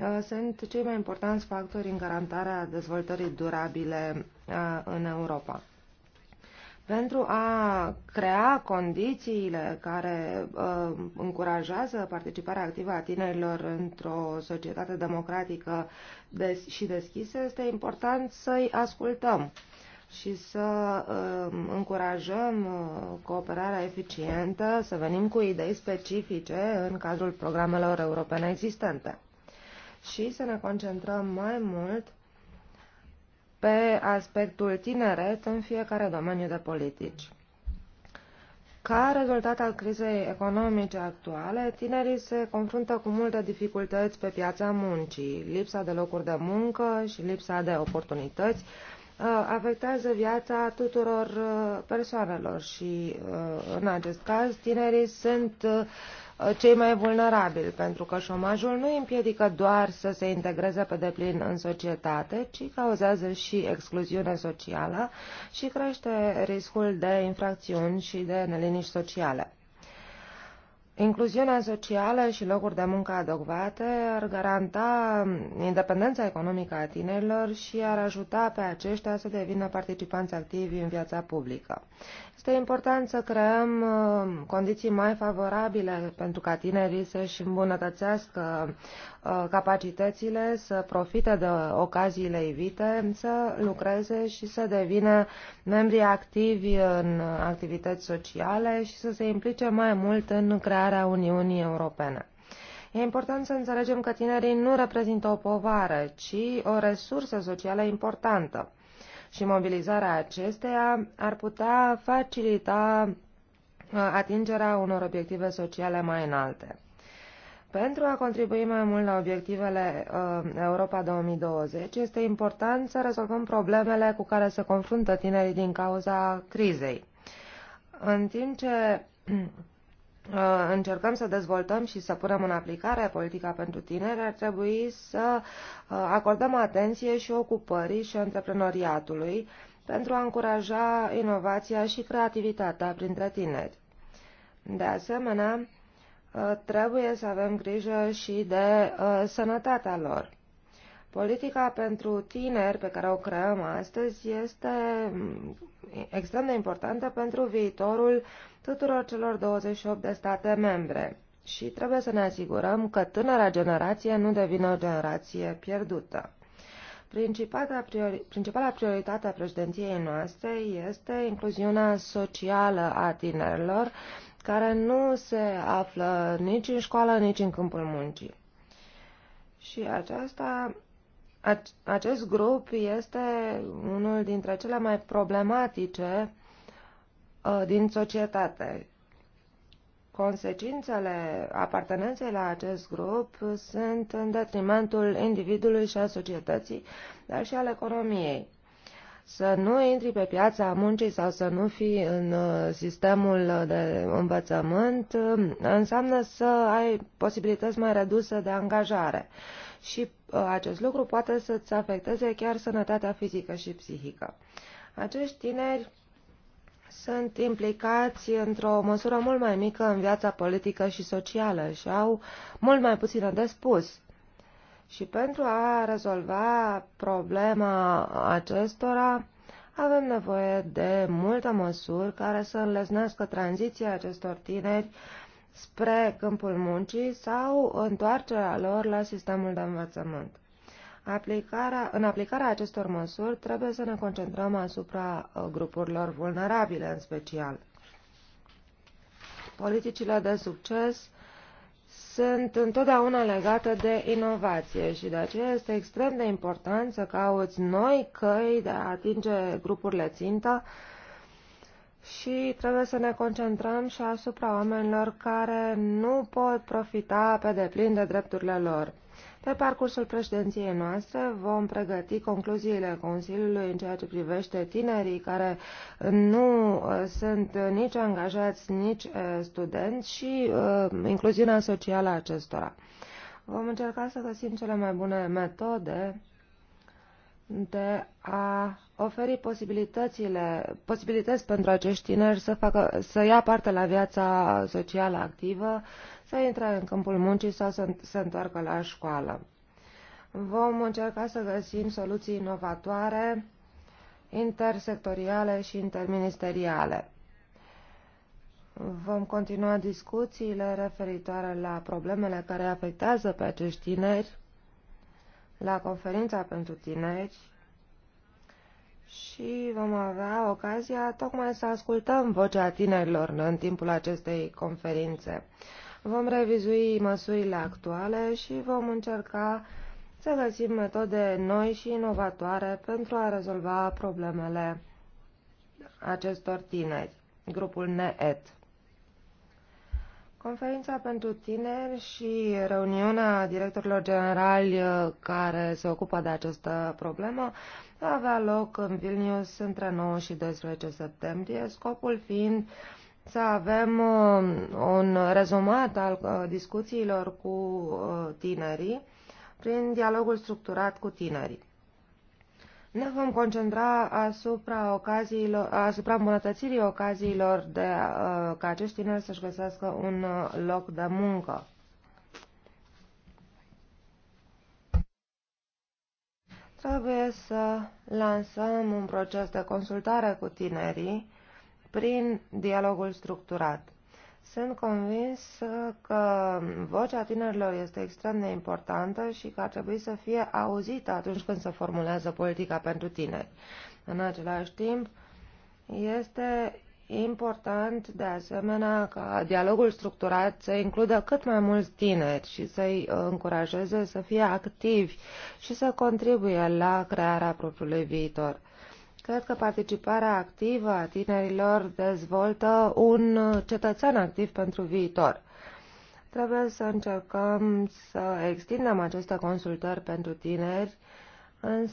uh, sunt cei mai importanți factori în garantarea dezvoltării durabile uh, în Europa pentru a crea condițiile care uh, încurajează participarea activă a tinerilor într-o societate democratică des- și deschisă, este important să-i ascultăm și să uh, încurajăm uh, cooperarea eficientă, să venim cu idei specifice în cadrul programelor europene existente și să ne concentrăm mai mult pe aspectul tineret în fiecare domeniu de politici. Ca rezultat al crizei economice actuale, tinerii se confruntă cu multe dificultăți pe piața muncii. Lipsa de locuri de muncă și lipsa de oportunități uh, afectează viața tuturor uh, persoanelor și, uh, în acest caz, tinerii sunt Uh, cei mai vulnerabili, pentru că șomajul nu îi împiedică doar să se integreze pe deplin în societate, ci cauzează și excluziune socială și crește riscul de infracțiuni și de neliniști sociale. Incluziunea socială și locuri de muncă adecvate ar garanta independența economică a tinerilor și ar ajuta pe aceștia să devină participanți activi în viața publică. Este important să creăm uh, condiții mai favorabile pentru ca tinerii să-și îmbunătățească uh, capacitățile, să profite de ocaziile evite, să lucreze și să devină membri activi în activități sociale și să se implice mai mult în crearea Uniunii Europene. E important să înțelegem că tinerii nu reprezintă o povară, ci o resursă socială importantă și mobilizarea acesteia ar putea facilita uh, atingerea unor obiective sociale mai înalte. Pentru a contribui mai mult la obiectivele uh, Europa 2020, este important să rezolvăm problemele cu care se confruntă tinerii din cauza crizei. În timp ce [CLEARS THROAT] Uh, încercăm să dezvoltăm și să punem în aplicare politica pentru tineri, ar trebui să uh, acordăm atenție și ocupării și antreprenoriatului pentru a încuraja inovația și creativitatea printre tineri. De asemenea, uh, trebuie să avem grijă și de sănătatea lor Politica pentru tineri pe care o creăm astăzi este extrem de importantă pentru viitorul tuturor celor 28 de state membre și trebuie să ne asigurăm că tânăra generație nu devine o generație pierdută. Principala, priori, principala prioritate a președinției noastre este incluziunea socială a tinerilor, care nu se află nici în școală, nici în câmpul muncii. Și aceasta acest grup este unul dintre cele mai problematice uh, din societate. Consecințele apartenenței la acest grup sunt în detrimentul individului și a societății, dar și al economiei. Să nu intri pe piața muncii sau să nu fii în uh, sistemul de învățământ uh, înseamnă să ai posibilități mai reduse de angajare și uh, acest lucru poate să-ți afecteze chiar sănătatea fizică și psihică. Acești tineri sunt implicați într-o măsură mult mai mică în viața politică și socială și au mult mai puțină de spus. Și pentru a rezolva problema acestora, avem nevoie de multe măsuri care să înlesnească tranziția acestor tineri spre câmpul muncii sau întoarcerea lor la sistemul de învățământ. Aplicarea, în aplicarea acestor măsuri trebuie să ne concentrăm asupra uh, grupurilor vulnerabile în special. Politicile de succes sunt întotdeauna legate de inovație și de aceea este extrem de important să cauți noi căi de a atinge grupurile țintă și trebuie să ne concentrăm și asupra oamenilor care nu pot profita pe deplin de drepturile lor. Pe parcursul președinției noastre vom pregăti concluziile Consiliului în ceea ce privește tinerii care nu uh, sunt nici angajați, nici uh, studenți și uh, incluziunea socială a acestora. Vom încerca să găsim cele mai bune metode de a oferi posibilitățile, posibilități pentru acești tineri să, facă, să ia parte la viața socială activă, să intre în câmpul muncii sau să se întoarcă la școală. Vom încerca să găsim soluții inovatoare, intersectoriale și interministeriale. Vom continua discuțiile referitoare la problemele care afectează pe acești tineri la conferința pentru tineri și vom avea ocazia tocmai să ascultăm vocea tinerilor în timpul acestei conferințe. Vom revizui măsurile actuale și vom încerca să găsim metode noi și inovatoare pentru a rezolva problemele acestor tineri, grupul NEET. Conferința pentru tineri și reuniunea directorilor generali uh, care se ocupă de această problemă va avea loc în Vilnius între 9 și 12 septembrie, scopul fiind să avem uh, un rezumat al uh, discuțiilor cu tinerii prin dialogul structurat cu tinerii. Ne vom concentra asupra, ocaziilor, asupra îmbunătățirii ocaziilor de, uh, ca acești tineri să-și găsească un uh, loc de muncă. Trebuie să lansăm un proces de consultare cu tinerii prin dialogul structurat. Sunt convins că vocea tinerilor este extrem de importantă și că ar trebui să fie auzită atunci când se formulează politica pentru tineri. În același timp, este important de asemenea ca dialogul structurat să includă cât mai mulți tineri și să-i uh, încurajeze să fie activi și să contribuie la crearea propriului viitor. Cred că participarea activă a tinerilor dezvoltă un cetățean activ pentru viitor. Trebuie să încercăm să extindem aceste consultări pentru tineri, în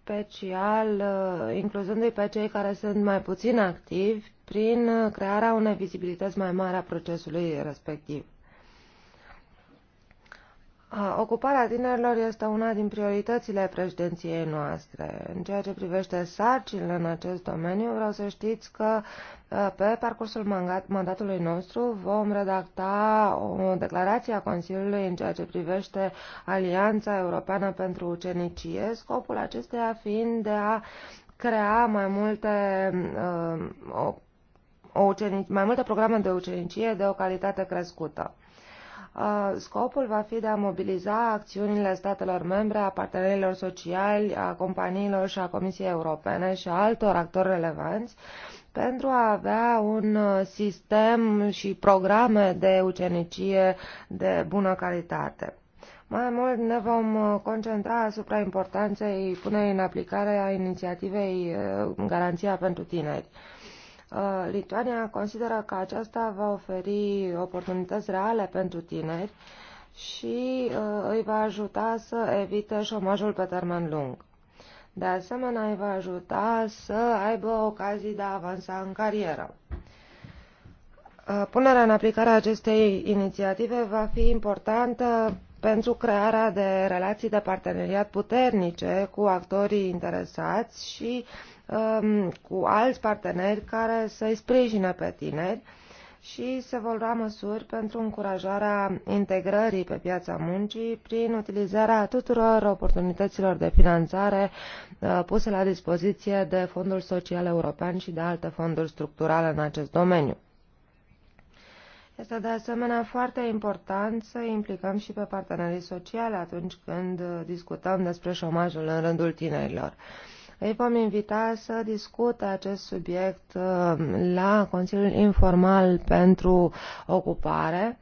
special uh, incluzându-i pe cei care sunt mai puțin activi, prin crearea unei vizibilități mai mari a procesului respectiv. Ocuparea tinerilor este una din prioritățile președinției noastre. În ceea ce privește sarcinile în acest domeniu, vreau să știți că pe parcursul mandatului nostru vom redacta o declarație a Consiliului în ceea ce privește Alianța Europeană pentru Ucenicie, scopul acesteia fiind de a crea mai multe o, o ucenic, mai multe programe de ucenicie de o calitate crescută. Scopul va fi de a mobiliza acțiunile statelor membre, a partenerilor sociali, a companiilor și a Comisiei Europene și a altor actori relevanți pentru a avea un uh, sistem și programe de ucenicie de bună calitate. Mai mult ne vom uh, concentra asupra importanței punerii în aplicare a inițiativei uh, Garanția pentru Tineri. Uh, Lituania consideră că aceasta va oferi oportunități reale pentru tineri și uh, îi va ajuta să evite șomajul pe termen lung. De asemenea, îi va ajuta să aibă ocazii de a avansa în carieră. Uh, punerea în aplicare a acestei inițiative va fi importantă pentru crearea de relații de parteneriat puternice cu actorii interesați și uh, Um, cu alți parteneri care să-i sprijine pe tineri și se vor lua măsuri pentru încurajarea integrării pe piața muncii prin utilizarea tuturor oportunităților de finanțare uh, puse la dispoziție de Fondul Social European și de alte fonduri structurale în acest domeniu. Este de asemenea foarte important să implicăm și pe partenerii sociale atunci când discutăm despre șomajul în rândul tinerilor. Îi vom invita să discute acest subiect uh, la Consiliul Informal pentru Ocupare,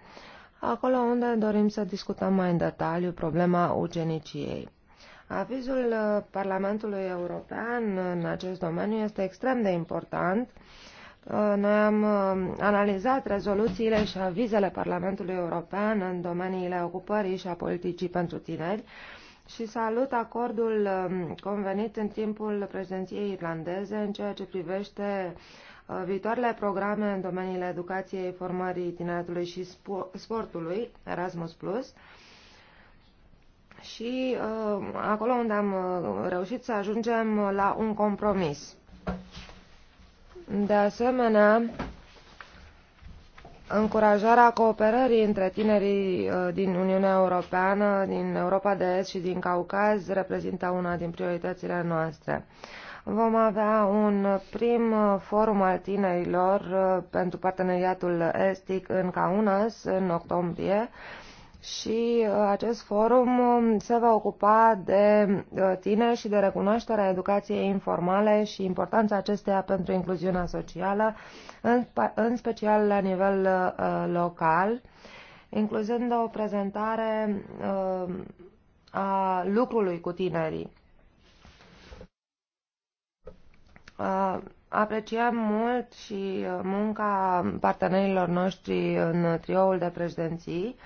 acolo unde dorim să discutăm mai în detaliu problema uceniciei. Avizul uh, Parlamentului European în acest domeniu este extrem de important. Uh, noi am analizat rezoluțiile și avizele Parlamentului European în domeniile ocupării și a politicii pentru tineri și salut acordul um, convenit în timpul președinției irlandeze în ceea ce privește uh, viitoarele programe în domeniile educației, formării, tineretului și sportului, Erasmus+, și um, acolo unde am uh, reușit să ajungem la un compromis. De asemenea, încurajarea cooperării între tinerii uh, din Uniunea Europeană, din Europa de Est și din Caucaz reprezintă una din prioritățile noastre. Vom avea un prim uh, forum al tinerilor uh, pentru parteneriatul estic în Kaunas în octombrie și uh, acest forum um, se va ocupa de uh, tine și de recunoașterea educației informale și importanța acesteia pentru incluziunea socială, în special la nivel uh, local, incluzând o prezentare a lucrului cu tinerii. Apreciem mult și munca partenerilor noștri în trioul de președinții,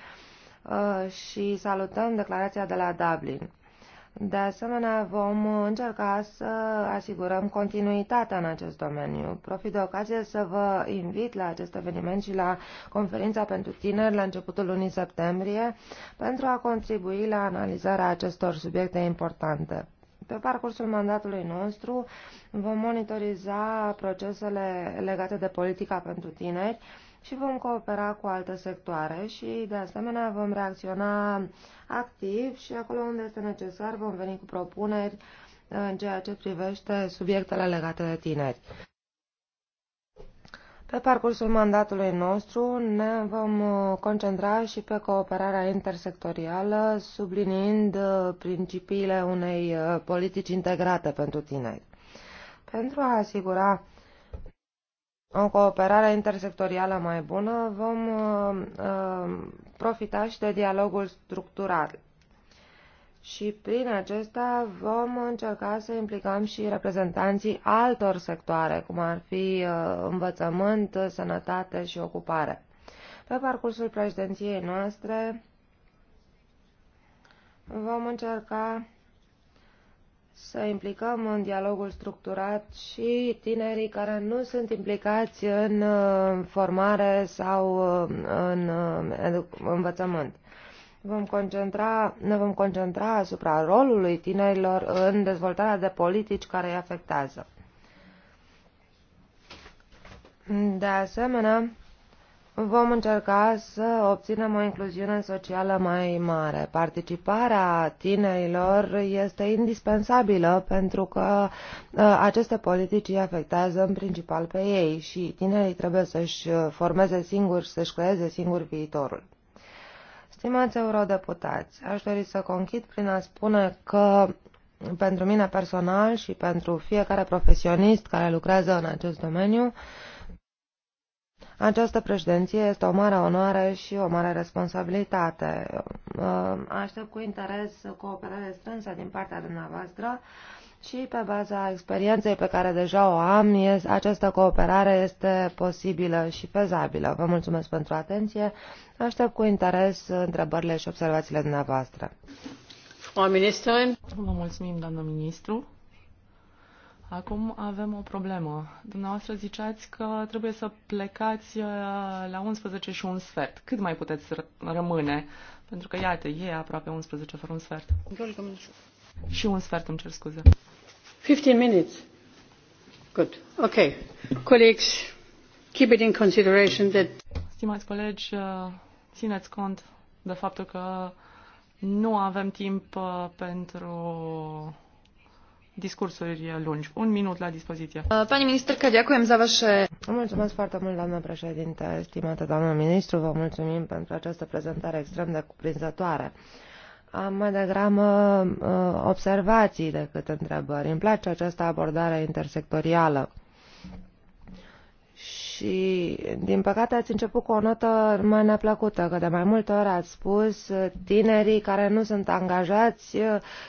Uh, și salutăm declarația de la Dublin. De asemenea, vom încerca să asigurăm continuitatea în acest domeniu. Profit de ocazie să vă invit la acest eveniment și la conferința pentru tineri la începutul lunii septembrie pentru a contribui la analizarea acestor subiecte importante. Pe parcursul mandatului nostru vom monitoriza procesele legate de politica pentru tineri și vom coopera cu alte sectoare și, de asemenea, vom reacționa activ și acolo unde este necesar vom veni cu propuneri uh, în ceea ce privește subiectele legate de tineri. Pe parcursul mandatului nostru ne vom uh, concentra și pe cooperarea intersectorială, subliniind uh, principiile unei politici integrate pentru tineri. Pentru a asigura o cooperare intersectorială mai bună, vom uh, uh, profita și de dialogul structural. Și prin acesta vom încerca să implicăm și reprezentanții altor sectoare, cum ar fi uh, învățământ, sănătate și ocupare. Pe parcursul președinției noastre vom încerca să implicăm în dialogul structurat și tinerii care nu sunt implicați în uh, formare sau uh, în uh, învățământ. Vom concentra, ne vom concentra asupra rolului tinerilor în dezvoltarea de politici care îi afectează. De asemenea, vom încerca să obținem o incluziune socială mai mare. Participarea tinerilor este indispensabilă pentru că uh, aceste politici îi afectează în principal pe ei și tinerii trebuie să-și uh, formeze singuri, să-și creeze singuri viitorul. Stimați eurodeputați, aș dori să conchid prin a spune că pentru mine personal și pentru fiecare profesionist care lucrează în acest domeniu, această președinție este o mare onoare și o mare responsabilitate. Aștept cu interes cooperare strânsă din partea dumneavoastră și pe baza experienței pe care deja o am, această cooperare este posibilă și fezabilă. Vă mulțumesc pentru atenție. Aștept cu interes întrebările și observațiile dumneavoastră. Vă mulțumim, doamnă ministru. Acum avem o problemă. Dumneavoastră ziceați că trebuie să plecați uh, la 11 și un sfert. Cât mai puteți rămâne? Pentru că, iată, e aproape 11 fără un sfert. Și un sfert, îmi cer scuze. 15 minutes. Good. Okay. Colleagues, keep it in consideration that... Stimați colegi, uh, țineți cont de faptul că nu avem timp uh, pentru discursuri lungi. Un minut la dispoziție. Uh, pani minister, că deacuiem za vaše... Mulțumesc foarte mult, doamnă președinte, stimată doamnă ministru, vă mulțumim pentru această prezentare extrem de cuprinzătoare. Am mai degrabă uh, observații decât întrebări. Îmi place această abordare intersectorială și, din păcate, ați început cu o notă mai neplăcută, că de mai multe ori ați spus uh, tinerii care nu sunt angajați uh,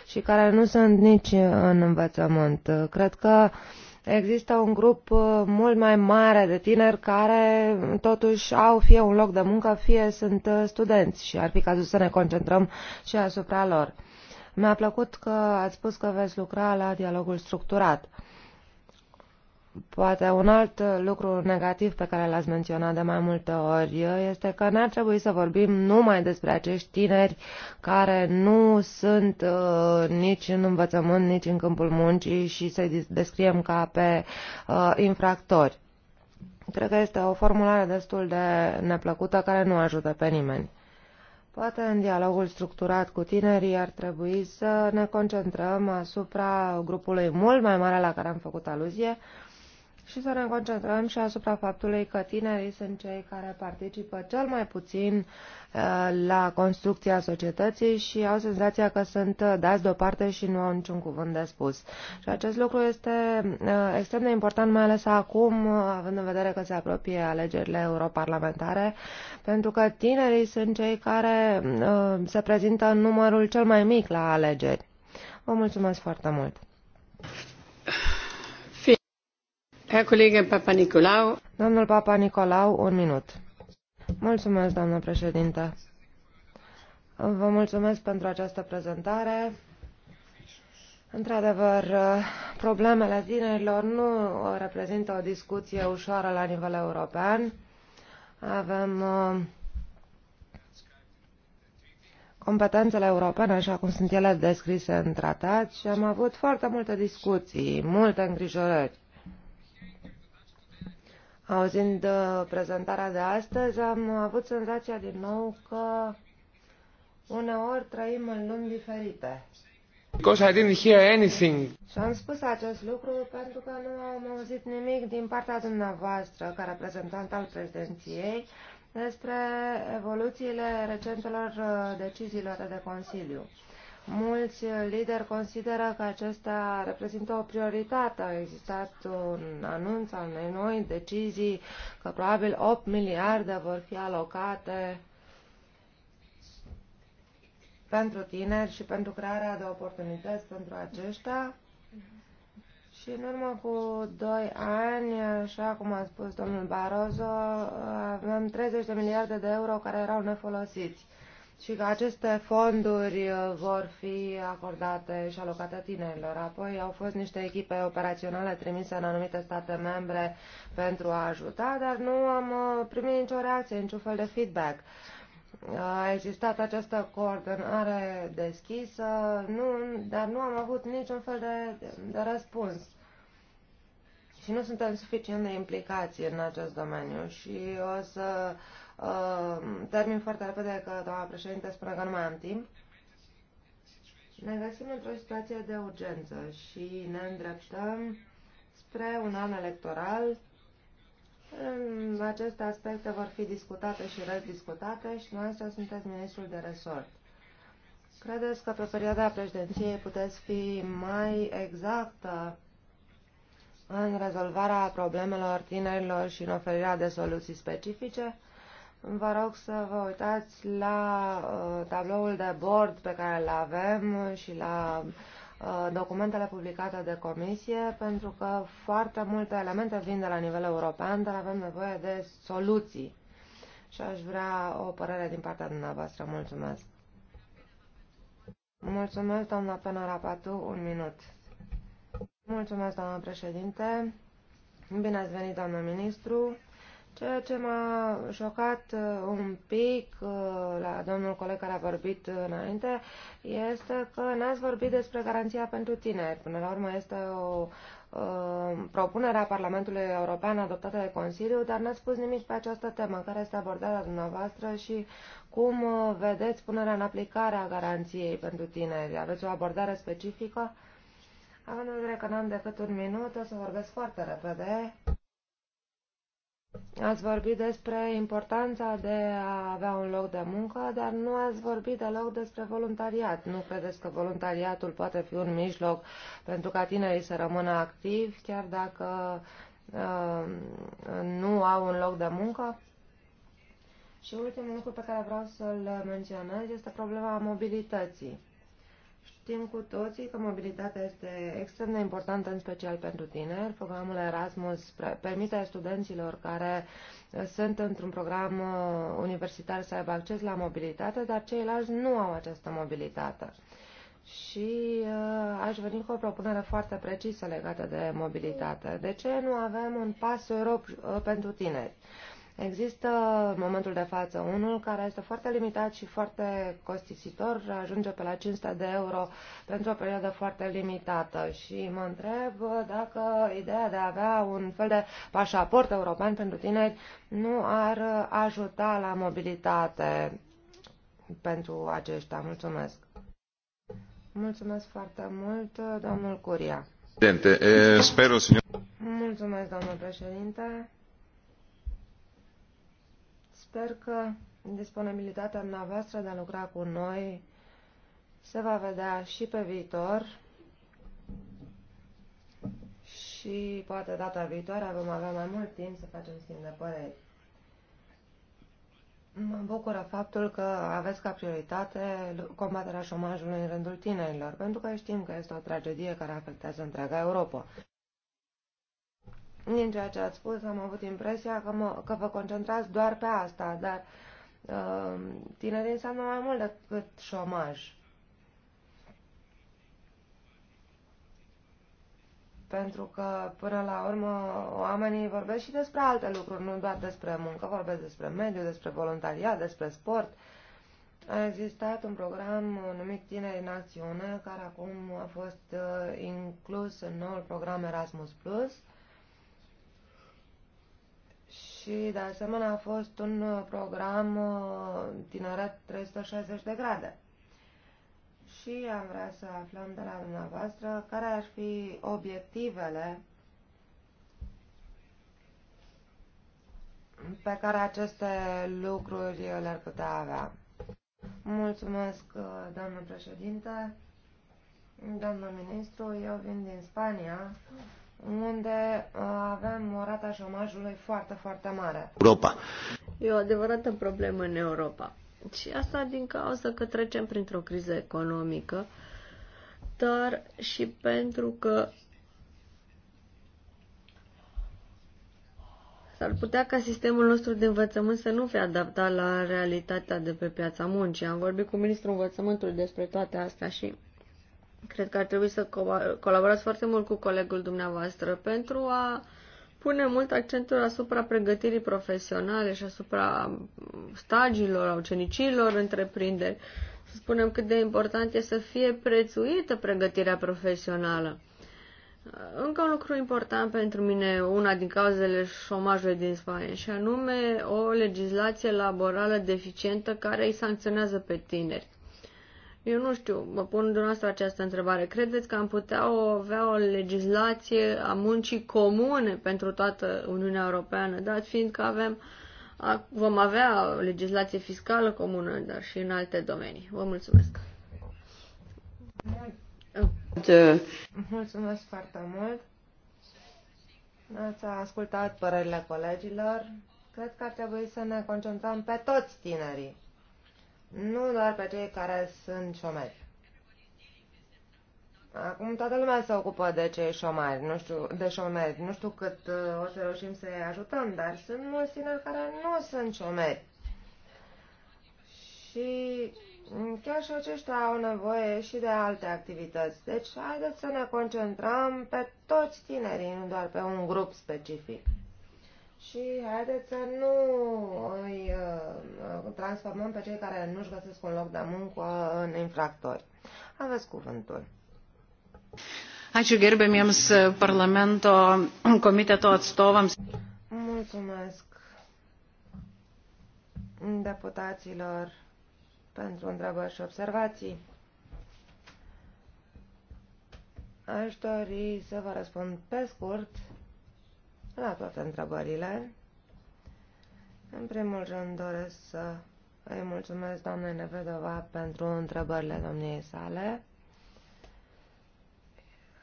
și care nu sunt nici uh, în învățământ. Cred că există un grup mult mai mare de tineri care totuși au fie un loc de muncă, fie sunt studenți și ar fi cazul să ne concentrăm și asupra lor. Mi-a plăcut că ați spus că veți lucra la dialogul structurat. Uh, Poate un alt lucru negativ pe care l-ați menționat de mai multe ori este că n-ar trebui să vorbim numai despre acești tineri care nu sunt uh, nici în învățământ, nici în câmpul muncii și să-i descriem ca pe uh, infractori. Cred că este o formulare destul de neplăcută care nu ajută pe nimeni. Poate în dialogul structurat cu tinerii ar trebui să ne concentrăm asupra grupului mult mai mare la care am făcut aluzie, și să ne concentrăm și asupra faptului că tinerii sunt cei care participă cel mai puțin uh, la construcția societății și au senzația că sunt uh, dați deoparte și nu au niciun cuvânt de spus. Și acest lucru este uh, extrem de important, mai ales acum, având în vedere că se apropie alegerile europarlamentare, pentru că tinerii sunt cei care se prezintă în numărul cel mai mic la alegeri. Vă mulțumesc foarte mult! Nicolau. Nicolau, minut. Mulțumesc, președinte. Vă mulțumesc pentru această prezentare. Într-adevăr, problemele tinerilor nu reprezintă o discuție ușoară la nivel european. Avem uh, competențele europene, așa cum sunt ele descrise în tratat, și am avut foarte multe discuții, multe îngrijorări Auzind uh, prezentarea de astăzi, am avut senzația din nou că uneori trăim în lumi diferite. Because I didn't hear anything. Și am spus acest lucru pentru că nu am auzit nimic din partea dumneavoastră, ca reprezentant al prezidenției, despre evoluțiile recentelor uh, deciziilor de Consiliu. Mulți lideri consideră că acesta reprezintă o prioritate. A existat un anunț al unei noi decizii că probabil 8 miliarde vor fi alocate pentru tineri și pentru crearea de oportunități pentru aceștia. Și în urmă cu 2 ani, așa cum a spus domnul Barroso, avem 30 de miliarde de euro care erau nefolosiți și că aceste fonduri uh, vor fi acordate și alocate tinerilor. Apoi au fost niște echipe operaționale trimise în anumite state membre pentru a ajuta, dar nu am uh, primit nicio reacție, niciun fel de feedback. Uh, a existat această coordonare deschisă, nu, dar nu am avut niciun fel de, de răspuns. Și nu suntem suficient de implicați în acest domeniu și o să Uh, termin foarte repede că doamna președinte spune că nu mai am timp. Ne găsim într-o situație de urgență și ne îndreptăm spre un an electoral. În aceste aspecte vor fi discutate și rediscutate și noastră sunteți ministrul de resort. Credeți că pe perioada președinției puteți fi mai exactă în rezolvarea problemelor tinerilor și în oferirea de soluții specifice? Vă rog să vă uitați la uh, tabloul de bord pe care îl avem și la uh, documentele publicate de comisie, pentru că foarte multe elemente vin de la nivel european, dar avem nevoie de soluții. Și aș vrea o părere din partea dumneavoastră. Mulțumesc! Mulțumesc, doamna Pena Rapatu. Un minut. Mulțumesc, doamna președinte. Bine ați venit, doamna ministru. Ceea ce m-a șocat uh, un pic uh, la domnul coleg care a vorbit înainte este că n-ați vorbit despre garanția pentru tineri. Până la urmă este o uh, propunerea Parlamentului European adoptată de Consiliu, dar n-ați spus nimic pe această temă, care este abordarea dumneavoastră și cum vedeți punerea în aplicare a garanției pentru tineri. Aveți o abordare specifică? Având în vedere că n-am decât un minut, o să vorbesc foarte repede Ați vorbit despre importanța de a avea un loc de muncă, dar nu ați vorbit deloc despre voluntariat. Nu credeți că voluntariatul poate fi un mijloc pentru ca tinerii să rămână activi, chiar dacă uh, nu au un loc de muncă? Și ultimul lucru pe care vreau să-l menționez este problema mobilității. Știm cu toții că mobilitatea este extrem de importantă, în special pentru tineri. Programul Erasmus permite studenților care uh, sunt într-un program uh, universitar să aibă acces la mobilitate, dar ceilalți nu au această mobilitate. Și uh, aș veni cu o propunere foarte precisă legată de mobilitate. De ce nu avem un pas uh, pentru tineri? Uh, Există în momentul de față unul care este foarte limitat și foarte costisitor, ajunge pe la 500 de euro pentru o perioadă foarte limitată și mă întreb dacă ideea de a avea un fel de pașaport european pentru tineri nu ar ajuta la mobilitate pentru aceștia. Mulțumesc! Mulțumesc foarte mult, domnul Curia. Eh, Mulțumesc, domnul președinte. Sper că disponibilitatea noastră de a lucra cu noi se va vedea și pe viitor și poate data viitoare vom avea mai mult timp să facem schimb de păreri. Mă bucură faptul că aveți ca prioritate combaterea șomajului în rândul tinerilor, pentru că știm că este o tragedie care afectează întreaga Europa. Din ceea ce ați spus, am avut impresia că, mă, că vă concentrați doar pe asta, dar uh, tinerii înseamnă mai mult decât șomaj. Pentru că, până la urmă, oamenii vorbesc și despre alte lucruri, nu doar despre muncă, vorbesc despre mediu, despre voluntariat, despre sport. A existat un program numit Tineri în Acțiune, care acum a fost uh, inclus în noul program Erasmus+, și de asemenea a fost un uh, program uh, tineret 360 de grade. Și am vrea să aflăm de la dumneavoastră care ar fi obiectivele pe care aceste lucruri le-ar putea avea. Mulțumesc, uh, doamnă președinte, doamnă ministru, eu vin din Spania unde uh, avem o rata șomajului foarte, foarte mare. Europa. E o adevărată problemă în Europa. Și asta din cauza că trecem printr-o criză economică, dar și pentru că S-ar putea ca sistemul nostru de învățământ să nu fie adaptat la realitatea de pe piața muncii. Am vorbit cu ministrul învățământului despre toate astea și Cred că ar trebui să co- colaborați foarte mult cu colegul dumneavoastră pentru a pune mult accentul asupra pregătirii profesionale și asupra stagiilor, a ucenicilor întreprinderi. Să spunem cât de important e să fie prețuită pregătirea profesională. Încă un lucru important pentru mine, una din cauzele șomajului din Spania, și anume o legislație laborală deficientă care îi sancționează pe tineri. Eu nu știu, mă pun dumneavoastră această întrebare. Credeți că am putea o, avea o legislație a muncii comune pentru toată Uniunea Europeană, dat fiind că avem, vom avea o legislație fiscală comună, dar și în alte domenii. Vă mulțumesc! Mulțumesc foarte mult! Ați ascultat părerile colegilor. Cred că ar trebui să ne concentrăm pe toți tinerii nu doar pe cei care sunt șomeri. Acum toată lumea se ocupă de cei șomeri, nu știu, de șomeri. Nu știu cât uh, o să reușim să ajutăm, dar sunt mulți tineri care nu sunt șomeri. Și chiar și aceștia au nevoie și de alte activități. Deci haideți să ne concentrăm pe toți tinerii, nu doar pe un grup specific. Și haideți să nu îi uh, uh, transformăm pe cei care nu-și găsesc un loc de muncă în infractori. Aveți cuvântul. Ačiū gerbėmiems uh, parlamento um, komiteto atstovams. Mulțumesc deputaților pentru întrebări și observații. Aș dori să vă răspund pe scurt la toate întrebările. În primul rând doresc să îi mulțumesc doamnei Nevedova pentru întrebările domniei sale.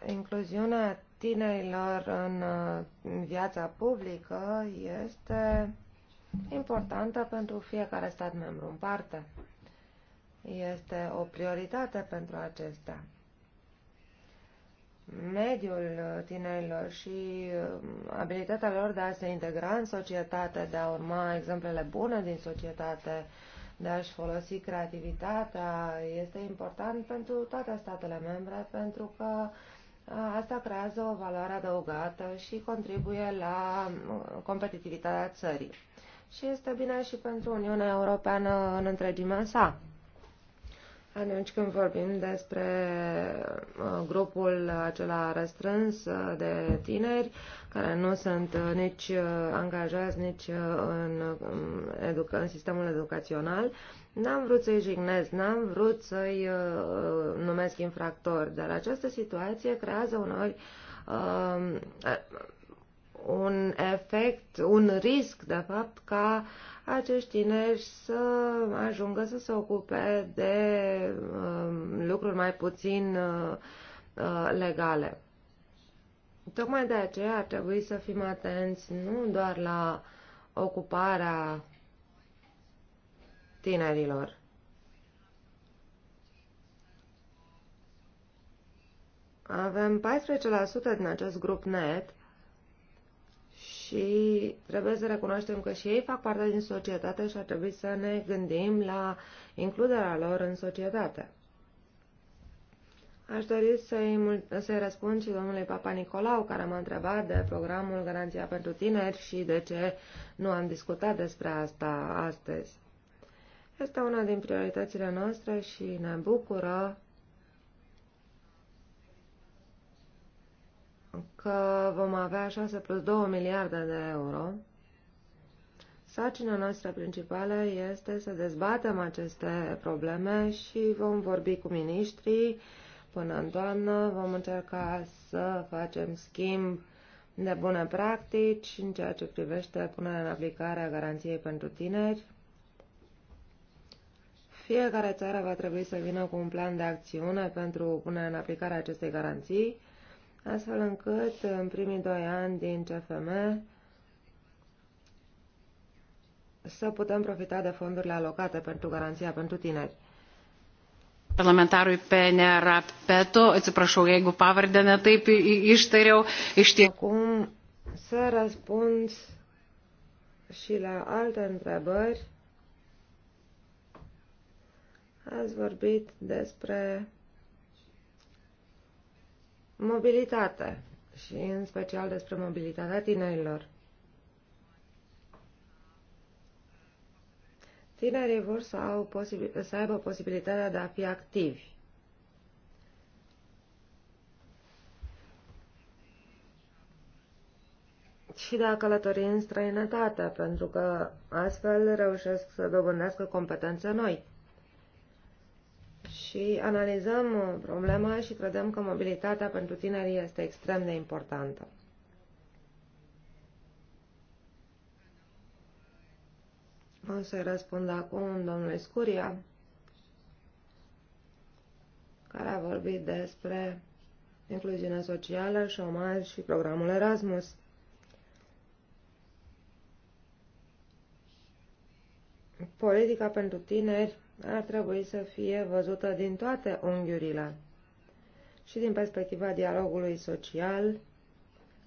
Incluziunea tinerilor în uh, viața publică este importantă pentru fiecare stat membru în parte. Este o prioritate pentru acestea mediul uh, tinerilor și uh, abilitatea lor de a se integra în societate, de a urma exemplele bune din societate, de a-și folosi creativitatea, este important pentru toate statele membre, pentru că uh, asta creează o valoare adăugată și contribuie la competitivitatea țării. Și este bine și pentru Uniunea Europeană în întregimea sa. Atunci când vorbim despre uh, grupul acela restrâns uh, de tineri care nu sunt uh, nici angajați, nici în, um, educa- în sistemul educațional, n-am vrut să-i jignez, n-am vrut să-i numesc infractori, dar această situație creează uneori um, un efect, un risc, de fapt, ca uh, acești tineri să ajungă să se ocupe de um, lucruri mai puțin uh, uh, legale. Tocmai de aceea ar trebui să fim atenți nu doar la ocuparea tinerilor, Avem 14% din acest grup net și trebuie să recunoaștem că și ei fac parte din societate și ar trebui să ne gândim la includerea lor în societate. Aș dori să-i, să răspund și domnului Papa Nicolau, care m-a întrebat de programul Garanția pentru Tineri și de ce nu am discutat despre asta astăzi. Este una din prioritățile noastre și ne bucură că vom avea 6 plus 2 miliarde de euro. Sacina noastră principală este să dezbatem aceste probleme și vom vorbi cu miniștrii până în toamnă. Vom încerca să facem schimb de bune practici în ceea ce privește punerea în aplicare a garanției pentru tineri. Fiecare țară va trebui să vină cu un plan de acțiune pentru punerea în aplicare a acestei garanții astfel încât în primii doi ani din CFM să putem profita de fondurile alocate pentru garanția pentru tineri. Parlamentarui PNR Peto, atsiprašau, jeigu pavardę netaip ištariau, iš tiesų. Acum să răspund și la alte întrebări. Ați vorbit despre mobilitate și în special despre mobilitatea tinerilor. Tinerii vor să, au posibil, să aibă posibilitatea de a fi activi. și de a călători în străinătate, pentru că astfel reușesc să dobândească competențe noi și analizăm problema și credem că mobilitatea pentru tineri este extrem de importantă. O să-i răspund acum domnului Scuria, care a vorbit despre incluziunea socială, șomaj și programul Erasmus. Politica pentru tineri ar trebui să fie văzută din toate unghiurile, și din perspectiva dialogului social,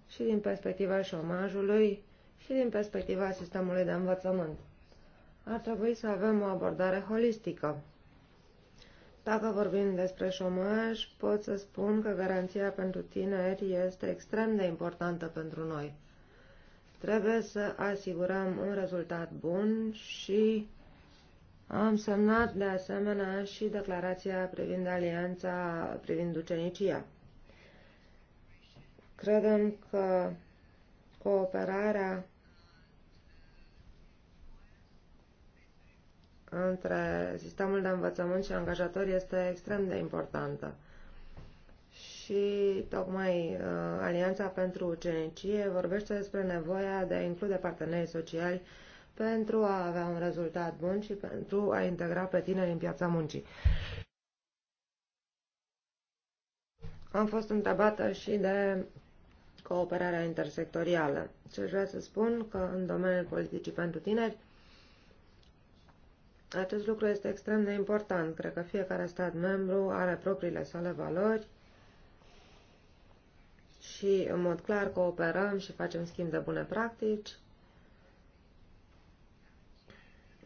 și din perspectiva șomajului, și din perspectiva sistemului de învățământ. Ar trebui să avem o abordare holistică. Dacă vorbim despre șomaj, pot să spun că garanția pentru tineri este extrem de importantă pentru noi. Trebuie să asigurăm un rezultat bun și am semnat de asemenea și declarația privind alianța privind ucenicia. Credem că cooperarea între sistemul de învățământ și angajatori este extrem de importantă. Și tocmai uh, Alianța pentru Ucenicie vorbește despre nevoia de a include partenerii sociali pentru a avea un rezultat bun și pentru a integra pe tineri în piața muncii. Am fost întrebată și de cooperarea intersectorială. Ce vreau să spun că în domeniul politicii pentru tineri acest lucru este extrem de important. Cred că fiecare stat membru are propriile sale valori și în mod clar cooperăm și facem schimb de bune practici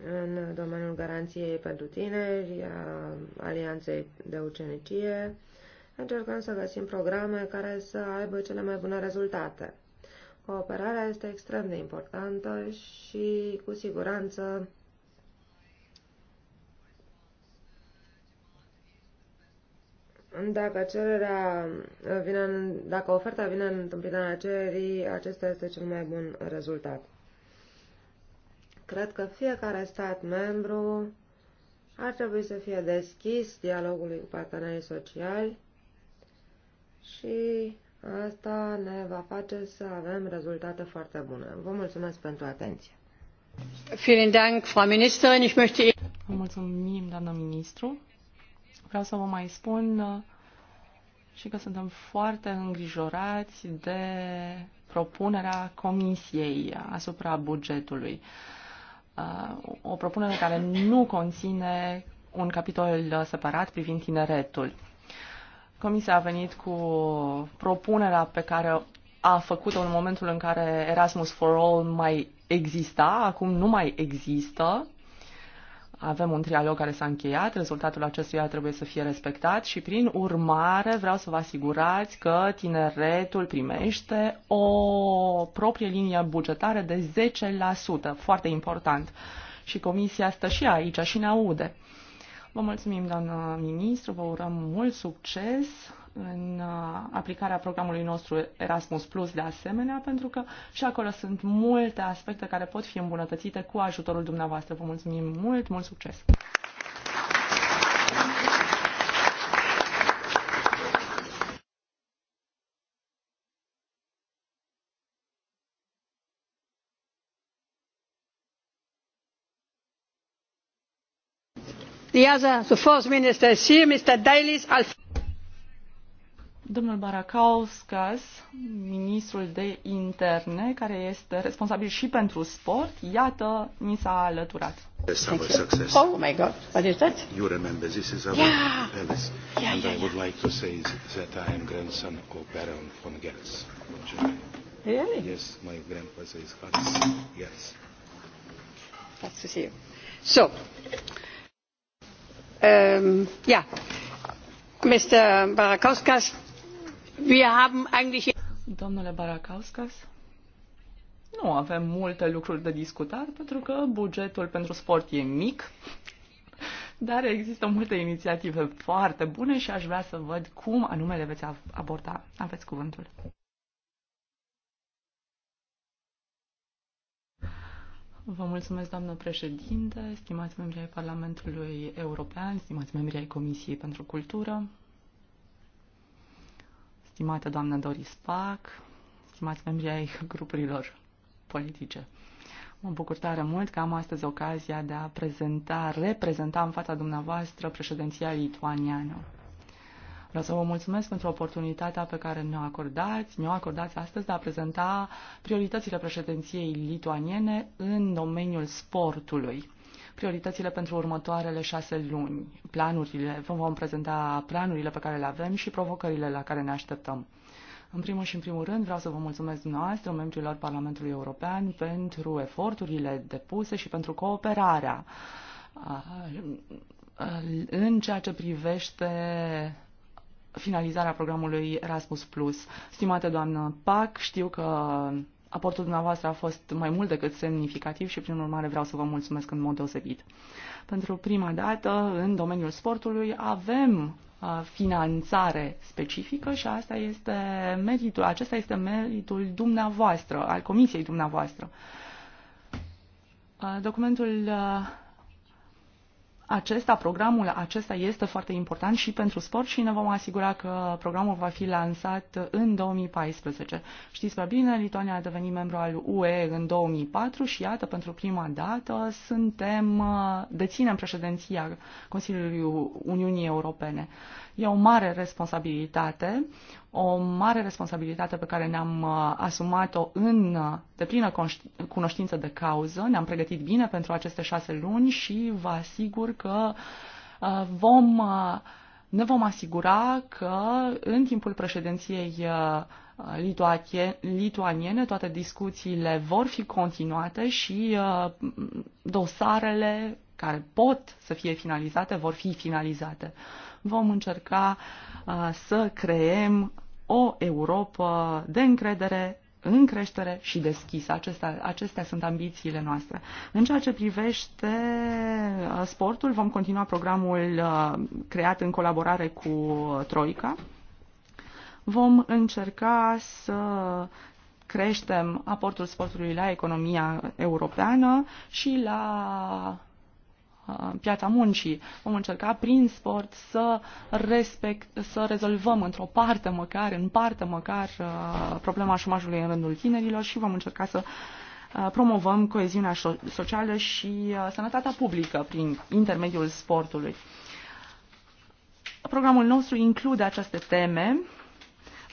în domeniul garanției pentru tineri, a alianței de ucenicie, încercăm să găsim programe care să aibă cele mai bune rezultate. Cooperarea este extrem de importantă și, cu siguranță, Dacă cererea vine în, dacă oferta vine în întâmpinarea cererii, acesta este cel mai bun rezultat. Cred că fiecare stat membru ar trebui să fie deschis dialogului cu partenerii sociali și asta ne va face să avem rezultate foarte bune. Vă mulțumesc pentru atenție. Vielen Dank, Frau Ministerin. Ich möchte Vă mulțumim, doamnă ministru. Vreau să vă mai spun uh, și că suntem foarte îngrijorați de propunerea Comisiei asupra bugetului. Uh, o propunere care nu conține un capitol uh, separat privind tineretul. Comisia a venit cu propunerea pe care a făcut-o în momentul în care Erasmus for All mai exista, acum nu mai există avem un trialog care s-a încheiat, rezultatul acestuia trebuie să fie respectat și prin urmare vreau să vă asigurați că tineretul primește o proprie linie bugetară de 10%, foarte important. Și comisia stă și aici și ne aude. Vă mulțumim, doamnă ministru, vă urăm mult succes în uh, aplicarea programului nostru Erasmus Plus de asemenea, pentru că și acolo sunt multe aspecte care pot fi îmbunătățite cu ajutorul dumneavoastră. Vă mulțumim mult, mult succes! the other the fourth minister is here mr daly's alpha. Domnul Barakauskas, ministrul de interne, care este responsabil și pentru sport, iată, ni s-a alăturat. Oh my God, what is that? You remember, this is our yeah. palace. Yeah, and yeah, I would yeah. like to say that I am grandson of Baron von Gels. Really? Yes, my grandpa says Hans Gels. Nice to see you. So, um, yeah, Mr. Barakauskas, Domnule Barakauskas, nu avem multe lucruri de discutat pentru că bugetul pentru sport e mic, dar există multe inițiative foarte bune și aș vrea să văd cum anume le veți aborda. Aveți cuvântul. Vă mulțumesc, doamnă președinte, stimați membri ai Parlamentului European, stimați membri ai Comisiei pentru Cultură, stimată doamnă Doris Pac, stimați membri ai grupurilor politice. Mă bucur tare mult că am astăzi ocazia de a prezenta, reprezenta în fața dumneavoastră președinția lituaniană. Vreau să vă mulțumesc pentru oportunitatea pe care ne-o acordați, ne-o acordați astăzi de a prezenta prioritățile președinției lituaniene în domeniul sportului prioritățile pentru următoarele șase luni, planurile, vă vom prezenta planurile pe care le avem și provocările la care ne așteptăm. În primul și în primul rând vreau să vă mulțumesc dumneavoastră, membrilor Parlamentului European, pentru eforturile depuse și pentru cooperarea în ceea ce privește finalizarea programului Erasmus+. Stimate doamnă PAC, știu că Aportul dumneavoastră a fost mai mult decât semnificativ și, prin urmare, vreau să vă mulțumesc în mod deosebit. Pentru prima dată, în domeniul sportului, avem uh, finanțare specifică și asta este meritul, acesta este meritul dumneavoastră, al comisiei dumneavoastră. Uh, documentul uh, acesta, programul acesta este foarte important și pentru sport și ne vom asigura că programul va fi lansat în 2014. Știți prea bine, Lituania a devenit membru al UE în 2004 și iată, pentru prima dată suntem, deținem președinția Consiliului Uniunii Europene. E o mare responsabilitate, o mare responsabilitate pe care ne-am uh, asumat-o în uh, deplină cunoștință de cauză. Ne-am pregătit bine pentru aceste șase luni și vă asigur că uh, vom, ne vom asigura că în timpul președinției lituaniene, toate discuțiile vor fi continuate și dosarele care pot să fie finalizate vor fi finalizate vom încerca uh, să creem o Europa de încredere, în creștere și deschisă. Acestea, acestea sunt ambițiile noastre. În ceea ce privește uh, sportul, vom continua programul uh, creat în colaborare cu Troica. Vom încerca să creștem aportul sportului la economia europeană și la piața muncii. Vom încerca prin sport să, respect, să rezolvăm într-o parte măcar, în parte măcar, uh, problema șomajului în rândul tinerilor și vom încerca să uh, promovăm coeziunea socială și uh, sănătatea publică prin intermediul sportului. Programul nostru include aceste teme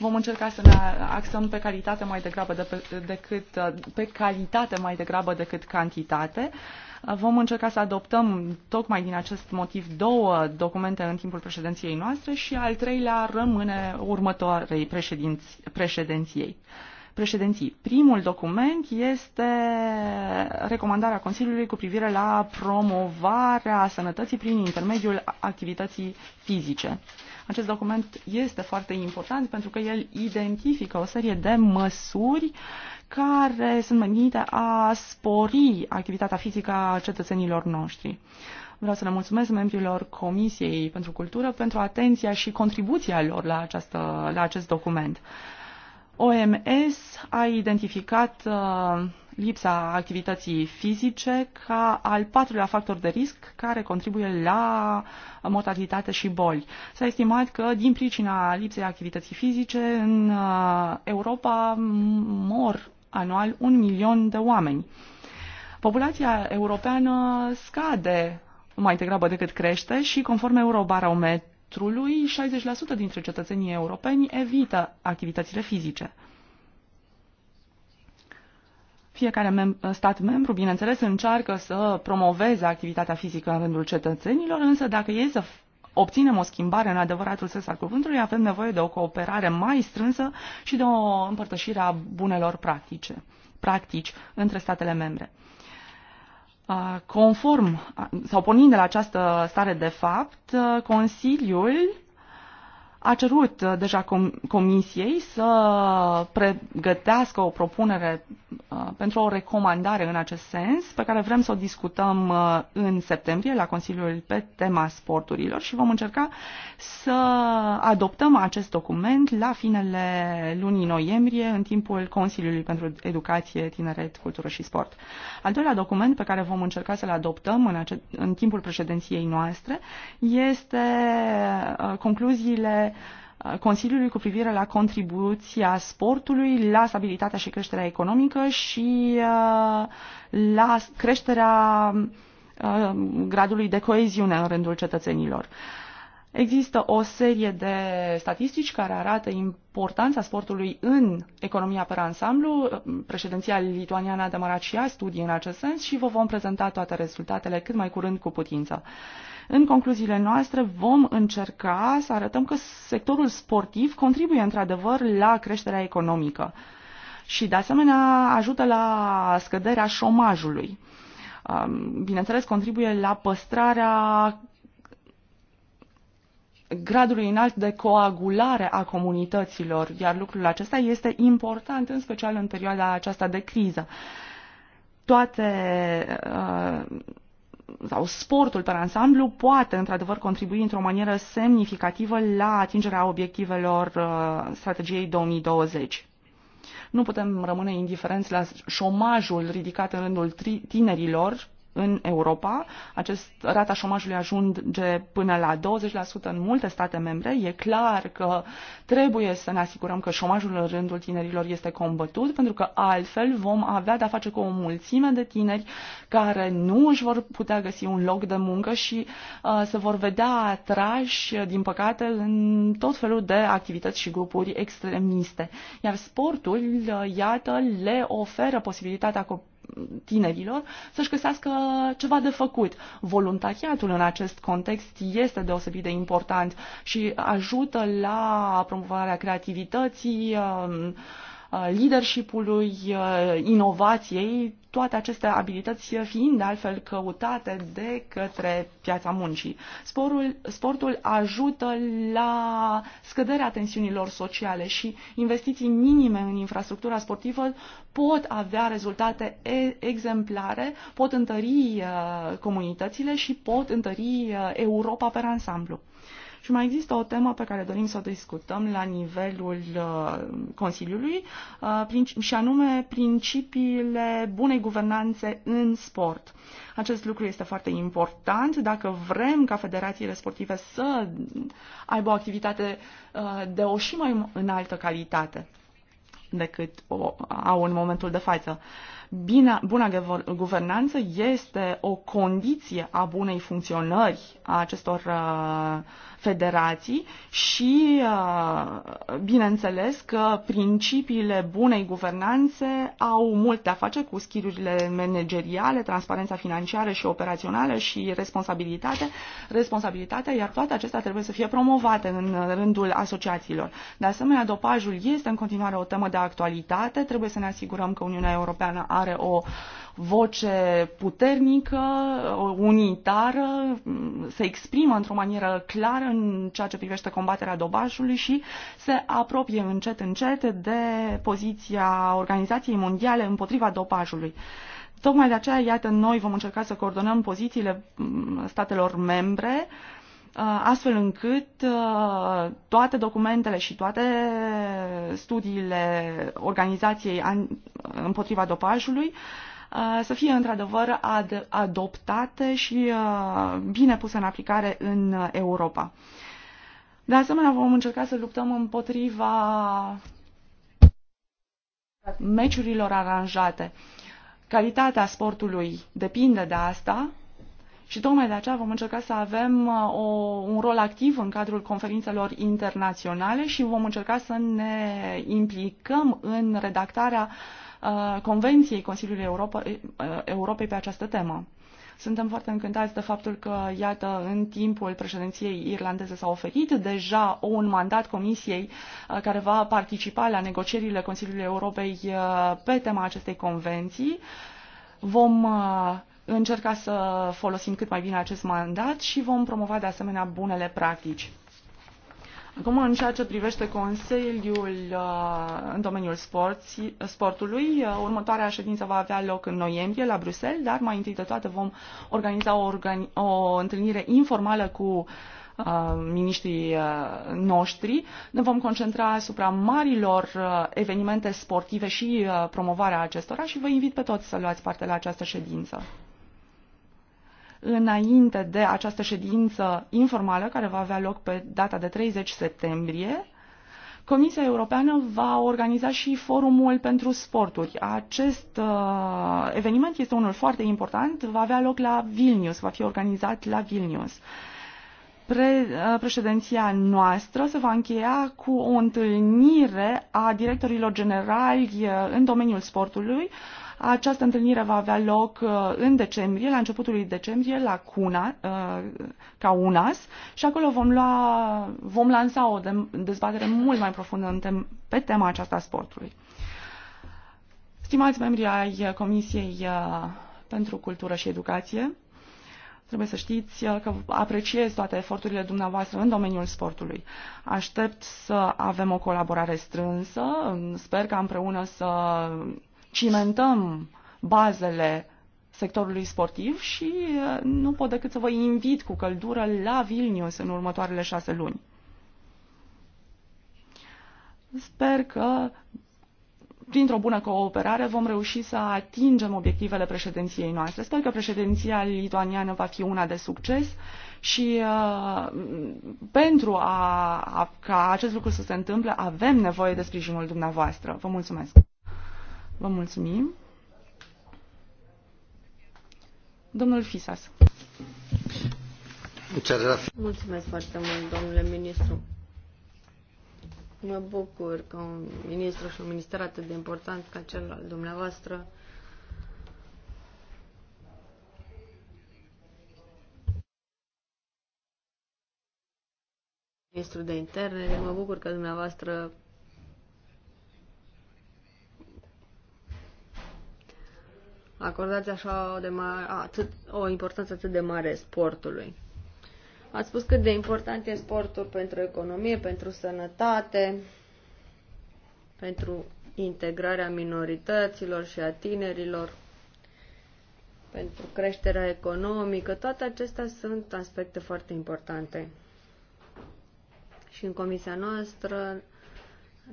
Vom încerca să ne axăm pe calitate mai degrabă de pe, decât, pe calitate mai degrabă decât cantitate. Vom încerca să adoptăm tocmai din acest motiv două documente în timpul președinției noastre și al treilea rămâne următoarei președinți, președinției președinții. Primul document este recomandarea Consiliului cu privire la promovarea sănătății prin intermediul activității fizice. Acest document este foarte important pentru că el identifică o serie de măsuri care sunt menite a spori activitatea fizică a cetățenilor noștri. Vreau să le mulțumesc membrilor Comisiei pentru Cultură pentru atenția și contribuția lor la, această, la acest document. OMS a identificat uh, lipsa activității fizice ca al patrulea factor de risc care contribuie la mortalitate și boli. S-a estimat că din pricina lipsei activității fizice în uh, Europa mor anual un milion de oameni. Populația europeană scade mai degrabă decât crește și conform Eurobarometrului, 60% dintre cetățenii europeni evită activitățile fizice. Fiecare mem- stat membru, bineînțeles, încearcă să promoveze activitatea fizică în rândul cetățenilor, însă dacă ei să obținem o schimbare în adevăratul sens al cuvântului, avem nevoie de o cooperare mai strânsă și de o împărtășire a bunelor practice, practici între statele membre. Conform sau pornind de la această stare de fapt, Consiliul a cerut uh, deja Comisiei să pregătească o propunere uh, pentru o recomandare în acest sens, pe care vrem să o discutăm uh, în septembrie la Consiliul pe tema sporturilor și vom încerca să adoptăm acest document la finele lunii noiembrie în timpul Consiliului pentru Educație, Tineret, Cultură și Sport. Al doilea document pe care vom încerca să-l adoptăm în, ace- în timpul președinției noastre este concluziile Uh, Consiliului cu privire la contribuția sportului la stabilitatea și creșterea economică și uh, la creșterea uh, gradului de coeziune în rândul cetățenilor. Există o serie de statistici care arată importanța sportului în economia pe ansamblu. Președinția lituaniană a demarat și ea studii în acest sens și vă vom prezenta toate rezultatele cât mai curând cu putință. În concluziile noastre vom încerca să arătăm că sectorul sportiv contribuie într-adevăr la creșterea economică și de asemenea ajută la scăderea șomajului. Um, bineînțeles, contribuie la păstrarea gradului înalt de coagulare a comunităților, iar lucrul acesta este important, în special în perioada aceasta de criză. Toate uh, sau sportul pe ansamblu poate într-adevăr contribui într-o manieră semnificativă la atingerea obiectivelor uh, strategiei 2020. Nu putem rămâne indiferenți la șomajul ridicat în rândul tinerilor în Europa. Acest rata șomajului ajunge până la 20% în multe state membre. E clar că trebuie să ne asigurăm că șomajul în rândul tinerilor este combătut, pentru că altfel vom avea de-a face cu o mulțime de tineri care nu își vor putea găsi un loc de muncă și uh, se vor vedea atrași, din păcate, în tot felul de activități și grupuri extremiste. Iar sportul, uh, iată, le oferă posibilitatea tinerilor să-și găsească ceva de făcut. Voluntariatul în acest context este deosebit de important și ajută la promovarea creativității, uh, Uh, leadershipului, uh, inovației, toate aceste abilități fiind de altfel căutate de către piața muncii. Sportul, sportul ajută la scăderea tensiunilor sociale și investiții minime în infrastructura sportivă pot avea rezultate exemplare, pot întări uh, comunitățile și pot întări Europa pe ansamblu. Și mai există o temă pe care dorim să o discutăm la nivelul uh, Consiliului uh, și anume principiile bunei guvernanțe în sport. Acest lucru este foarte important dacă vrem ca federațiile sportive să aibă o activitate uh, de o și mai înaltă calitate decât o au în momentul de față. Uh, Bine, buna guvernanță este o condiție a bunei funcționări a acestor uh, federații și, uh, bineînțeles, că principiile bunei guvernanțe au mult de a face cu schirurile manageriale, transparența financiară și operațională și responsabilitate, responsabilitatea, iar toate acestea trebuie să fie promovate în rândul asociațiilor. De asemenea, dopajul este în continuare o temă de actualitate, trebuie să ne asigurăm că Uniunea Europeană a are o voce puternică, unitară, se exprimă într-o manieră clară în ceea ce privește combaterea dobajului și se apropie încet, încet de poziția Organizației Mondiale împotriva dopajului. Tocmai de aceea, iată, noi vom încerca să coordonăm pozițiile mm, statelor membre uh, Uh, astfel încât uh, toate documentele și toate studiile organizației uh, împotriva dopajului să fie într-adevăr ad- adoptate și bine puse în aplicare în Europa. De asemenea, vom încerca să luptăm împotriva meciurilor aranjate. Calitatea sportului depinde de asta, și tocmai de aceea vom încerca să avem uh, o, un rol activ în cadrul conferințelor internaționale și vom încerca să ne implicăm în redactarea uh, Convenției Consiliului Europa, uh, Europei pe această temă. Suntem foarte încântați de faptul că, iată, în timpul președinției irlandeze s-a oferit deja un mandat comisiei uh, care va participa la negocierile Consiliului Europei uh, pe tema acestei convenții. Vom încerca să folosim cât mai bine acest mandat și vom promova de asemenea bunele practici. Acum, în ceea ce privește Consiliul uh, în domeniul sporții, sportului, uh, următoarea ședință va avea loc în noiembrie la Bruxelles, dar mai întâi de toate vom organiza o, organi- o întâlnire informală cu uh, miniștrii noștri. Ne vom concentra asupra marilor evenimente sportive și promovarea acestora și vă invit pe toți să luați parte la această ședință înainte de această ședință informală care va avea loc pe data de 30 septembrie, Comisia Europeană va organiza și forumul pentru sporturi. Acest uh, eveniment este unul foarte important, va avea loc la Vilnius, va fi organizat la Vilnius. Pre, uh, președinția noastră se va încheia cu o întâlnire a directorilor generali uh, în domeniul sportului uh, această întâlnire va avea loc uh, în decembrie, la începutul lui decembrie, la Cuna, uh, ca UNAS și acolo vom, lua, vom lansa o dezbatere mult mai profundă în tem- pe tema aceasta sportului. Stimați membri ai Comisiei uh, pentru Cultură și Educație, Trebuie să știți că apreciez toate eforturile dumneavoastră în domeniul sportului. Aștept să avem o colaborare strânsă, sper că împreună să cimentăm bazele sectorului sportiv și uh, nu pot decât să vă invit cu căldură la Vilnius în următoarele șase luni. Sper că printr-o bună cooperare vom reuși să atingem obiectivele președinției noastre. Sper că președinția lituaniană va fi una de succes și uh, pentru a, a, ca acest lucru să se întâmple avem nevoie de sprijinul dumneavoastră. Vă mulțumesc! Vă mulțumim. Domnul Fisas. Mulțumesc foarte mult, domnule ministru. Mă bucur că un ministru și un minister atât de important ca cel al dumneavoastră ministru de interne, mă bucur că dumneavoastră acordați așa de mare, atât, o importanță atât de mare sportului. Ați spus cât de important e sportul pentru economie, pentru sănătate, pentru integrarea minorităților și a tinerilor, pentru creșterea economică. Toate acestea sunt aspecte foarte importante. Și în comisia noastră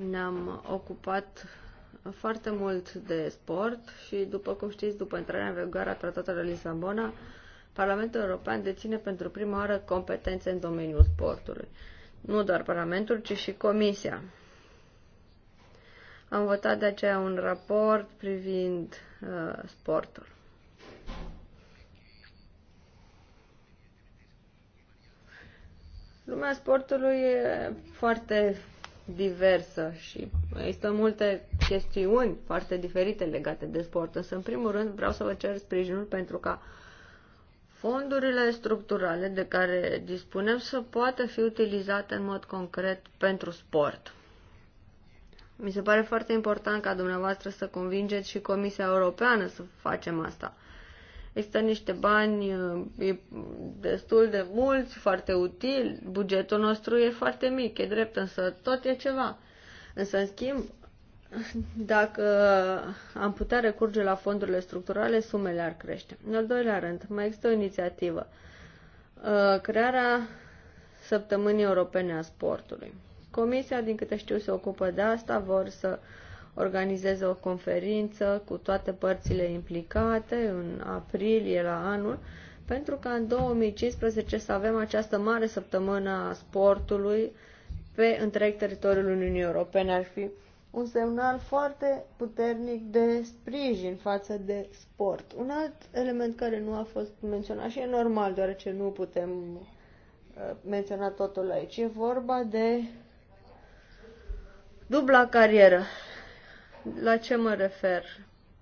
ne-am ocupat foarte mult de sport și, după cum știți, după intrarea în vigoare a Tratatului Lisabona, Parlamentul European deține pentru prima oară competențe în domeniul sportului. Nu doar Parlamentul, ci și Comisia. Am votat de aceea un raport privind uh, sportul. Lumea sportului e foarte diversă și există multe chestiuni foarte diferite legate de sport, însă în primul rând vreau să vă cer sprijinul pentru ca fondurile structurale de care dispunem să poată fi utilizate în mod concret pentru sport. Mi se pare foarte important ca dumneavoastră să convingeți și Comisia Europeană să facem asta. Există niște bani destul de mulți, foarte util, bugetul nostru e foarte mic, e drept, însă tot e ceva. Însă, în schimb, [LAUGHS] dacă am putea recurge la fondurile structurale, sumele ar crește. În al doilea rând, mai există o inițiativă. Uh, crearea Săptămânii Europene a Sportului. Comisia, din câte știu, se ocupă de asta, vor să uh, organizeze o conferință cu toate părțile implicate în aprilie la anul, pentru ca în 2015 să avem această mare săptămână a sportului pe întreg teritoriul Uniunii Europene. Ar fi un semnal foarte puternic de sprijin față de sport. Un alt element care nu a fost menționat și e normal, deoarece nu putem uh, menționa totul aici, e vorba de dubla carieră. La ce mă refer?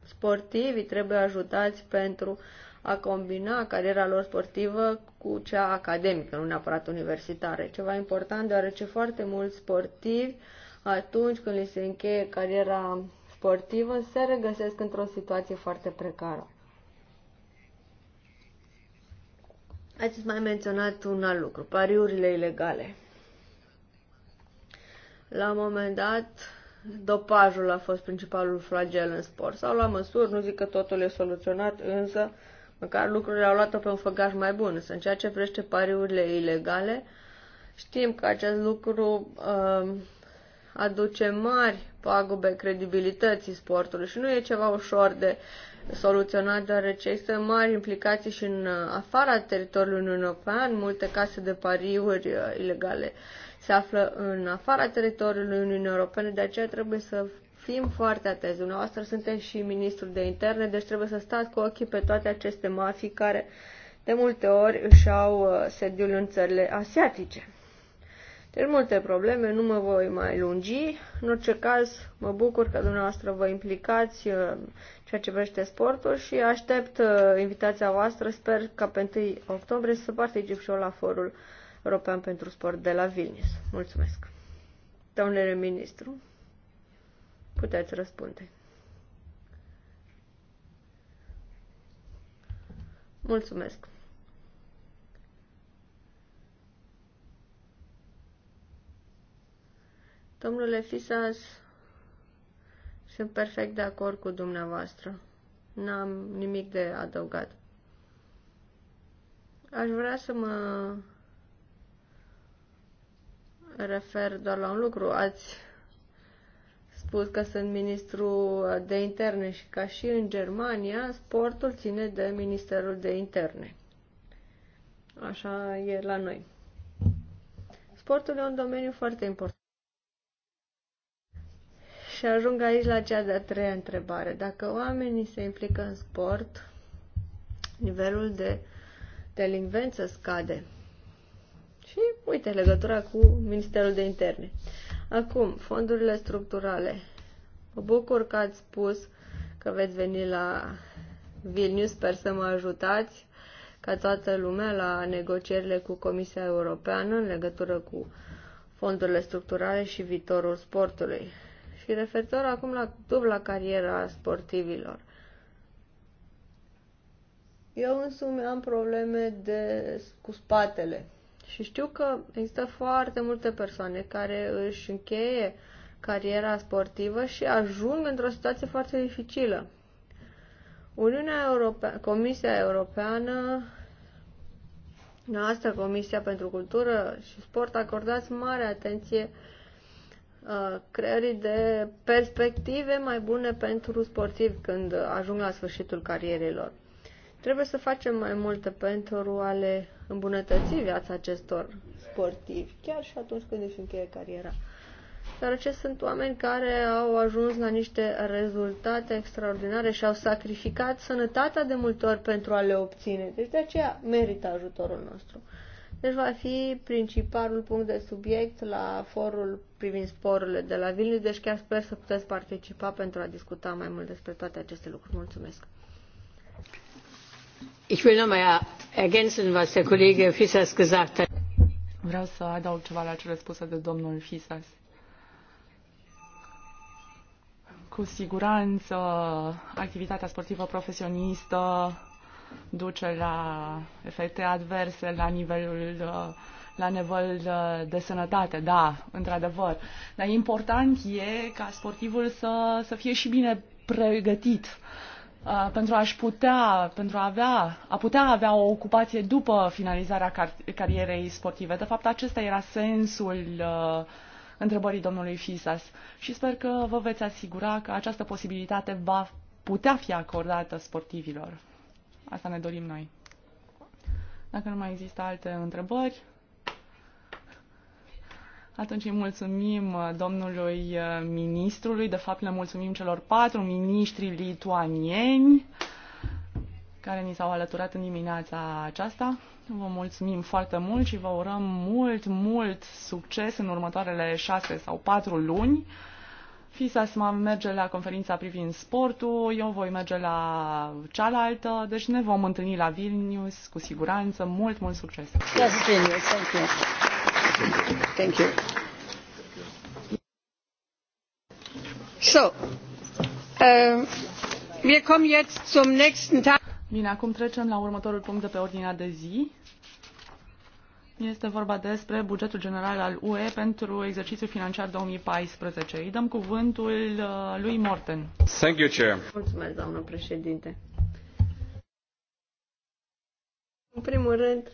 Sportivii trebuie ajutați pentru a combina cariera lor sportivă cu cea academică, nu neapărat universitară. Ceva important, deoarece foarte mulți sportivi, atunci când li se încheie cariera sportivă, se regăsesc într-o situație foarte precară. Ați mai menționat un alt lucru, pariurile ilegale. La un moment dat, dopajul a fost principalul flagel în sport. S-au măsuri, nu zic că totul e soluționat, însă măcar lucrurile au luat-o pe un făgaș mai bun. Însă în ceea ce vrește pariurile ilegale, știm că acest lucru uh, aduce mari pagube credibilității sportului și nu e ceva ușor de soluționat, deoarece există mari implicații și în afara teritoriului Uniunii European, multe case de pariuri uh, ilegale uh, se află în afara teritoriului Uniunii Europene, de aceea trebuie să fim foarte atenți. Dumneavoastră sunteți și ministrul de interne, deci trebuie să stați cu ochii pe toate aceste mafii care de multe ori își au uh, sediul în țările asiatice. Deci multe probleme, nu mă voi mai lungi. În orice caz, mă bucur că dumneavoastră vă implicați uh, ceea ce vrește sportul și aștept uh, invitația voastră. Sper ca pe 1 octombrie să particip și eu la forul European pentru Sport de la Vilnius. Mulțumesc. Domnule ministru, puteți răspunde. Mulțumesc. Domnule Fisas, sunt perfect de acord cu dumneavoastră. N-am nimic de adăugat. Aș vrea să mă refer doar la un lucru. Ați spus că sunt ministru de interne și ca și în Germania, sportul ține de Ministerul de Interne. Așa e la noi. Sportul e un domeniu foarte important. Și ajung aici la cea de-a treia întrebare. Dacă oamenii se implică în sport, nivelul de delinvență scade. Și, uite, legătura cu Ministerul de Interne. Acum, fondurile structurale. Mă bucur că ați spus că veți veni la Vilnius, sper să mă ajutați ca toată lumea la negocierile cu Comisia Europeană în legătură cu fondurile structurale și viitorul sportului. Și referitor acum la dubla cariera sportivilor. Eu însumi am probleme de, cu spatele. Și știu că există foarte multe persoane care își încheie cariera sportivă și ajung într-o situație foarte dificilă. Uniunea Europeană, Comisia Europeană, noastră Comisia pentru Cultură și Sport acordați mare atenție uh, creării de perspective mai bune pentru sportivi când ajung la sfârșitul carierei lor. Trebuie să facem mai multe pentru a le îmbunătăți viața acestor sportivi, chiar și atunci când își încheie cariera. Dar acești sunt oameni care au ajuns la niște rezultate extraordinare și au sacrificat sănătatea de multe ori pentru a le obține. Deci de aceea merită ajutorul nostru. Deci va fi principalul punct de subiect la forul privind sporurile de la Vilnius, deci chiar sper să puteți participa pentru a discuta mai mult despre toate aceste lucruri. Mulțumesc! Ich will noch ergänzen, was der Kollege gesagt hat. Vreau să adaug ceva la cele spuse de domnul Fisas. Cu siguranță, activitatea sportivă profesionistă duce la efecte adverse la nivelul la nivel de sănătate, da, într-adevăr. Dar important e ca sportivul să, să fie și bine pregătit. Uh, Uh, pentru a-și putea, pentru a avea, a putea avea o ocupație după finalizarea car- carierei sportive. De fapt, acesta era sensul uh, întrebării domnului Fisas și sper că vă veți asigura că această posibilitate va putea fi acordată sportivilor. Asta ne dorim noi. Dacă nu mai există alte întrebări, atunci îi mulțumim uh, domnului uh, ministrului, de fapt le mulțumim celor patru miniștri lituanieni care ni s-au alăturat în dimineața aceasta. Vă mulțumim foarte mult și vă urăm mult, mult succes în următoarele șase sau patru luni. FISAS merge la conferința privind sportul, eu voi merge la cealaltă, deci ne vom întâlni la Vilnius cu siguranță. Mult, mult succes! Yes, Thank you. Thank you. So, uh, wir kommen jetzt zum nächsten Tag. Bine, acum trecem la următorul punct de pe ordinea de zi. Este vorba despre bugetul general al UE pentru exercițiul financiar 2014. Îi dăm cuvântul uh, lui Morten. Thank you, Chair. Mulțumesc, doamnă președinte. În primul rând,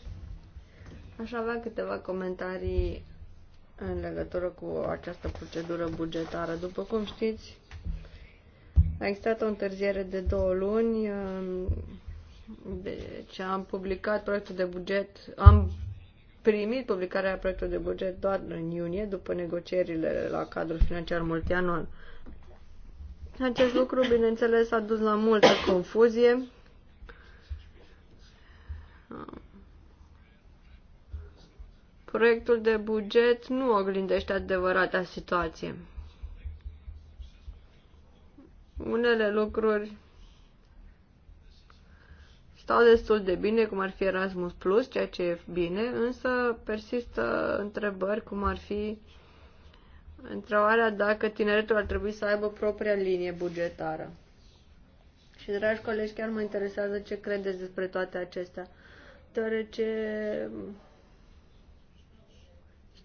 Aș avea câteva comentarii în legătură cu această procedură bugetară. După cum știți, a existat o întârziere de două luni. Um, deci am publicat proiectul de buget, am primit publicarea proiectului de buget doar în iunie, după negocierile la cadrul financiar multianual. Acest lucru, bineînțeles, a dus la multă confuzie proiectul de buget nu oglindește adevărata situație. Unele lucruri stau destul de bine, cum ar fi Erasmus Plus, ceea ce e bine, însă persistă întrebări cum ar fi întrebarea dacă tineretul ar trebui să aibă propria linie bugetară. Și, dragi colegi, chiar mă interesează ce credeți despre toate acestea, deoarece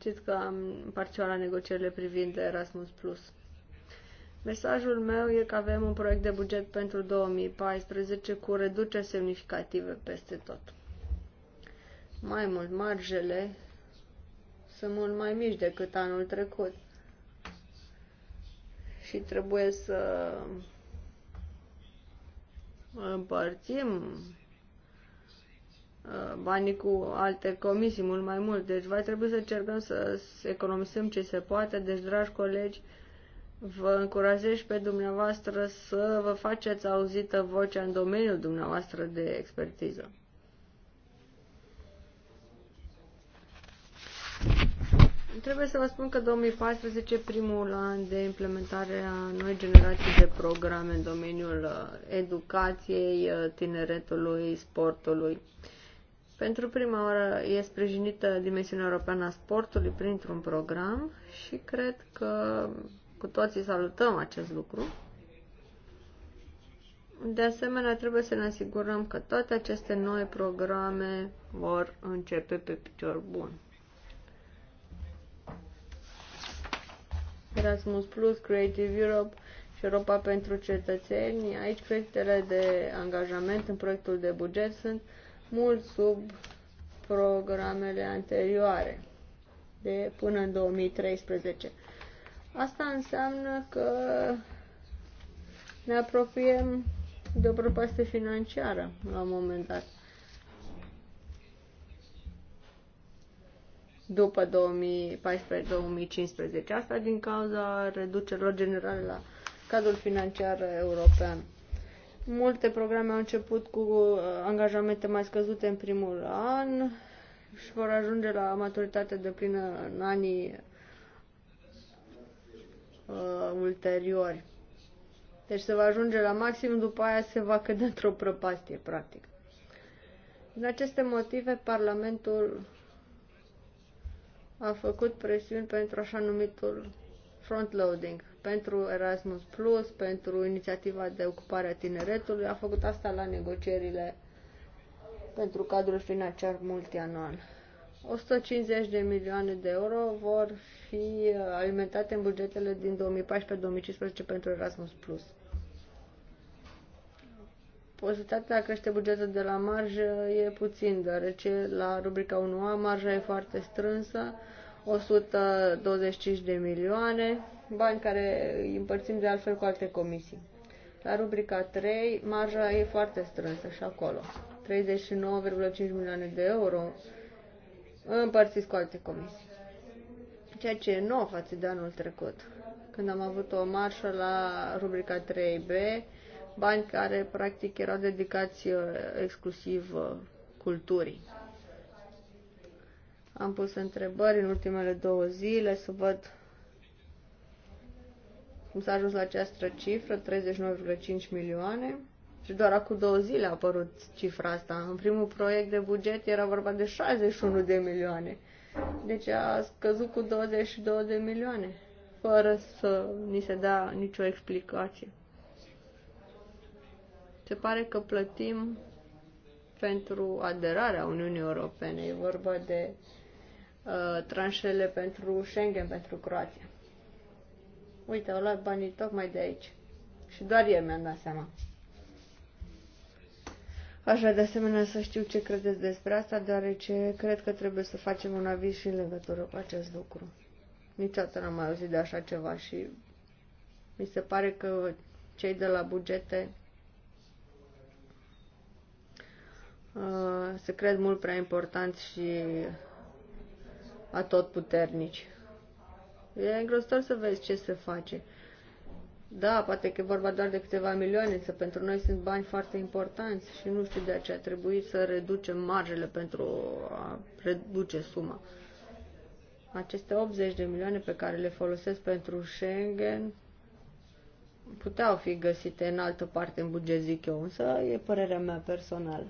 Știți că am participat la negocierile privind Erasmus+. Plus. Mesajul meu e că avem un proiect de buget pentru 2014 cu reduceri semnificative peste tot. Mai mult, marjele sunt mult mai mici decât anul trecut. Și trebuie să împărțim Uh, banii cu alte comisii mult mai mult. Deci va trebui să încercăm să economisim ce se poate. Deci, dragi colegi, vă încurajez pe dumneavoastră să vă faceți auzită vocea în domeniul dumneavoastră de expertiză. Trebuie să vă spun că 2014, primul an de implementare a noi generații de programe în domeniul uh, educației, uh, tineretului, sportului. Pentru prima oară e sprijinită dimensiunea europeană a sportului printr-un program și cred că cu toții salutăm acest lucru. De asemenea, trebuie să ne asigurăm că toate aceste noi programe vor începe pe picior bun. Erasmus Plus, Creative Europe și Europa pentru cetățeni. Aici creditele de angajament în proiectul de buget sunt uh, mult sub programele anterioare de până în 2013. Asta înseamnă că ne apropiem de o prăpastie financiară la un moment dat. După 2014-2015. Asta din cauza reducerilor generale la cadrul financiar european. Multe programe au început cu uh, angajamente mai scăzute în primul an și vor ajunge la maturitate de plină în anii uh, ulteriori. Deci se va ajunge la maxim, după aia se va cădea într-o prăpastie, practic. Din aceste motive, Parlamentul a făcut presiuni pentru așa numitul front-loading pentru Erasmus Plus, pentru inițiativa de ocupare a tineretului. A făcut asta la negocierile pentru cadrul financiar multianual. 150 de milioane de euro vor fi alimentate în bugetele din 2014-2015 pentru Erasmus Plus. Pozitatea crește bugetul de la marjă e puțin, deoarece la rubrica 1A marja e foarte strânsă, 125 de milioane, bani care îi împărțim de altfel cu alte comisii. La rubrica 3, marja e foarte strânsă și acolo. 39,5 milioane de euro împărțiți cu alte comisii. Ceea ce e nou față de anul trecut, când am avut o marșă la rubrica 3B, bani care practic erau dedicați uh, exclusiv uh, culturii. Am pus întrebări în ultimele două zile să văd cum s-a ajuns la această cifră, 39,5 milioane. Și doar acum două zile a apărut cifra asta. În primul proiect de buget era vorba de 61 de milioane. Deci a scăzut cu 22 de milioane, fără să ni se dea nicio explicație. Se pare că plătim pentru aderarea Uniunii Europene. E vorba de Uh, tranșele pentru Schengen, pentru Croația. Uite, au luat banii tocmai de aici. Și doar eu mi-am dat seama. Aș vrea de asemenea să știu ce credeți despre asta, deoarece cred că trebuie să facem un aviz și în legătură cu acest lucru. Niciodată n-am mai auzit de așa ceva și mi se pare că cei de la bugete uh, se cred mult prea importanți și atotputernici. E îngrozitor să vezi ce se face. Da, poate că e vorba doar de câteva milioane, să pentru noi sunt bani foarte importanți și nu știu de aceea trebuie să reducem marjele pentru a reduce suma. Aceste 80 de milioane pe care le folosesc pentru Schengen puteau fi găsite în altă parte în buget, zic eu, însă e părerea mea personală.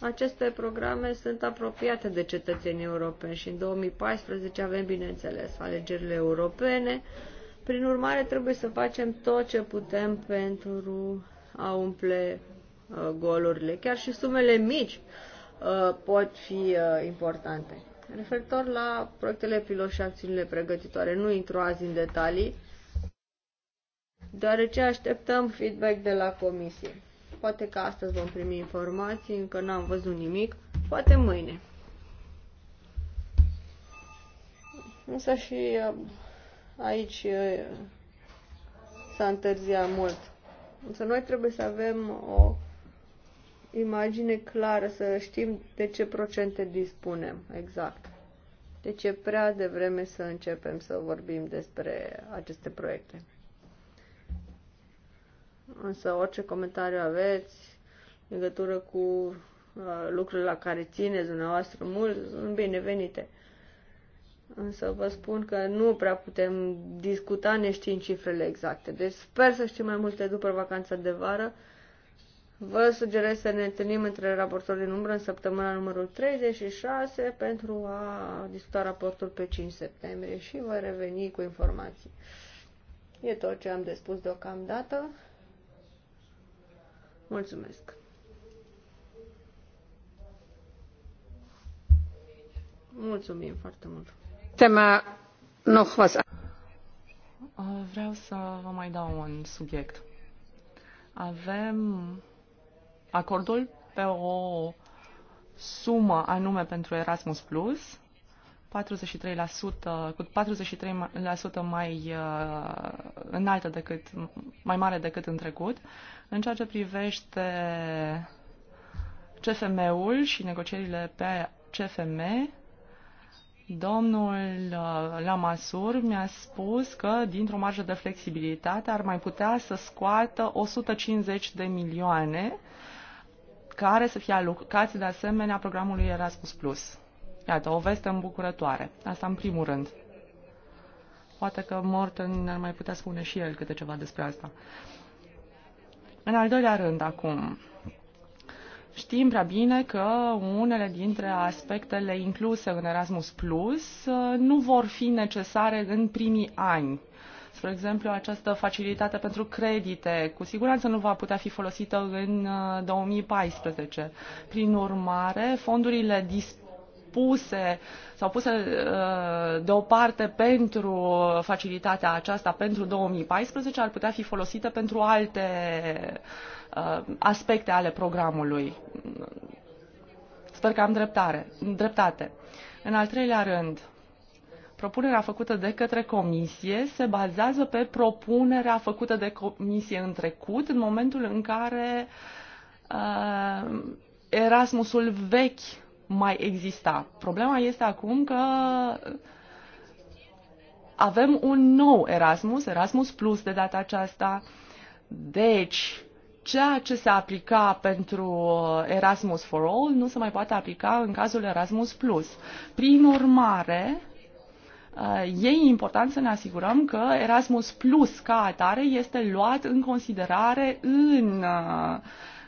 Aceste programe sunt apropiate de cetățenii europeni și în 2014 avem, bineînțeles, alegerile europene. Prin urmare, trebuie să facem tot ce putem pentru a umple uh, golurile. Chiar și sumele mici uh, pot fi uh, importante. Referitor la proiectele pilot și acțiunile pregătitoare, nu intru azi în detalii, deoarece așteptăm feedback de la comisie. Poate că astăzi vom primi informații, încă n-am văzut nimic, poate mâine. Însă și uh, aici uh, s-a întârziat mult. Însă noi trebuie să avem o imagine clară, să știm de ce procente dispunem exact. Deci e prea devreme să începem să vorbim despre aceste proiecte. Însă orice comentariu aveți în legătură cu uh, lucrurile la care țineți dumneavoastră mult, sunt binevenite. Însă vă spun că nu prea putem discuta neștiind cifrele exacte. Deci sper să știm mai multe după vacanța de vară. Vă sugerez să ne întâlnim între raportori din umbră în săptămâna numărul 36 pentru a discuta raportul pe 5 septembrie și vă reveni cu informații. E tot ce am de spus deocamdată. Mulțumesc! Mulțumim foarte mult! Tema nu Vreau să vă mai dau un subiect. Avem acordul pe o sumă anume pentru Erasmus Plus 43%, cu 43% mai uh, înaltă decât, mai mare decât în trecut. În ceea ce privește CFM-ul și negocierile pe CFM, Domnul uh, Lamasur mi-a spus că dintr-o marjă de flexibilitate ar mai putea să scoată 150 de milioane care să fie alocați de asemenea programului Erasmus+. Iată, o veste îmbucurătoare. Asta în primul rând. Poate că Morton ar mai putea spune și el câte ceva despre asta. În al doilea rând, acum, Știm prea bine că unele dintre aspectele incluse în Erasmus Plus uh, nu vor fi necesare în primii ani. Spre exemplu, această facilitate pentru credite cu siguranță nu va putea fi folosită în 2014. Uh, Prin urmare, fondurile disponibile puse sau puse uh, deoparte pentru facilitatea aceasta pentru 2014 ar putea fi folosite pentru alte uh, aspecte ale programului. Sper că am dreptare, dreptate. În al treilea rând, propunerea făcută de către comisie se bazează pe propunerea făcută de comisie în trecut, în momentul în care uh, Erasmusul vechi mai exista. Problema este acum că avem un nou Erasmus, Erasmus Plus de data aceasta. Deci, ceea ce se aplica pentru Erasmus for All nu se mai poate aplica în cazul Erasmus Plus. Prin urmare, uh, e important să ne asigurăm că Erasmus Plus ca atare este luat în considerare în, uh,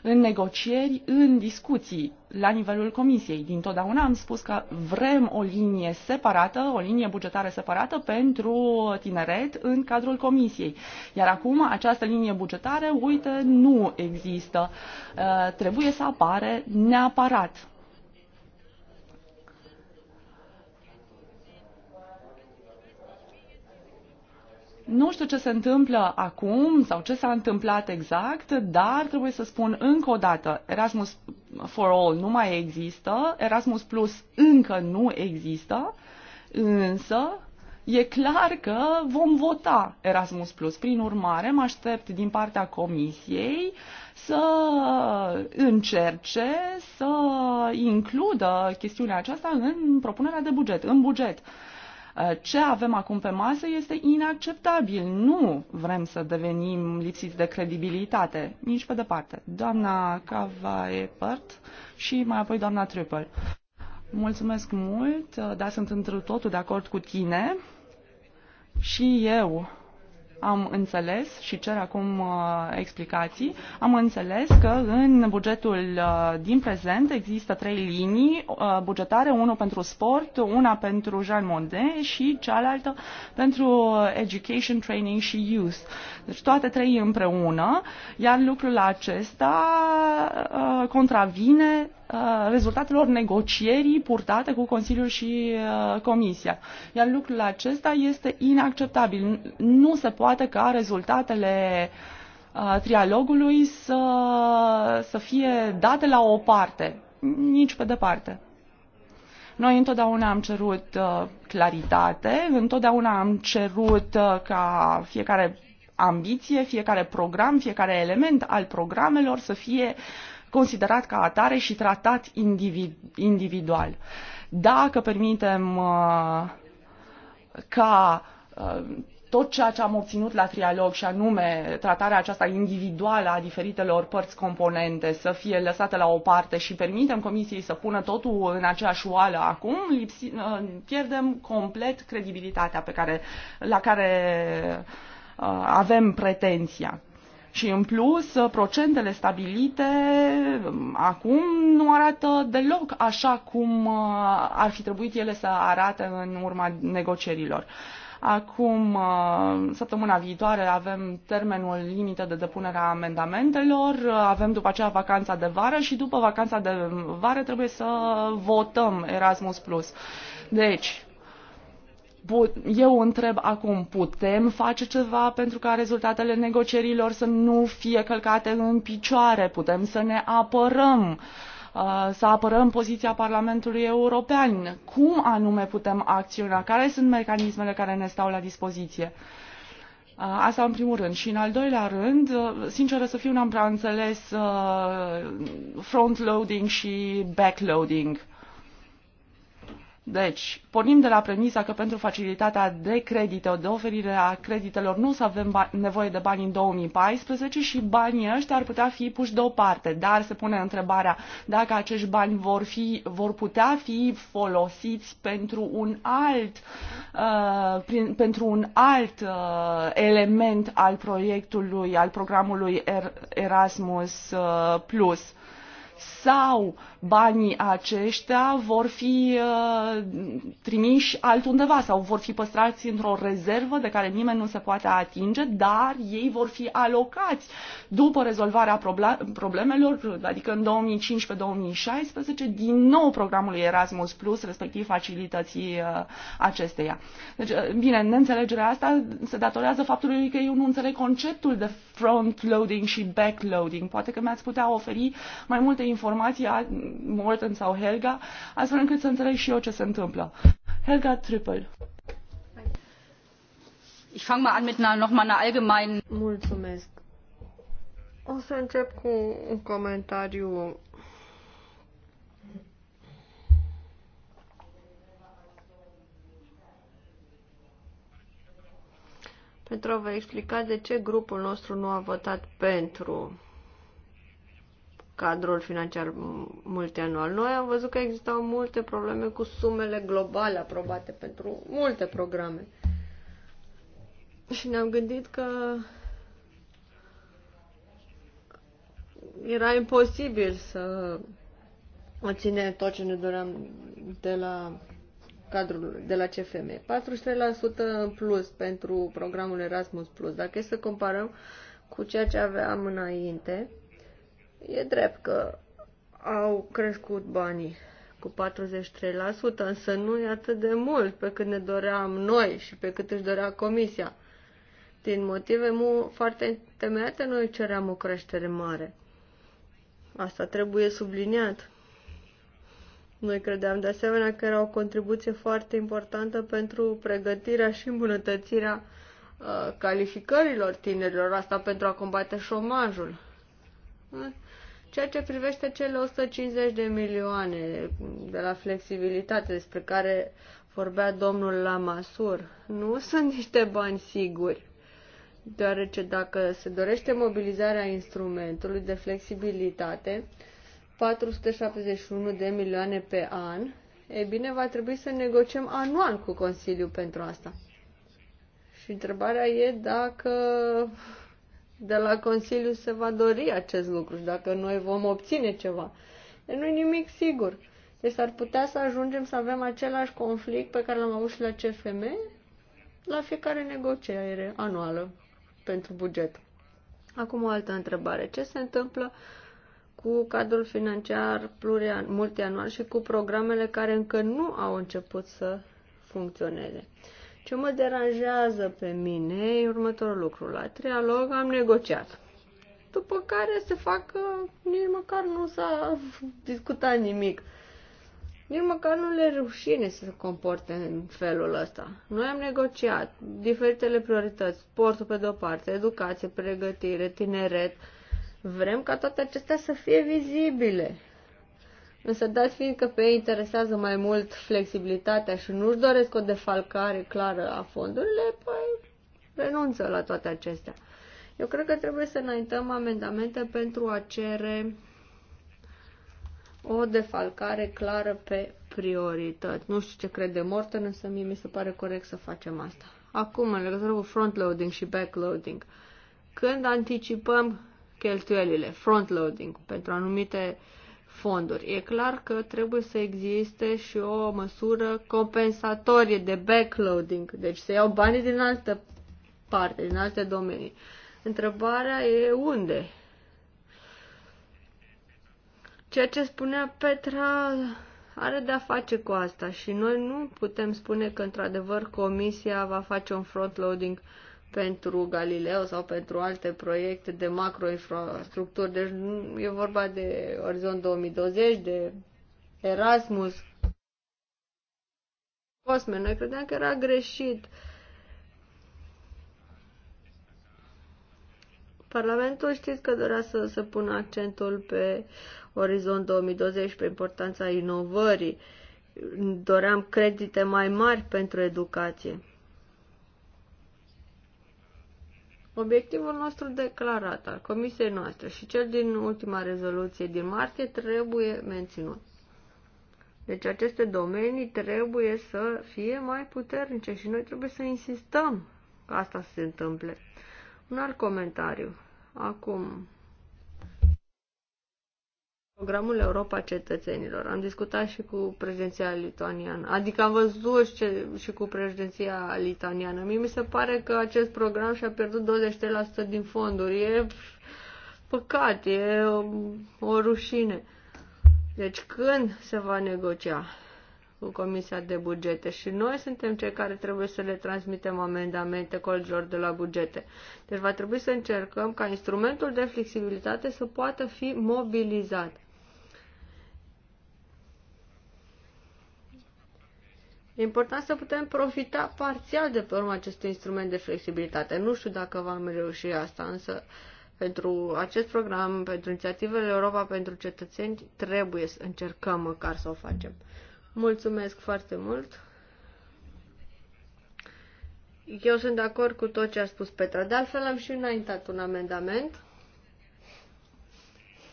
în negocieri, în discuții la nivelul Comisiei. Dintotdeauna am spus că vrem o linie separată, o linie bugetară separată pentru tineret în cadrul Comisiei. Iar acum această linie bugetară, uite, nu există. Uh, trebuie să apare neapărat. Nu știu ce se întâmplă acum sau ce s-a întâmplat exact, dar trebuie să spun încă o dată, Erasmus for All nu mai există, Erasmus Plus încă nu există, însă e clar că vom vota Erasmus Plus. Prin urmare, mă aștept din partea Comisiei să încerce să includă chestiunea aceasta în propunerea de buget, în buget. Ce avem acum pe masă este inacceptabil. Nu vrem să devenim lipsiți de credibilitate, nici pe departe. Doamna Epert și mai apoi doamna Triple. Mulțumesc mult, da, sunt într totul de acord cu tine. Și eu am înțeles și cer acum uh, explicații, am înțeles că în bugetul uh, din prezent există trei linii uh, bugetare, unul pentru sport, una pentru Jean Monde și cealaltă pentru education, training și youth. Deci toate trei împreună, iar lucrul acesta contravine Uh, rezultatelor negocierii purtate cu Consiliul și uh, Comisia. Iar lucrul acesta este inacceptabil. Nu se poate ca rezultatele uh, trialogului să, să fie date la o parte, nici pe departe. Noi întotdeauna am cerut claritate, întotdeauna am cerut ca fiecare ambiție, fiecare program, fiecare element al programelor să fie considerat ca atare și tratat individ, individual. Dacă permitem uh, ca uh, tot ceea ce am obținut la trialog și anume tratarea aceasta individuală a diferitelor părți componente să fie lăsată la o parte și permitem comisiei să pună totul în aceeași oală acum, lipsi, uh, pierdem complet credibilitatea pe care, la care avem pretenția. Și în plus, procentele stabilite um, acum nu arată deloc așa cum uh, ar fi trebuit ele să arate în urma negocierilor. Acum, uh, săptămâna viitoare avem termenul limită de depunere a amendamentelor, uh, avem după aceea vacanța de vară și după vacanța de vară trebuie să votăm Erasmus+. Deci, Put, eu întreb acum, putem face ceva pentru ca rezultatele negocierilor să nu fie călcate în picioare? Putem să ne apărăm? Uh, să apărăm poziția Parlamentului European. Cum anume putem acționa? Care sunt mecanismele care ne stau la dispoziție? Uh, asta în primul rând. Și în al doilea rând, uh, sinceră să fiu, n-am prea înțeles front-loading și backloading. Deci, pornim de la premisa că pentru facilitatea de credite, de oferire a creditelor, nu să avem nevoie de bani în 2014 și banii ăștia ar putea fi puși deoparte, dar se pune întrebarea dacă acești bani vor, fi, vor putea fi folosiți pentru un alt, uh, prin, pentru un alt uh, element al proiectului, al programului er, Erasmus uh, Plus sau banii aceștia vor fi uh, trimiși altundeva sau vor fi păstrați într-o rezervă de care nimeni nu se poate atinge, dar ei vor fi alocați după rezolvarea problemelor, adică în 2015-2016, din nou programului Erasmus Plus, respectiv facilității uh, acesteia. Deci, uh, bine, neînțelegerea asta se datorează faptului că eu nu înțeleg conceptul de front-loading și back-loading. Poate că mi-ați putea oferi mai multe informații informații Morton sau Helga, astfel încât să înțeleg și eu ce se întâmplă. Helga Triple. Ich fang mal an mit einer noch mal einer allgemeinen. Mulțumesc. O să încep cu un comentariu pentru a vă explica de ce grupul nostru nu a votat pentru cadrul financiar multianual. Noi am văzut că existau multe probleme cu sumele globale aprobate pentru multe programe. Și ne-am gândit că era imposibil să obținem tot ce ne doream de la cadrul de la CFM. 43% în plus pentru programul Erasmus Plus. Dacă e să comparăm cu ceea ce aveam înainte, E drept că au crescut banii cu 43%, însă nu e atât de mult pe cât ne doream noi și pe cât își dorea Comisia. Din motive mu foarte temeate, noi ceream o creștere mare. Asta trebuie subliniat. Noi credeam de asemenea că era o contribuție foarte importantă pentru pregătirea și îmbunătățirea uh, calificărilor tinerilor, asta pentru a combate șomajul. Ceea ce privește cele 150 de milioane de la flexibilitate despre care vorbea domnul Lamasur, nu [LAUGHS] sunt niște bani siguri, deoarece dacă se dorește mobilizarea instrumentului de flexibilitate, 471 de milioane pe an, e bine, va trebui să negociem anual cu Consiliul pentru asta. Și întrebarea e dacă de la Consiliu se va dori acest lucru și dacă noi vom obține ceva. Deci nu e nimic sigur. Deci ar putea să ajungem să avem același conflict pe care l-am avut și la CFM la fiecare negociere anuală pentru buget. Acum o altă întrebare. Ce se întâmplă cu cadrul financiar plurian, multianual și cu programele care încă nu au început să funcționeze? Ce mă deranjează pe mine e următorul lucru. La trialog am negociat. După care se fac nici măcar nu s-a [LAUGHS] discutat nimic. Nici măcar nu le rușine să se comporte în felul ăsta. Noi am negociat diferitele priorități, sportul pe de-o parte, educație, pregătire, tineret. Vrem ca toate acestea să fie vizibile. Însă, dat fiind că pe ei interesează mai mult flexibilitatea și nu-și doresc o defalcare clară a fondurilor, păi renunță la toate acestea. Eu cred că trebuie să înaintăm amendamente pentru a cere o defalcare clară pe priorități. Nu știu ce crede Morton, însă mie mi se pare corect să facem asta. Acum, în legătură cu loading și back loading. când anticipăm cheltuielile, loading pentru anumite uh, fonduri. E clar că trebuie să existe și o măsură compensatorie de backloading, deci să iau banii din altă parte, din alte domenii. Întrebarea e unde? Ceea ce spunea Petra are de-a face cu asta și noi nu putem spune că într-adevăr comisia va face un frontloading loading pentru Galileo sau pentru alte proiecte de macroinfrastructuri. Deci e vorba de Orizont 2020, de Erasmus, Cosme. Noi credeam că era greșit. Parlamentul știți că dorea să, să pună accentul pe Orizont 2020, pe importanța inovării. Doream credite mai mari pentru educație. Obiectivul nostru declarat al comisiei noastre și cel din ultima rezoluție din martie trebuie menținut. Deci aceste domenii trebuie să fie mai puternice și noi trebuie să insistăm ca asta să se întâmple. Un alt comentariu. Acum, programul Europa Cetățenilor. Am discutat și cu președinția lituaniană, adică am văzut și, și cu președinția lituaniană. Mie mi se pare că acest program și-a pierdut 20% din fonduri. E păcat, e o, o rușine. Deci când se va negocia cu Comisia de Bugete? Și noi suntem cei care trebuie să le transmitem amendamente colegilor de la bugete. Deci va trebui să încercăm ca instrumentul de flexibilitate să poată fi mobilizat. E important să putem profita parțial de pe urma acestui instrument de flexibilitate. Nu știu dacă vom reuși asta, însă pentru acest program, pentru inițiativele Europa pentru cetățeni, trebuie să încercăm măcar să o facem. Mulțumesc foarte mult! Eu sunt de acord cu tot ce a spus Petra. De altfel, am și înaintat un amendament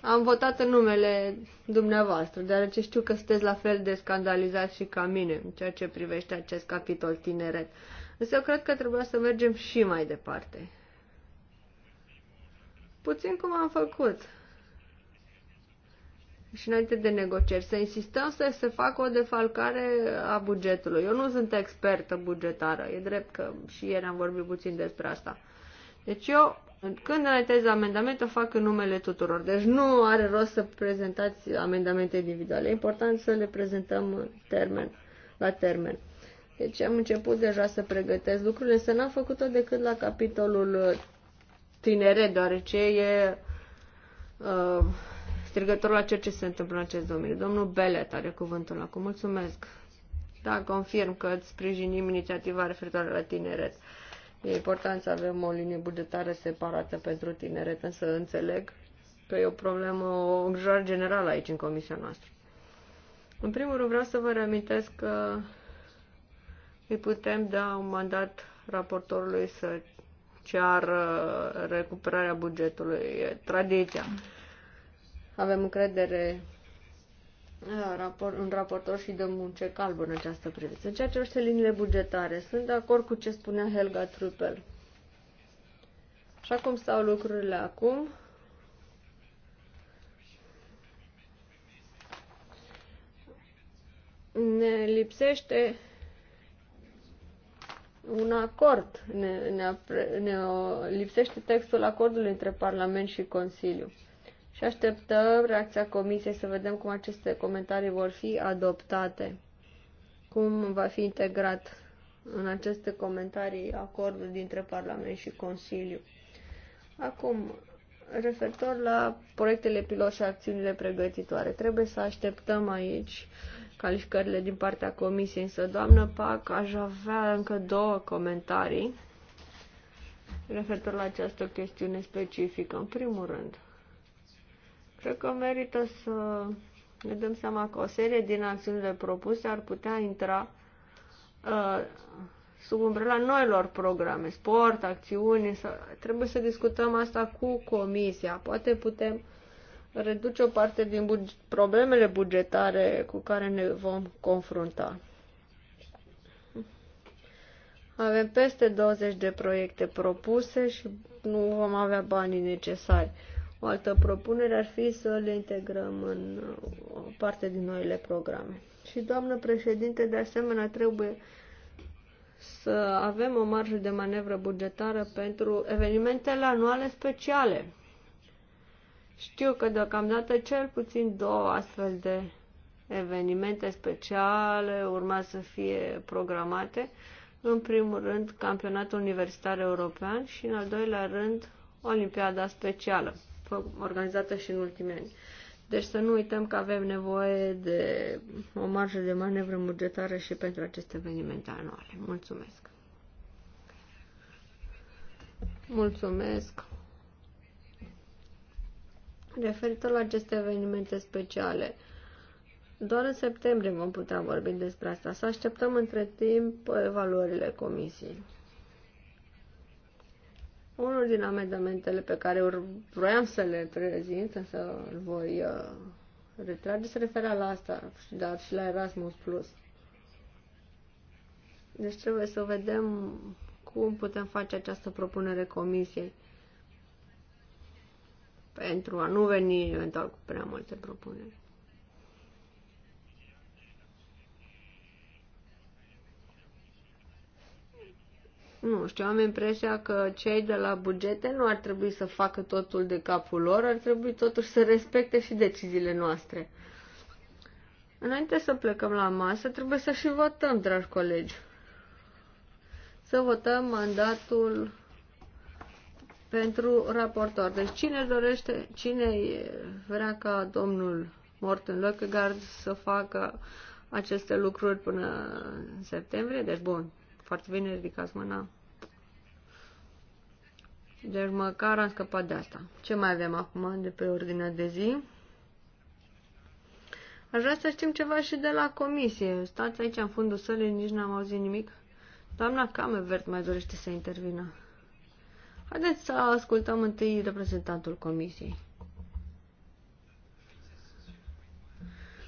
am votat în numele dumneavoastră, deoarece știu că sunteți la fel de scandalizați și ca mine în ceea ce privește acest capitol tineret. Însă eu cred că trebuia să mergem și mai departe. Puțin cum am făcut. Și înainte de negocieri, să insistăm să se facă o defalcare a bugetului. Eu nu sunt expertă bugetară, e drept că și ieri am vorbit puțin despre asta. Deci eu când înaintez amendamente, o fac în numele tuturor. Deci nu are rost să prezentați amendamente individuale. E important să le prezentăm termen, la termen. Deci am început deja să pregătesc lucrurile, însă n-am făcut-o decât la capitolul uh, tinere, deoarece e uh, strigătorul la ceea ce se întâmplă în acest domeniu. Domnul Belet are cuvântul acum. Mulțumesc. Da, confirm că îți sprijinim inițiativa referitoare la tineret. Uh, E important să avem o linie bugetară separată pentru tineret, însă înțeleg că e o problemă, o îngrijorare generală aici în comisia noastră. În primul rând vreau să vă reamintesc că îi putem da un mandat raportorului să ceară recuperarea bugetului, e tradiția. Avem încredere Ah, rapor, un raportor și de munce calvă în această privință. În ceea ce privește liniile bugetare, sunt de acord cu ce spunea Helga Truppel. Așa cum stau lucrurile acum, ne lipsește un acord, ne, ne, ne lipsește textul acordului între Parlament și Consiliu și așteptăm reacția comisiei să vedem cum aceste comentarii vor fi adoptate, cum va fi integrat în aceste comentarii acordul dintre Parlament și Consiliu. Acum, referitor la proiectele pilot și acțiunile pregătitoare, trebuie să așteptăm aici calificările din partea comisiei, însă, doamnă Pac, aș avea încă două comentarii referitor la această chestiune specifică. În primul rând, Cred că merită să ne dăm seama că o serie din acțiunile propuse ar putea intra uh, sub umbrela noilor programe, sport, acțiuni. Sau... Trebuie să discutăm asta cu comisia. Poate putem reduce o parte din bug- problemele bugetare cu care ne vom confrunta. Avem peste 20 de proiecte propuse și nu vom avea banii necesari. Uh, o altă propunere ar fi să le integrăm în o parte din noile programe. Și, doamnă președinte, de asemenea trebuie să avem o marjă de manevră bugetară pentru evenimentele anuale speciale. Știu că deocamdată cel puțin două astfel de evenimente speciale urma să fie programate. În primul rând, campionatul universitar european și, în al doilea rând, Olimpiada specială organizată și în ultimii ani. Deci să nu uităm că avem nevoie de o marjă de manevră bugetară și pentru aceste evenimente anuale. Mulțumesc! Mulțumesc! Referitor la aceste evenimente speciale, doar în septembrie vom putea vorbi despre asta. Să așteptăm între timp evaluările comisiei. Unul din amendamentele pe care vroiam să le prezint, să îl voi uh, retrage, se referă la asta, dar și la Erasmus+. plus. Deci trebuie să vedem cum putem face această propunere comisiei pentru a nu veni eventual cu prea multe propuneri. Nu știu, am impresia că cei de la bugete nu ar trebui să facă totul de capul lor, ar trebui totuși să respecte și deciziile noastre. Înainte să plecăm la masă, trebuie să și votăm, dragi colegi. Să votăm mandatul pentru raportor. Deci cine dorește, cine vrea ca domnul Morten Lockegaard să facă aceste lucruri până în septembrie? Deci bun, foarte bine ridicați mâna. Deci măcar am scăpat de asta. Ce mai avem acum de pe ordinea de zi? Aș vrea să știm ceva și de la comisie. Stați aici în fundul sălii, nici n-am auzit nimic. Doamna Camevert mai dorește să intervină. Haideți să ascultăm întâi reprezentantul comisiei.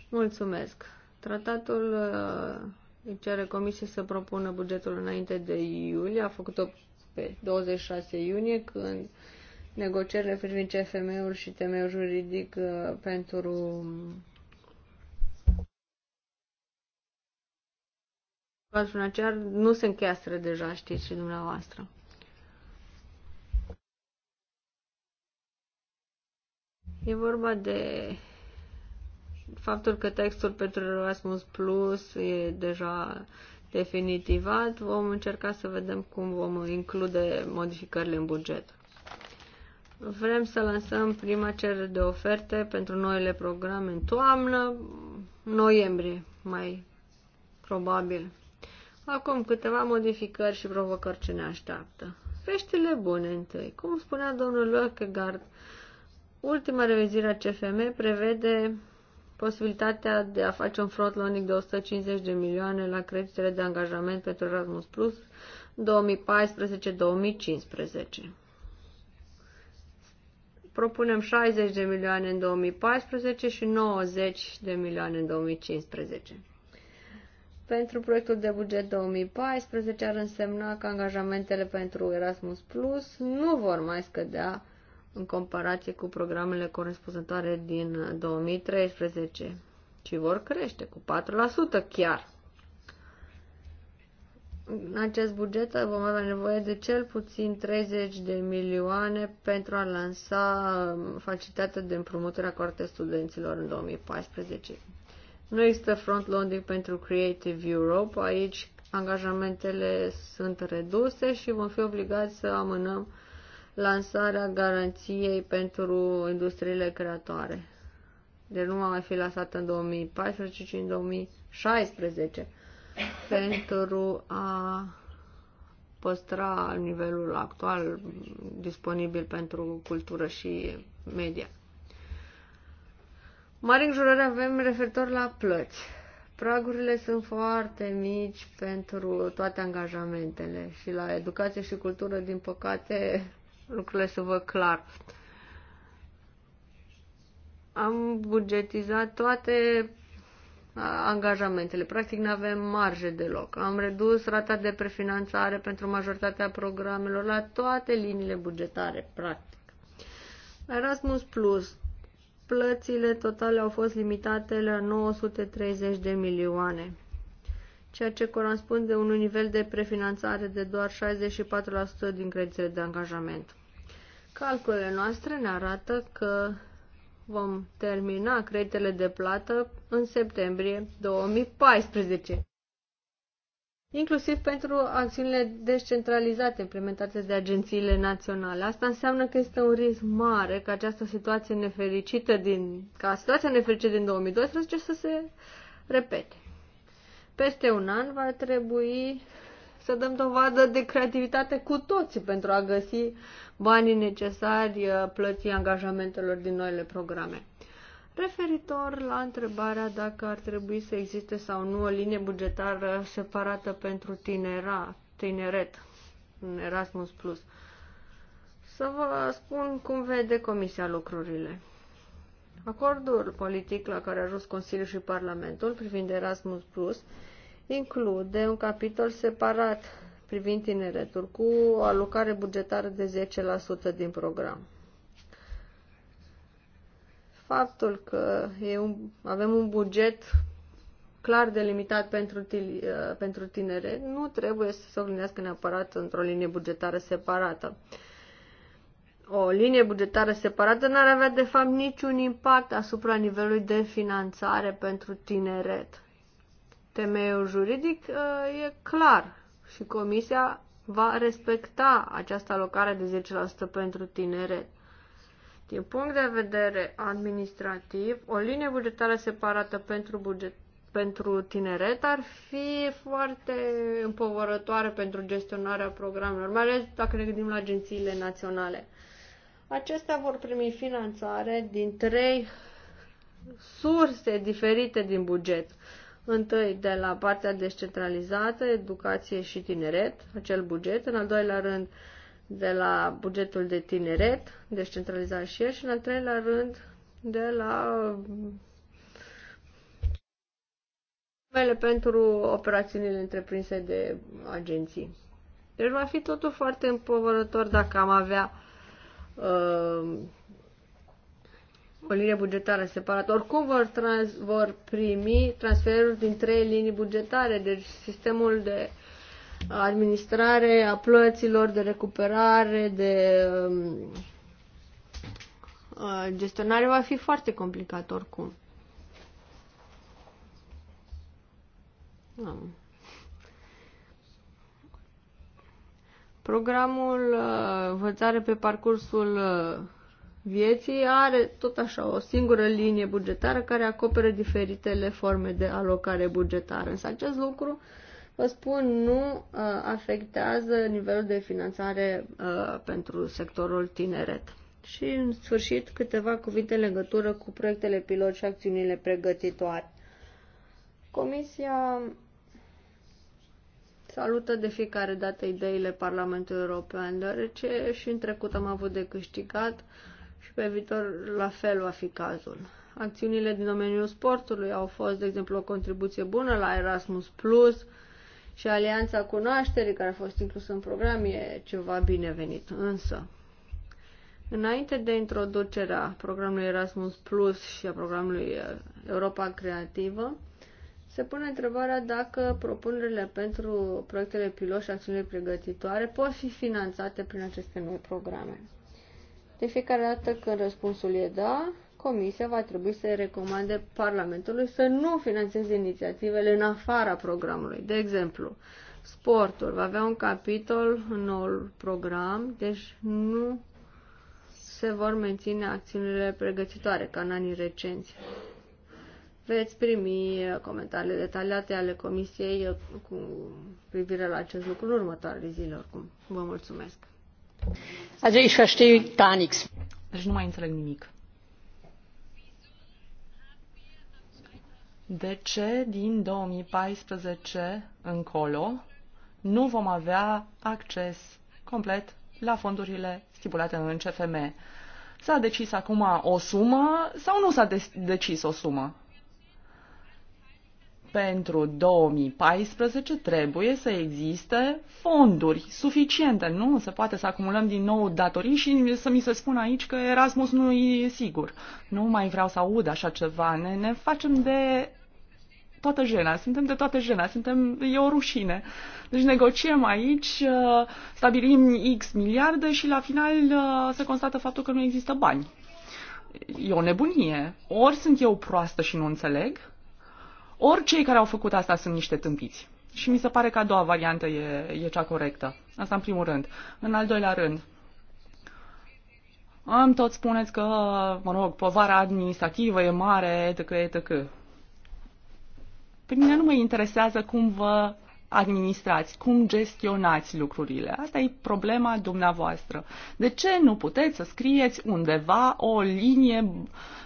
Mulțumesc. Tratatul uh, îi cere comisie să propună bugetul înainte de iulie. A făcut-o pe 26 iunie, când negocierile privind CFM-ul și temeiul juridic uh, pentru cadrul financiar nu se încheiastră deja, știți și dumneavoastră. E vorba de faptul că textul pentru Erasmus Plus e deja definitivat, vom încerca să vedem cum vom include modificările în buget. Vrem să lansăm prima cerere de oferte pentru noile programe în toamnă, noiembrie, mai probabil. Acum câteva modificări și provocări ce ne așteaptă. Veștile bune întâi. Cum spunea domnul Lockegaard, ultima revizire a CFM prevede posibilitatea de a face un front loading de 150 de milioane la creditele de angajament pentru Erasmus Plus 2014-2015. Propunem 60 de milioane în 2014 și 90 de milioane în 2015. Pentru proiectul de buget 2014 ar însemna că angajamentele pentru Erasmus Plus nu vor mai scădea în comparație cu programele corespunzătoare din 2013 și vor crește cu 4% chiar. În acest buget vom avea nevoie de cel puțin 30 de milioane pentru a lansa facilitatea de împrumuturi acordată studenților în 2014. Nu există front loading pentru Creative Europe, aici angajamentele sunt reduse și vom fi obligați să amânăm lansarea garanției pentru industriile creatoare. Deci nu va mai fi lansată în 2014, ci în 2016 pentru a păstra nivelul actual disponibil pentru cultură și media. Mari înjurări avem referitor la plăți. Pragurile sunt foarte mici pentru toate angajamentele și la educație și cultură, din păcate, lucrurile să văd clar. Am bugetizat toate angajamentele. Practic nu avem marge deloc. Am redus rata de prefinanțare pentru majoritatea programelor la toate liniile bugetare, practic. Erasmus Plus, plățile totale au fost limitate la 930 de milioane, ceea ce corespunde unui nivel de prefinanțare de doar 64% din creditele de angajament. Calculele noastre ne arată că vom termina creditele de plată în septembrie 2014 inclusiv pentru acțiunile descentralizate implementate de agențiile naționale. Asta înseamnă că este un risc mare ca această situație nefericită din, ca situația nefericită din 2012 să se repete. Peste un an va trebui să dăm dovadă de creativitate cu toții pentru a găsi banii necesari uh, plății angajamentelor din noile programe. Referitor la întrebarea dacă ar trebui să existe sau nu o linie bugetară separată pentru tinera, tineret în Erasmus+. Să vă spun cum vede Comisia lucrurile. Acordul politic la care a ajuns Consiliul și Parlamentul privind Erasmus Plus include un capitol separat privind tineretul cu o alocare bugetară de 10% din program. Faptul că e un, avem un buget clar delimitat pentru, uh, pentru tinere nu trebuie să se oglindească neapărat într-o linie bugetară separată o linie bugetară separată n-ar avea de fapt niciun impact asupra nivelului de finanțare pentru tineret. Temeiul juridic uh, e clar și Comisia va respecta această alocare de 10% pentru tineret. Din punct de vedere administrativ, o linie bugetară separată pentru, buget, pentru tineret ar fi foarte împovărătoare pentru gestionarea programelor, mai ales dacă ne gândim la agențiile naționale. Acestea vor primi finanțare din trei surse diferite din buget întâi de la partea descentralizată, educație și tineret, acel buget, în al doilea rând de la bugetul de tineret, descentralizat și el, și în al treilea rând de la sumele uh, pentru operațiunile întreprinse de agenții. Deci va fi totul foarte împovărător dacă am avea uh, o linie bugetară separată. Oricum vor, trans, vor primi transferuri din trei linii bugetare, deci sistemul de administrare a plăților, de recuperare, de um, uh, gestionare va fi foarte complicat oricum. Am. Programul uh, învățare pe parcursul uh, vieții are tot așa o singură linie bugetară care acoperă diferitele forme de alocare bugetară. Însă acest lucru, vă spun, nu uh, afectează nivelul de finanțare uh, pentru sectorul tineret. Și, în sfârșit, câteva cuvinte în legătură cu proiectele pilot și acțiunile pregătitoare. Comisia salută de fiecare dată ideile Parlamentului European, deoarece și în trecut am avut de câștigat uh, pe viitor la fel va fi cazul. Acțiunile din domeniul sportului au fost, de exemplu, o contribuție bună la Erasmus Plus și Alianța Cunoașterii, care a fost inclusă în program, e ceva binevenit. Însă, înainte de introducerea programului Erasmus Plus și a programului Europa Creativă, se pune întrebarea dacă propunerile pentru proiectele pilot și acțiunile pregătitoare pot fi finanțate prin aceste noi programe. De fiecare dată când răspunsul e da, Comisia va trebui să recomande Parlamentului să nu finanțeze inițiativele în afara programului. De exemplu, sportul va avea un capitol în noul program, deci nu se vor menține acțiunile pregătitoare ca în anii recenți. Veți primi uh, comentariile detaliate ale Comisiei uh, cu privire la acest lucru în următoarele zile oricum. Vă mulțumesc! Also ich verstehe gar nichts. Deci nu mai înțeleg nimic. De ce din 2014 încolo nu vom avea acces complet la fondurile stipulate în CFM? S-a decis acum o sumă sau nu s-a decis o sumă? pentru 2014 trebuie să existe fonduri suficiente. Nu se poate să acumulăm din nou datorii și să mi se spună aici că Erasmus nu e sigur. Nu mai vreau să aud așa ceva. Ne, ne facem de toată jena, suntem de toată jena, suntem, e o rușine. Deci negociem aici, uh, stabilim X miliarde și la final uh, se constată faptul că nu există bani. E o nebunie. Ori sunt eu proastă și nu înțeleg, ori cei care au făcut asta sunt niște tâmpiți. Și mi se pare că a doua variantă e, e cea corectă. Asta în primul rând. În al doilea rând, am tot spuneți că, mă rog, povara administrativă e mare, etc., etc. Pe mine nu mă interesează cum vă administrați, cum gestionați lucrurile. Asta e problema dumneavoastră. De ce nu puteți să scrieți undeva o linie,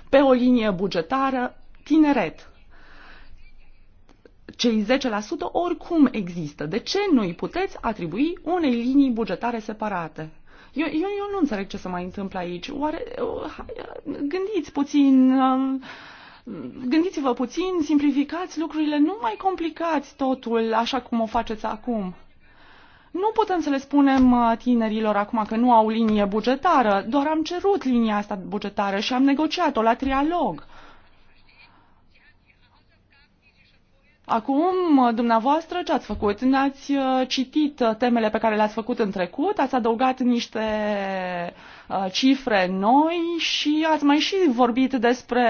pe o linie bugetară tineret? cei 10% oricum există. De ce nu îi puteți atribui unei linii bugetare separate? Eu, eu, eu nu înțeleg ce se mai întâmplă aici. Oare, uh, uh, gândiți puțin, um, gândiți-vă puțin, simplificați lucrurile, nu mai complicați totul așa cum o faceți acum. Nu putem să le spunem uh, tinerilor acum că nu au linie bugetară, doar am cerut linia asta bugetară și am negociat-o la trialog. Acum, dumneavoastră, ce ați făcut? Ne-ați uh, citit uh, temele pe care le-ați făcut în trecut, ați adăugat niște uh, cifre noi și ați mai și vorbit despre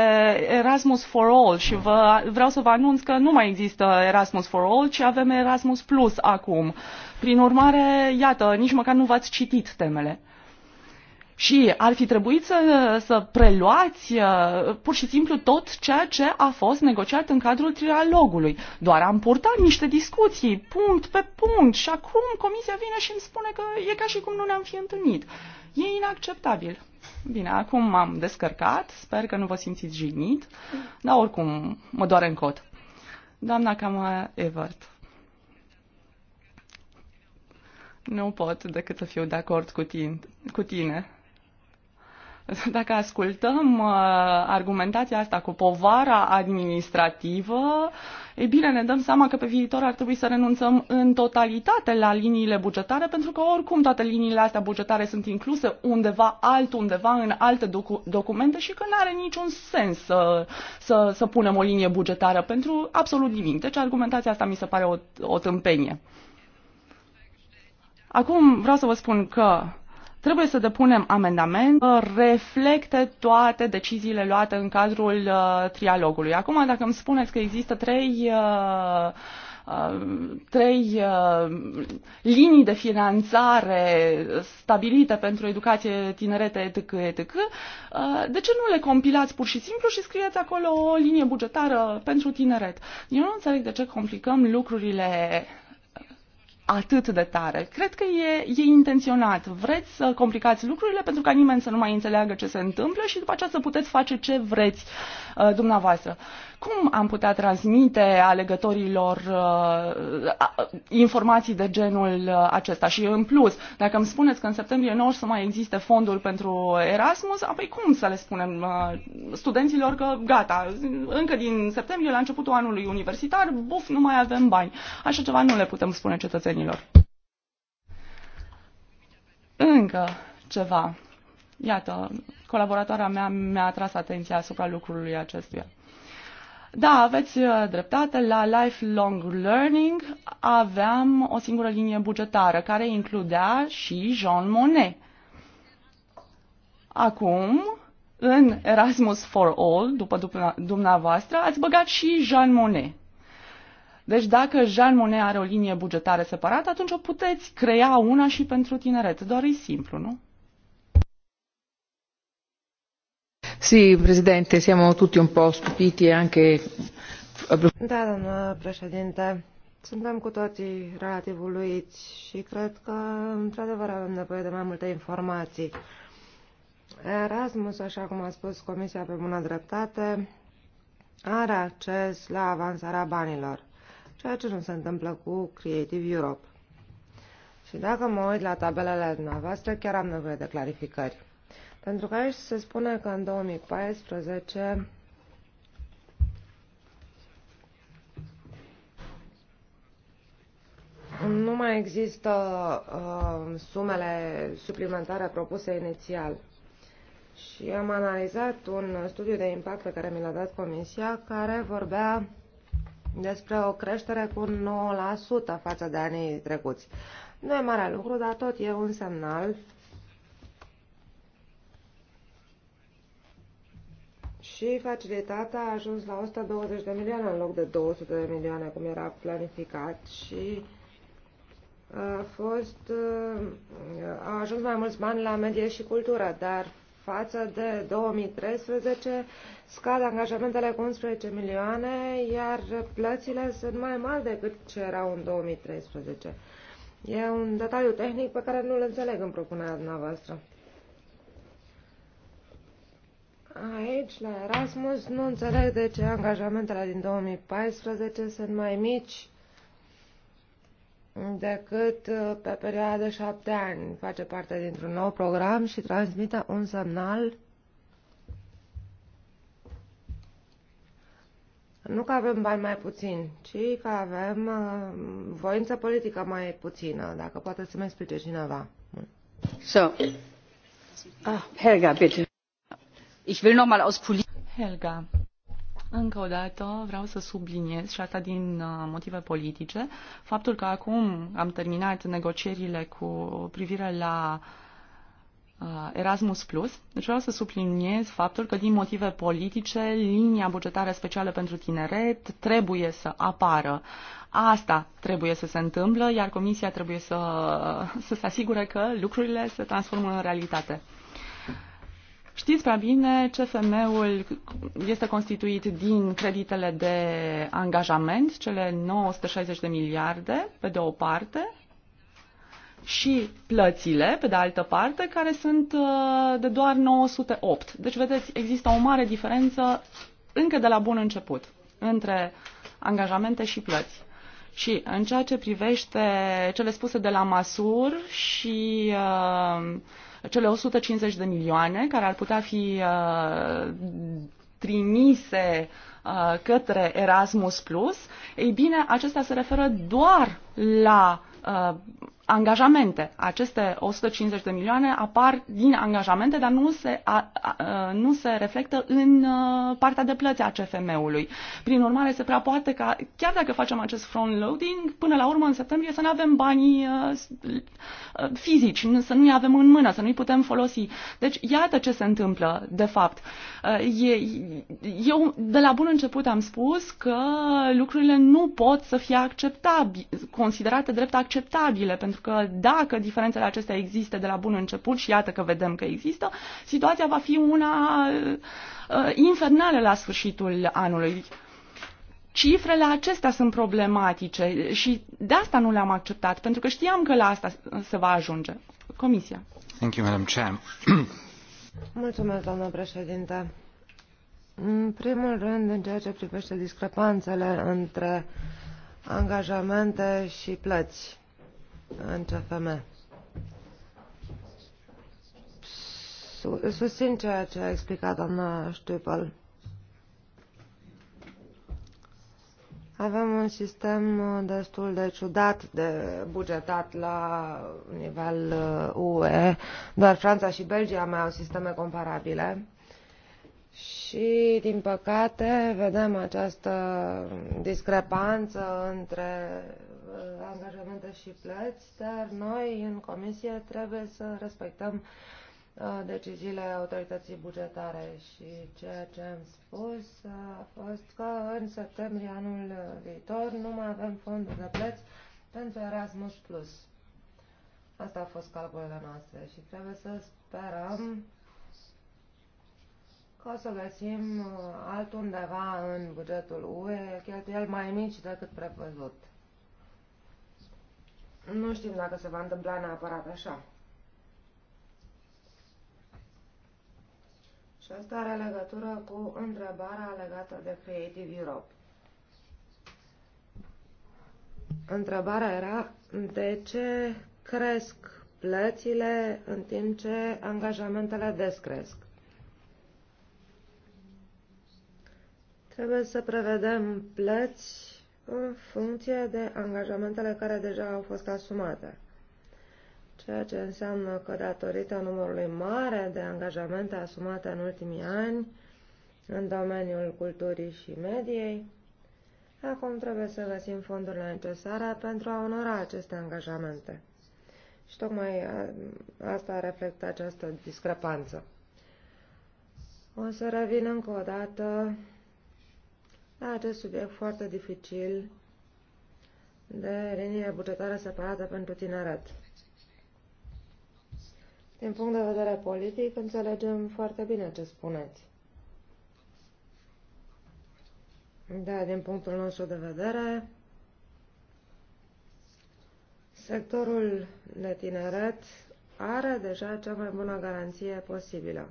Erasmus for All și vă, vreau să vă anunț că nu mai există Erasmus for All, ci avem Erasmus Plus acum. Prin urmare, iată, nici măcar nu v-ați citit temele. Și ar fi trebuit să, să preluați uh, pur și simplu tot ceea ce a fost negociat în cadrul trialogului. Doar am purtat niște discuții, punct pe punct, și acum comisia vine și îmi spune că e ca și cum nu ne-am fi întâlnit. E inacceptabil. Bine, acum m-am descărcat, sper că nu vă simțiți jignit, dar oricum mă doare în cot. Doamna Cama Evert. Nu pot decât să fiu de acord cu tine. Cu tine. Dacă ascultăm uh, argumentația asta cu povara administrativă, e bine, ne dăm seama că pe viitor ar trebui să renunțăm în totalitate la liniile bugetare, pentru că oricum toate liniile astea bugetare sunt incluse undeva altundeva în alte docu- documente și că nu are niciun sens să, să, să punem o linie bugetară pentru absolut nimic. Deci argumentația asta mi se pare o, o tâmpenie. Acum vreau să vă spun că Trebuie să depunem amendament reflecte toate deciziile luate în cadrul uh, trialogului. Acum, dacă îmi spuneți că există trei uh, uh trei uh, linii de finanțare stabilite pentru educație, tinerete, etc., etc., uh, de ce nu le compilați pur și simplu și scrieți acolo o linie bugetară pentru tineret? Eu nu înțeleg de ce complicăm lucrurile atât de tare. Cred că e, e intenționat. Vreți să complicați lucrurile pentru ca nimeni să nu mai înțeleagă ce se întâmplă și după aceea să puteți face ce vreți uh, dumneavoastră cum am putea transmite alegătorilor uh, informații de genul uh, acesta? Și în plus, dacă îmi spuneți că în septembrie nu o să mai existe fondul pentru Erasmus, apoi cum să le spunem uh, studenților că gata, încă din septembrie, la începutul anului universitar, buf, nu mai avem bani. Așa ceva nu le putem spune cetățenilor. Încă ceva. Iată, colaboratoarea mea mi-a atras atenția asupra lucrului acestuia. Da, aveți uh, dreptate, la lifelong learning aveam o singură linie bugetară care includea și Jean Monnet. Acum, în Erasmus for All, după dumneavoastră, ați băgat și Jean Monnet. Deci dacă Jean Monnet are o linie bugetară separată, atunci o puteți crea una și pentru tineret. Doar e simplu, nu? Sì, Presidente, siamo tutti un po' stupiti anche... Da, doamnă președinte, suntem cu toții relativ uluiți și cred că, într-adevăr, avem nevoie de mai multe informații. Erasmus, așa cum a spus Comisia pe bună dreptate, are acces la avansarea banilor, ceea ce nu se întâmplă cu Creative Europe. Și dacă mă uit la tabelele noastre, chiar am nevoie de clarificări. Pentru că aici se spune că în 2014 nu mai există uh, sumele suplimentare propuse inițial. Și am analizat un studiu de impact pe care mi l-a dat Comisia, care vorbea despre o creștere cu 9% față de anii trecuți. Nu e mare lucru, dar tot e un semnal și facilitatea a ajuns la 120 de milioane în loc de 200 de milioane, cum era planificat și uh, a fost, uh, a ajuns mai mulți bani la medie și cultură, dar față de 2013 scad angajamentele cu 11 milioane, iar plățile sunt mai mari decât ce erau în 2013. E un detaliu tehnic pe care nu-l înțeleg în propunerea dumneavoastră. Aici, la Erasmus, nu înțeleg de ce angajamentele din 2014 sunt mai mici decât uh, pe perioada de șapte ani. Face parte dintr-un nou program și transmite un semnal Nu că avem bani mai puțin, ci că avem uh, voință politică mai puțină, dacă poate să-mi explice cineva. So. Ah, Helga, bitte. Helga, încă o dată vreau să subliniez, și asta din uh, motive politice, faptul că acum am terminat negocierile cu privire la uh, Erasmus Plus. Deci vreau să subliniez faptul că din motive politice linia bugetară specială pentru tineret trebuie să apară. Asta trebuie să se întâmplă, iar Comisia trebuie să, să se asigure că lucrurile se transformă în realitate. Știți prea bine, CFM-ul este constituit din creditele de angajament, cele 960 de miliarde, pe de o parte, și plățile, pe de altă parte, care sunt uh, de doar 908. Deci, vedeți, există o mare diferență încă de la bun început între angajamente și plăți. Și în ceea ce privește cele spuse de la Masur și uh, cele 150 de milioane care ar putea fi uh, trimise uh, către Erasmus Plus, ei bine, acestea se referă doar la angajamente. Aceste 150 de milioane apar din angajamente, dar nu se, a, a, nu se reflectă în uh, partea de plăți a CFM-ului. Prin urmare, se prea poate ca, chiar dacă facem acest front-loading, până la urmă, în septembrie, să nu avem banii a, uh, uh, fizici, să nu-i avem în mână, să nu-i putem folosi. Deci, iată ce se întâmplă, de fapt. A, e, eu, de la bun început, am spus că lucrurile nu pot să fie acceptabile, considerate drept acceptabile pentru pentru că dacă diferențele acestea există de la bun început și iată că vedem că există, situația va fi una uh, infernală la sfârșitul anului. Cifrele acestea sunt problematice și de asta nu le-am acceptat, pentru că știam că la asta se va ajunge. Comisia. Thank you, Madam Chair. [CLEARS THROAT] Mulțumesc, doamnă președinte. În primul rând, în ceea ce privește discrepanțele între angajamente și plăți în CFM. Susțin ceea ce a explicat doamna Ștupel. Avem un sistem uh, destul de ciudat de bugetat la nivel UE. Uh, Doar Franța și Belgia mai au sisteme comparabile. Și, din păcate, vedem această discrepanță între Uh, angajamente și plăți, dar noi în comisie trebuie să respectăm uh, deciziile autorității bugetare și ceea ce am spus uh, a fost că în septembrie anul viitor nu mai avem fonduri de plăți pentru Erasmus+. Asta a fost calculele noastre și trebuie să sperăm că o să găsim altundeva în bugetul UE cheltuieli mai mici decât prevăzut. Nu știm dacă se va întâmpla neapărat așa. Și asta are legătură cu întrebarea legată de Creative Europe. Întrebarea era de ce cresc plățile în timp ce angajamentele descresc. Trebuie să prevedem plăți în funcție de angajamentele care deja au fost asumate. Ceea ce înseamnă că datorită numărului mare de angajamente asumate în ultimii ani în domeniul culturii și mediei, acum trebuie să găsim fondurile necesare pentru a onora aceste angajamente. Și tocmai asta reflectă această discrepanță. O să revin încă o dată la acest subiect foarte dificil de linie bugetară separată pentru tineret. Din punct de vedere politic, înțelegem foarte bine ce spuneți. Da, din punctul nostru de vedere, sectorul de tineret are deja cea mai bună garanție posibilă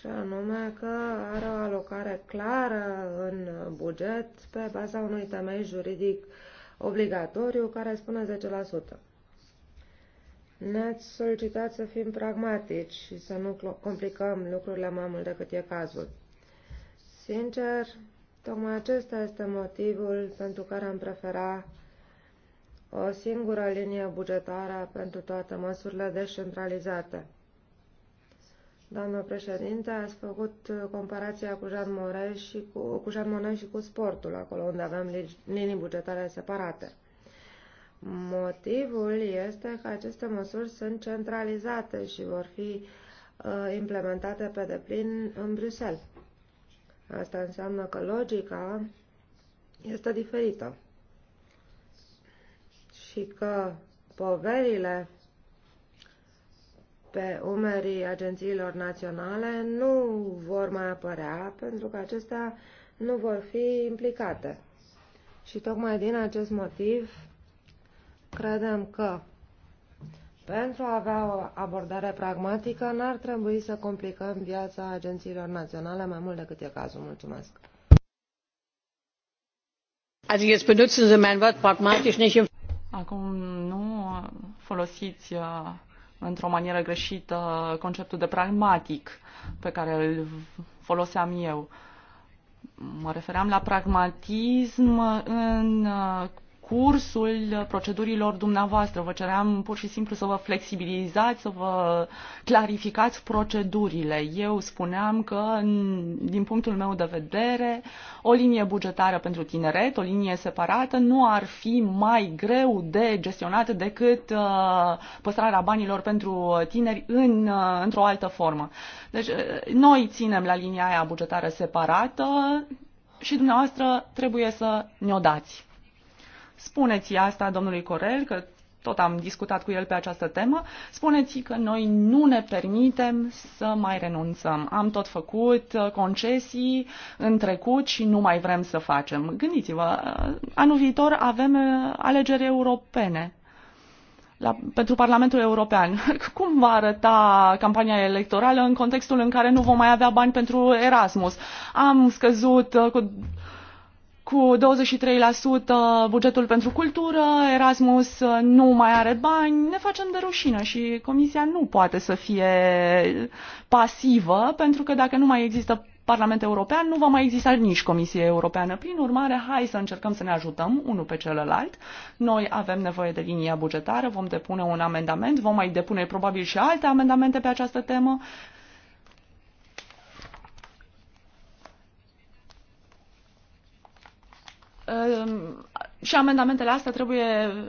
și anume că are o alocare clară în buget pe baza unui temei juridic obligatoriu care spune 10%. Ne-ați solicitat să fim pragmatici și să nu complicăm lucrurile mai mult decât e cazul. Sincer, tocmai acesta este motivul pentru care am preferat o singură linie bugetară pentru toate măsurile descentralizate. Doamnă președinte, ați făcut uh, comparația cu Jean, și cu, cu Jean Monnet și cu sportul, acolo unde aveam linii bugetare separate. Motivul este că aceste măsuri sunt centralizate și vor fi uh, implementate pe deplin în Bruxelles. Asta înseamnă că logica este diferită și că poverile pe umerii agențiilor naționale nu vor mai apărea pentru că acestea nu vor fi implicate. Și tocmai din acest motiv credem că pentru a avea o abordare pragmatică n-ar trebui să complicăm viața agențiilor naționale mai mult decât e cazul. Mulțumesc. Acum nu folosiți uh, într-o manieră greșită conceptul de pragmatic pe care îl foloseam eu. Mă refeream la pragmatism în cursul procedurilor dumneavoastră. Vă ceream pur și simplu să vă flexibilizați, să vă clarificați procedurile. Eu spuneam că, din punctul meu de vedere, o linie bugetară pentru tineret, o linie separată, nu ar fi mai greu de gestionat decât uh, păstrarea banilor pentru tineri în, uh, într-o altă formă. Deci, uh, noi ținem la linia aia bugetară separată și dumneavoastră trebuie să ne o dați. Spuneți asta domnului Corel, că tot am discutat cu el pe această temă, spuneți că noi nu ne permitem să mai renunțăm. Am tot făcut uh, concesii în trecut și nu mai vrem să facem. Gândiți-vă, uh, anul viitor avem uh, alegeri europene. La, pentru Parlamentul European. [LAUGHS] Cum va arăta campania electorală în contextul în care nu vom mai avea bani pentru Erasmus? Am scăzut cu cu 23% bugetul pentru cultură, Erasmus uh, nu mai are bani, ne facem de rușină și Comisia nu poate să fie pasivă, pentru că dacă nu mai există Parlament European, nu va mai exista nici Comisie Europeană. Prin urmare, hai să încercăm să ne ajutăm unul pe celălalt. Noi avem nevoie de linia bugetară, vom depune un amendament, vom mai depune probabil și alte amendamente pe această temă. Ehm, și amendamentele astea trebuie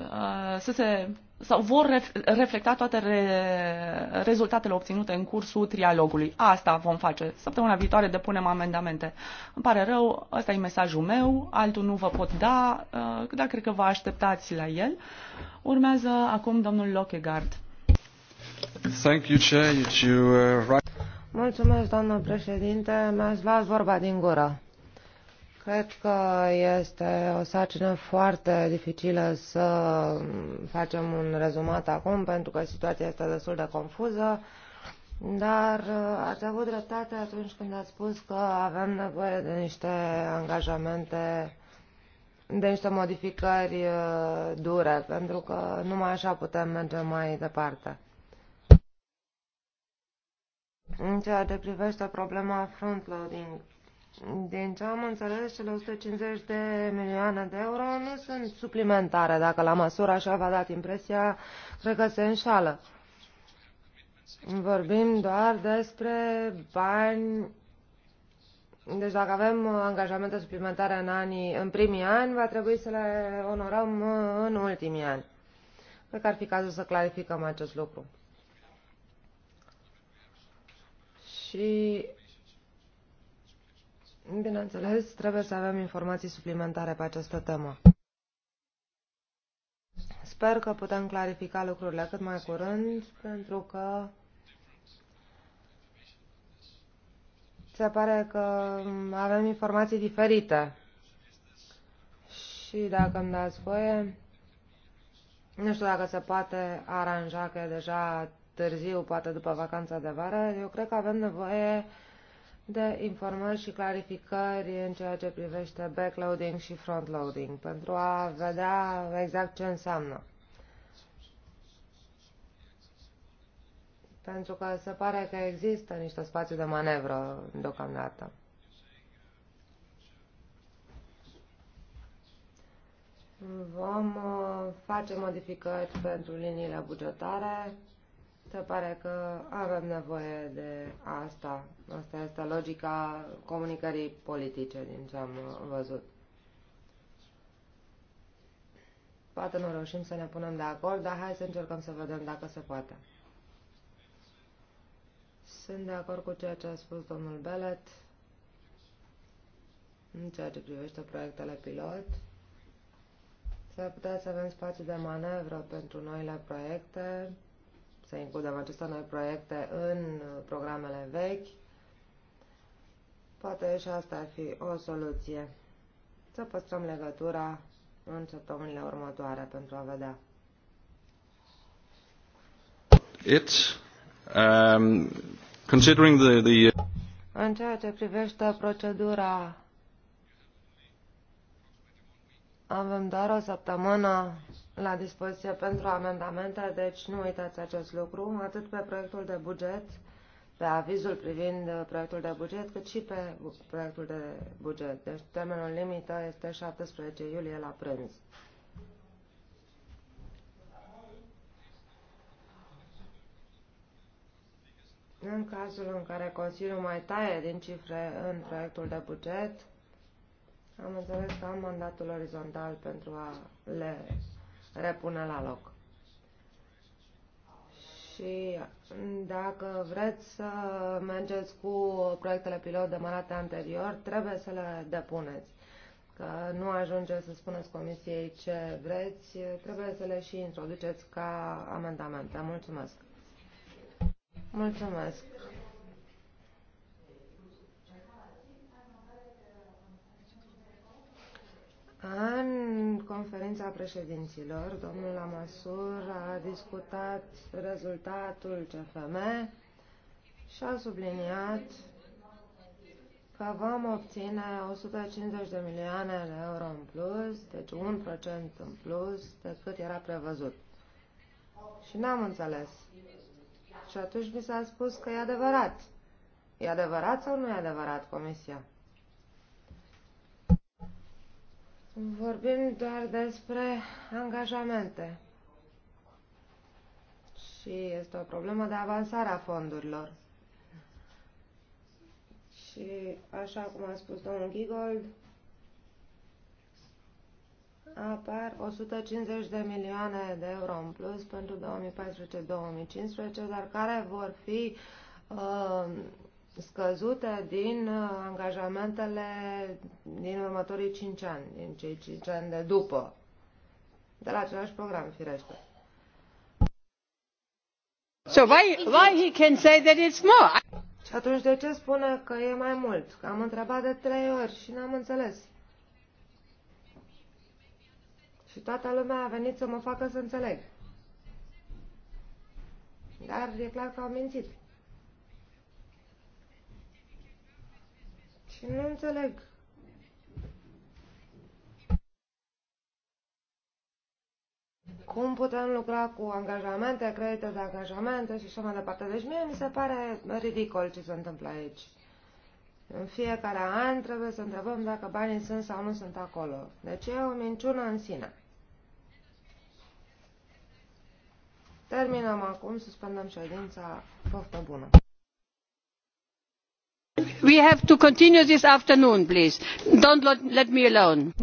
uh, să se sau vor reflecta toate re, rezultatele obținute în cursul trialogului. Asta vom face. Săptămâna viitoare depunem amendamente. Îmi pare rău, ăsta e mesajul meu, altul nu vă pot da, uh, dar cred că vă așteptați la el. Urmează acum domnul Lockegard. Thank you, Chair. You, uh, right... Mulțumesc, doamnă președinte. Mi-ați luat vorba din gură. Cred că este o sarcină foarte dificilă să facem un rezumat acum, pentru că situația este destul de confuză, dar uh, ați avut dreptate atunci când ați spus că avem nevoie de niște angajamente, de niște modificări uh, dure, pentru că numai așa putem merge mai departe. În ceea ce privește problema frontloading, din ce am înțeles, cele 150 de milioane de euro nu sunt suplimentare. Dacă la măsură așa v-a dat impresia, cred că se înșală. Vorbim doar despre bani. Deci dacă avem angajamente suplimentare în, anii, în primii ani, va trebui să le onorăm în ultimii ani. Cred că ar fi cazul să clarificăm acest lucru. Și Bineînțeles, trebuie să avem informații suplimentare pe această temă. Sper că putem clarifica lucrurile cât mai curând, pentru că se pare că avem informații diferite. Și dacă îmi dați voie, nu știu dacă se poate aranja, că e deja târziu, poate după vacanța de vară, eu cred că avem nevoie de informări și clarificări în ceea ce privește backloading și frontloading, pentru a vedea exact ce înseamnă. Pentru că se pare că există niște spații de manevră deocamdată. Vom uh, face modificări pentru liniile bugetare se pare că avem nevoie de asta. Asta este logica comunicării politice din ce am uh, văzut. Poate nu reușim să ne punem de acord, dar hai să încercăm să vedem dacă se poate. Sunt de acord cu ceea ce a spus domnul Belet în ceea ce privește proiectele pilot. S-ar putea să avem spațiu de manevră pentru noile proiecte să includem aceste noi proiecte în programele vechi. Poate și asta ar fi o soluție. Să păstrăm legătura în săptămânile următoare pentru a vedea. It's, um, considering the, the... În ceea ce privește procedura, avem doar o săptămână la dispoziție pentru amendamente, deci nu uitați acest lucru, atât pe proiectul de buget, pe avizul privind uh, proiectul de buget, cât și pe proiectul de buget. Deci termenul limită este 17 iulie la prânz. În cazul în care Consiliul mai taie din cifre în proiectul de buget, am înțeles că am mandatul orizontal pentru a le repune la loc. Și dacă vreți să mergeți cu proiectele pilot demarate anterior, trebuie să le depuneți. Că nu ajunge să spuneți comisiei ce vreți, trebuie să le și introduceți ca amendamente. Mulțumesc! Mulțumesc! În conferința președinților, domnul Amasur a discutat rezultatul CFM și a subliniat că vom obține 150 de milioane de euro în plus, deci 1% în plus decât era prevăzut. Și n-am înțeles. Și atunci mi s-a spus că e adevărat. E adevărat sau nu e adevărat, Comisia? Vorbim doar despre angajamente. Și este o problemă de avansare a fondurilor. Și, așa cum a spus domnul Gigold, apar 150 de milioane de euro în plus pentru 2014-2015, dar care vor fi uh, scăzute din uh, angajamentele din următorii 5 ani, din cei 5 ani de după, de la același program, firește. So why, why he can say that it's more? Și atunci de ce spune că e mai mult? Că am întrebat de trei ori și n-am înțeles. Și toată lumea a venit să mă facă să înțeleg. Dar e clar că au mințit. și nu înțeleg. Cum putem lucra cu angajamente, credite de angajamente și așa mai departe. Deci mie mi se pare ridicol ce se întâmplă aici. În fiecare an trebuie să întrebăm dacă banii sunt sau nu sunt acolo. Deci e o minciună în sine. Terminăm acum, suspendăm ședința. Poftă bună! we have to continue this afternoon please don't let me alone.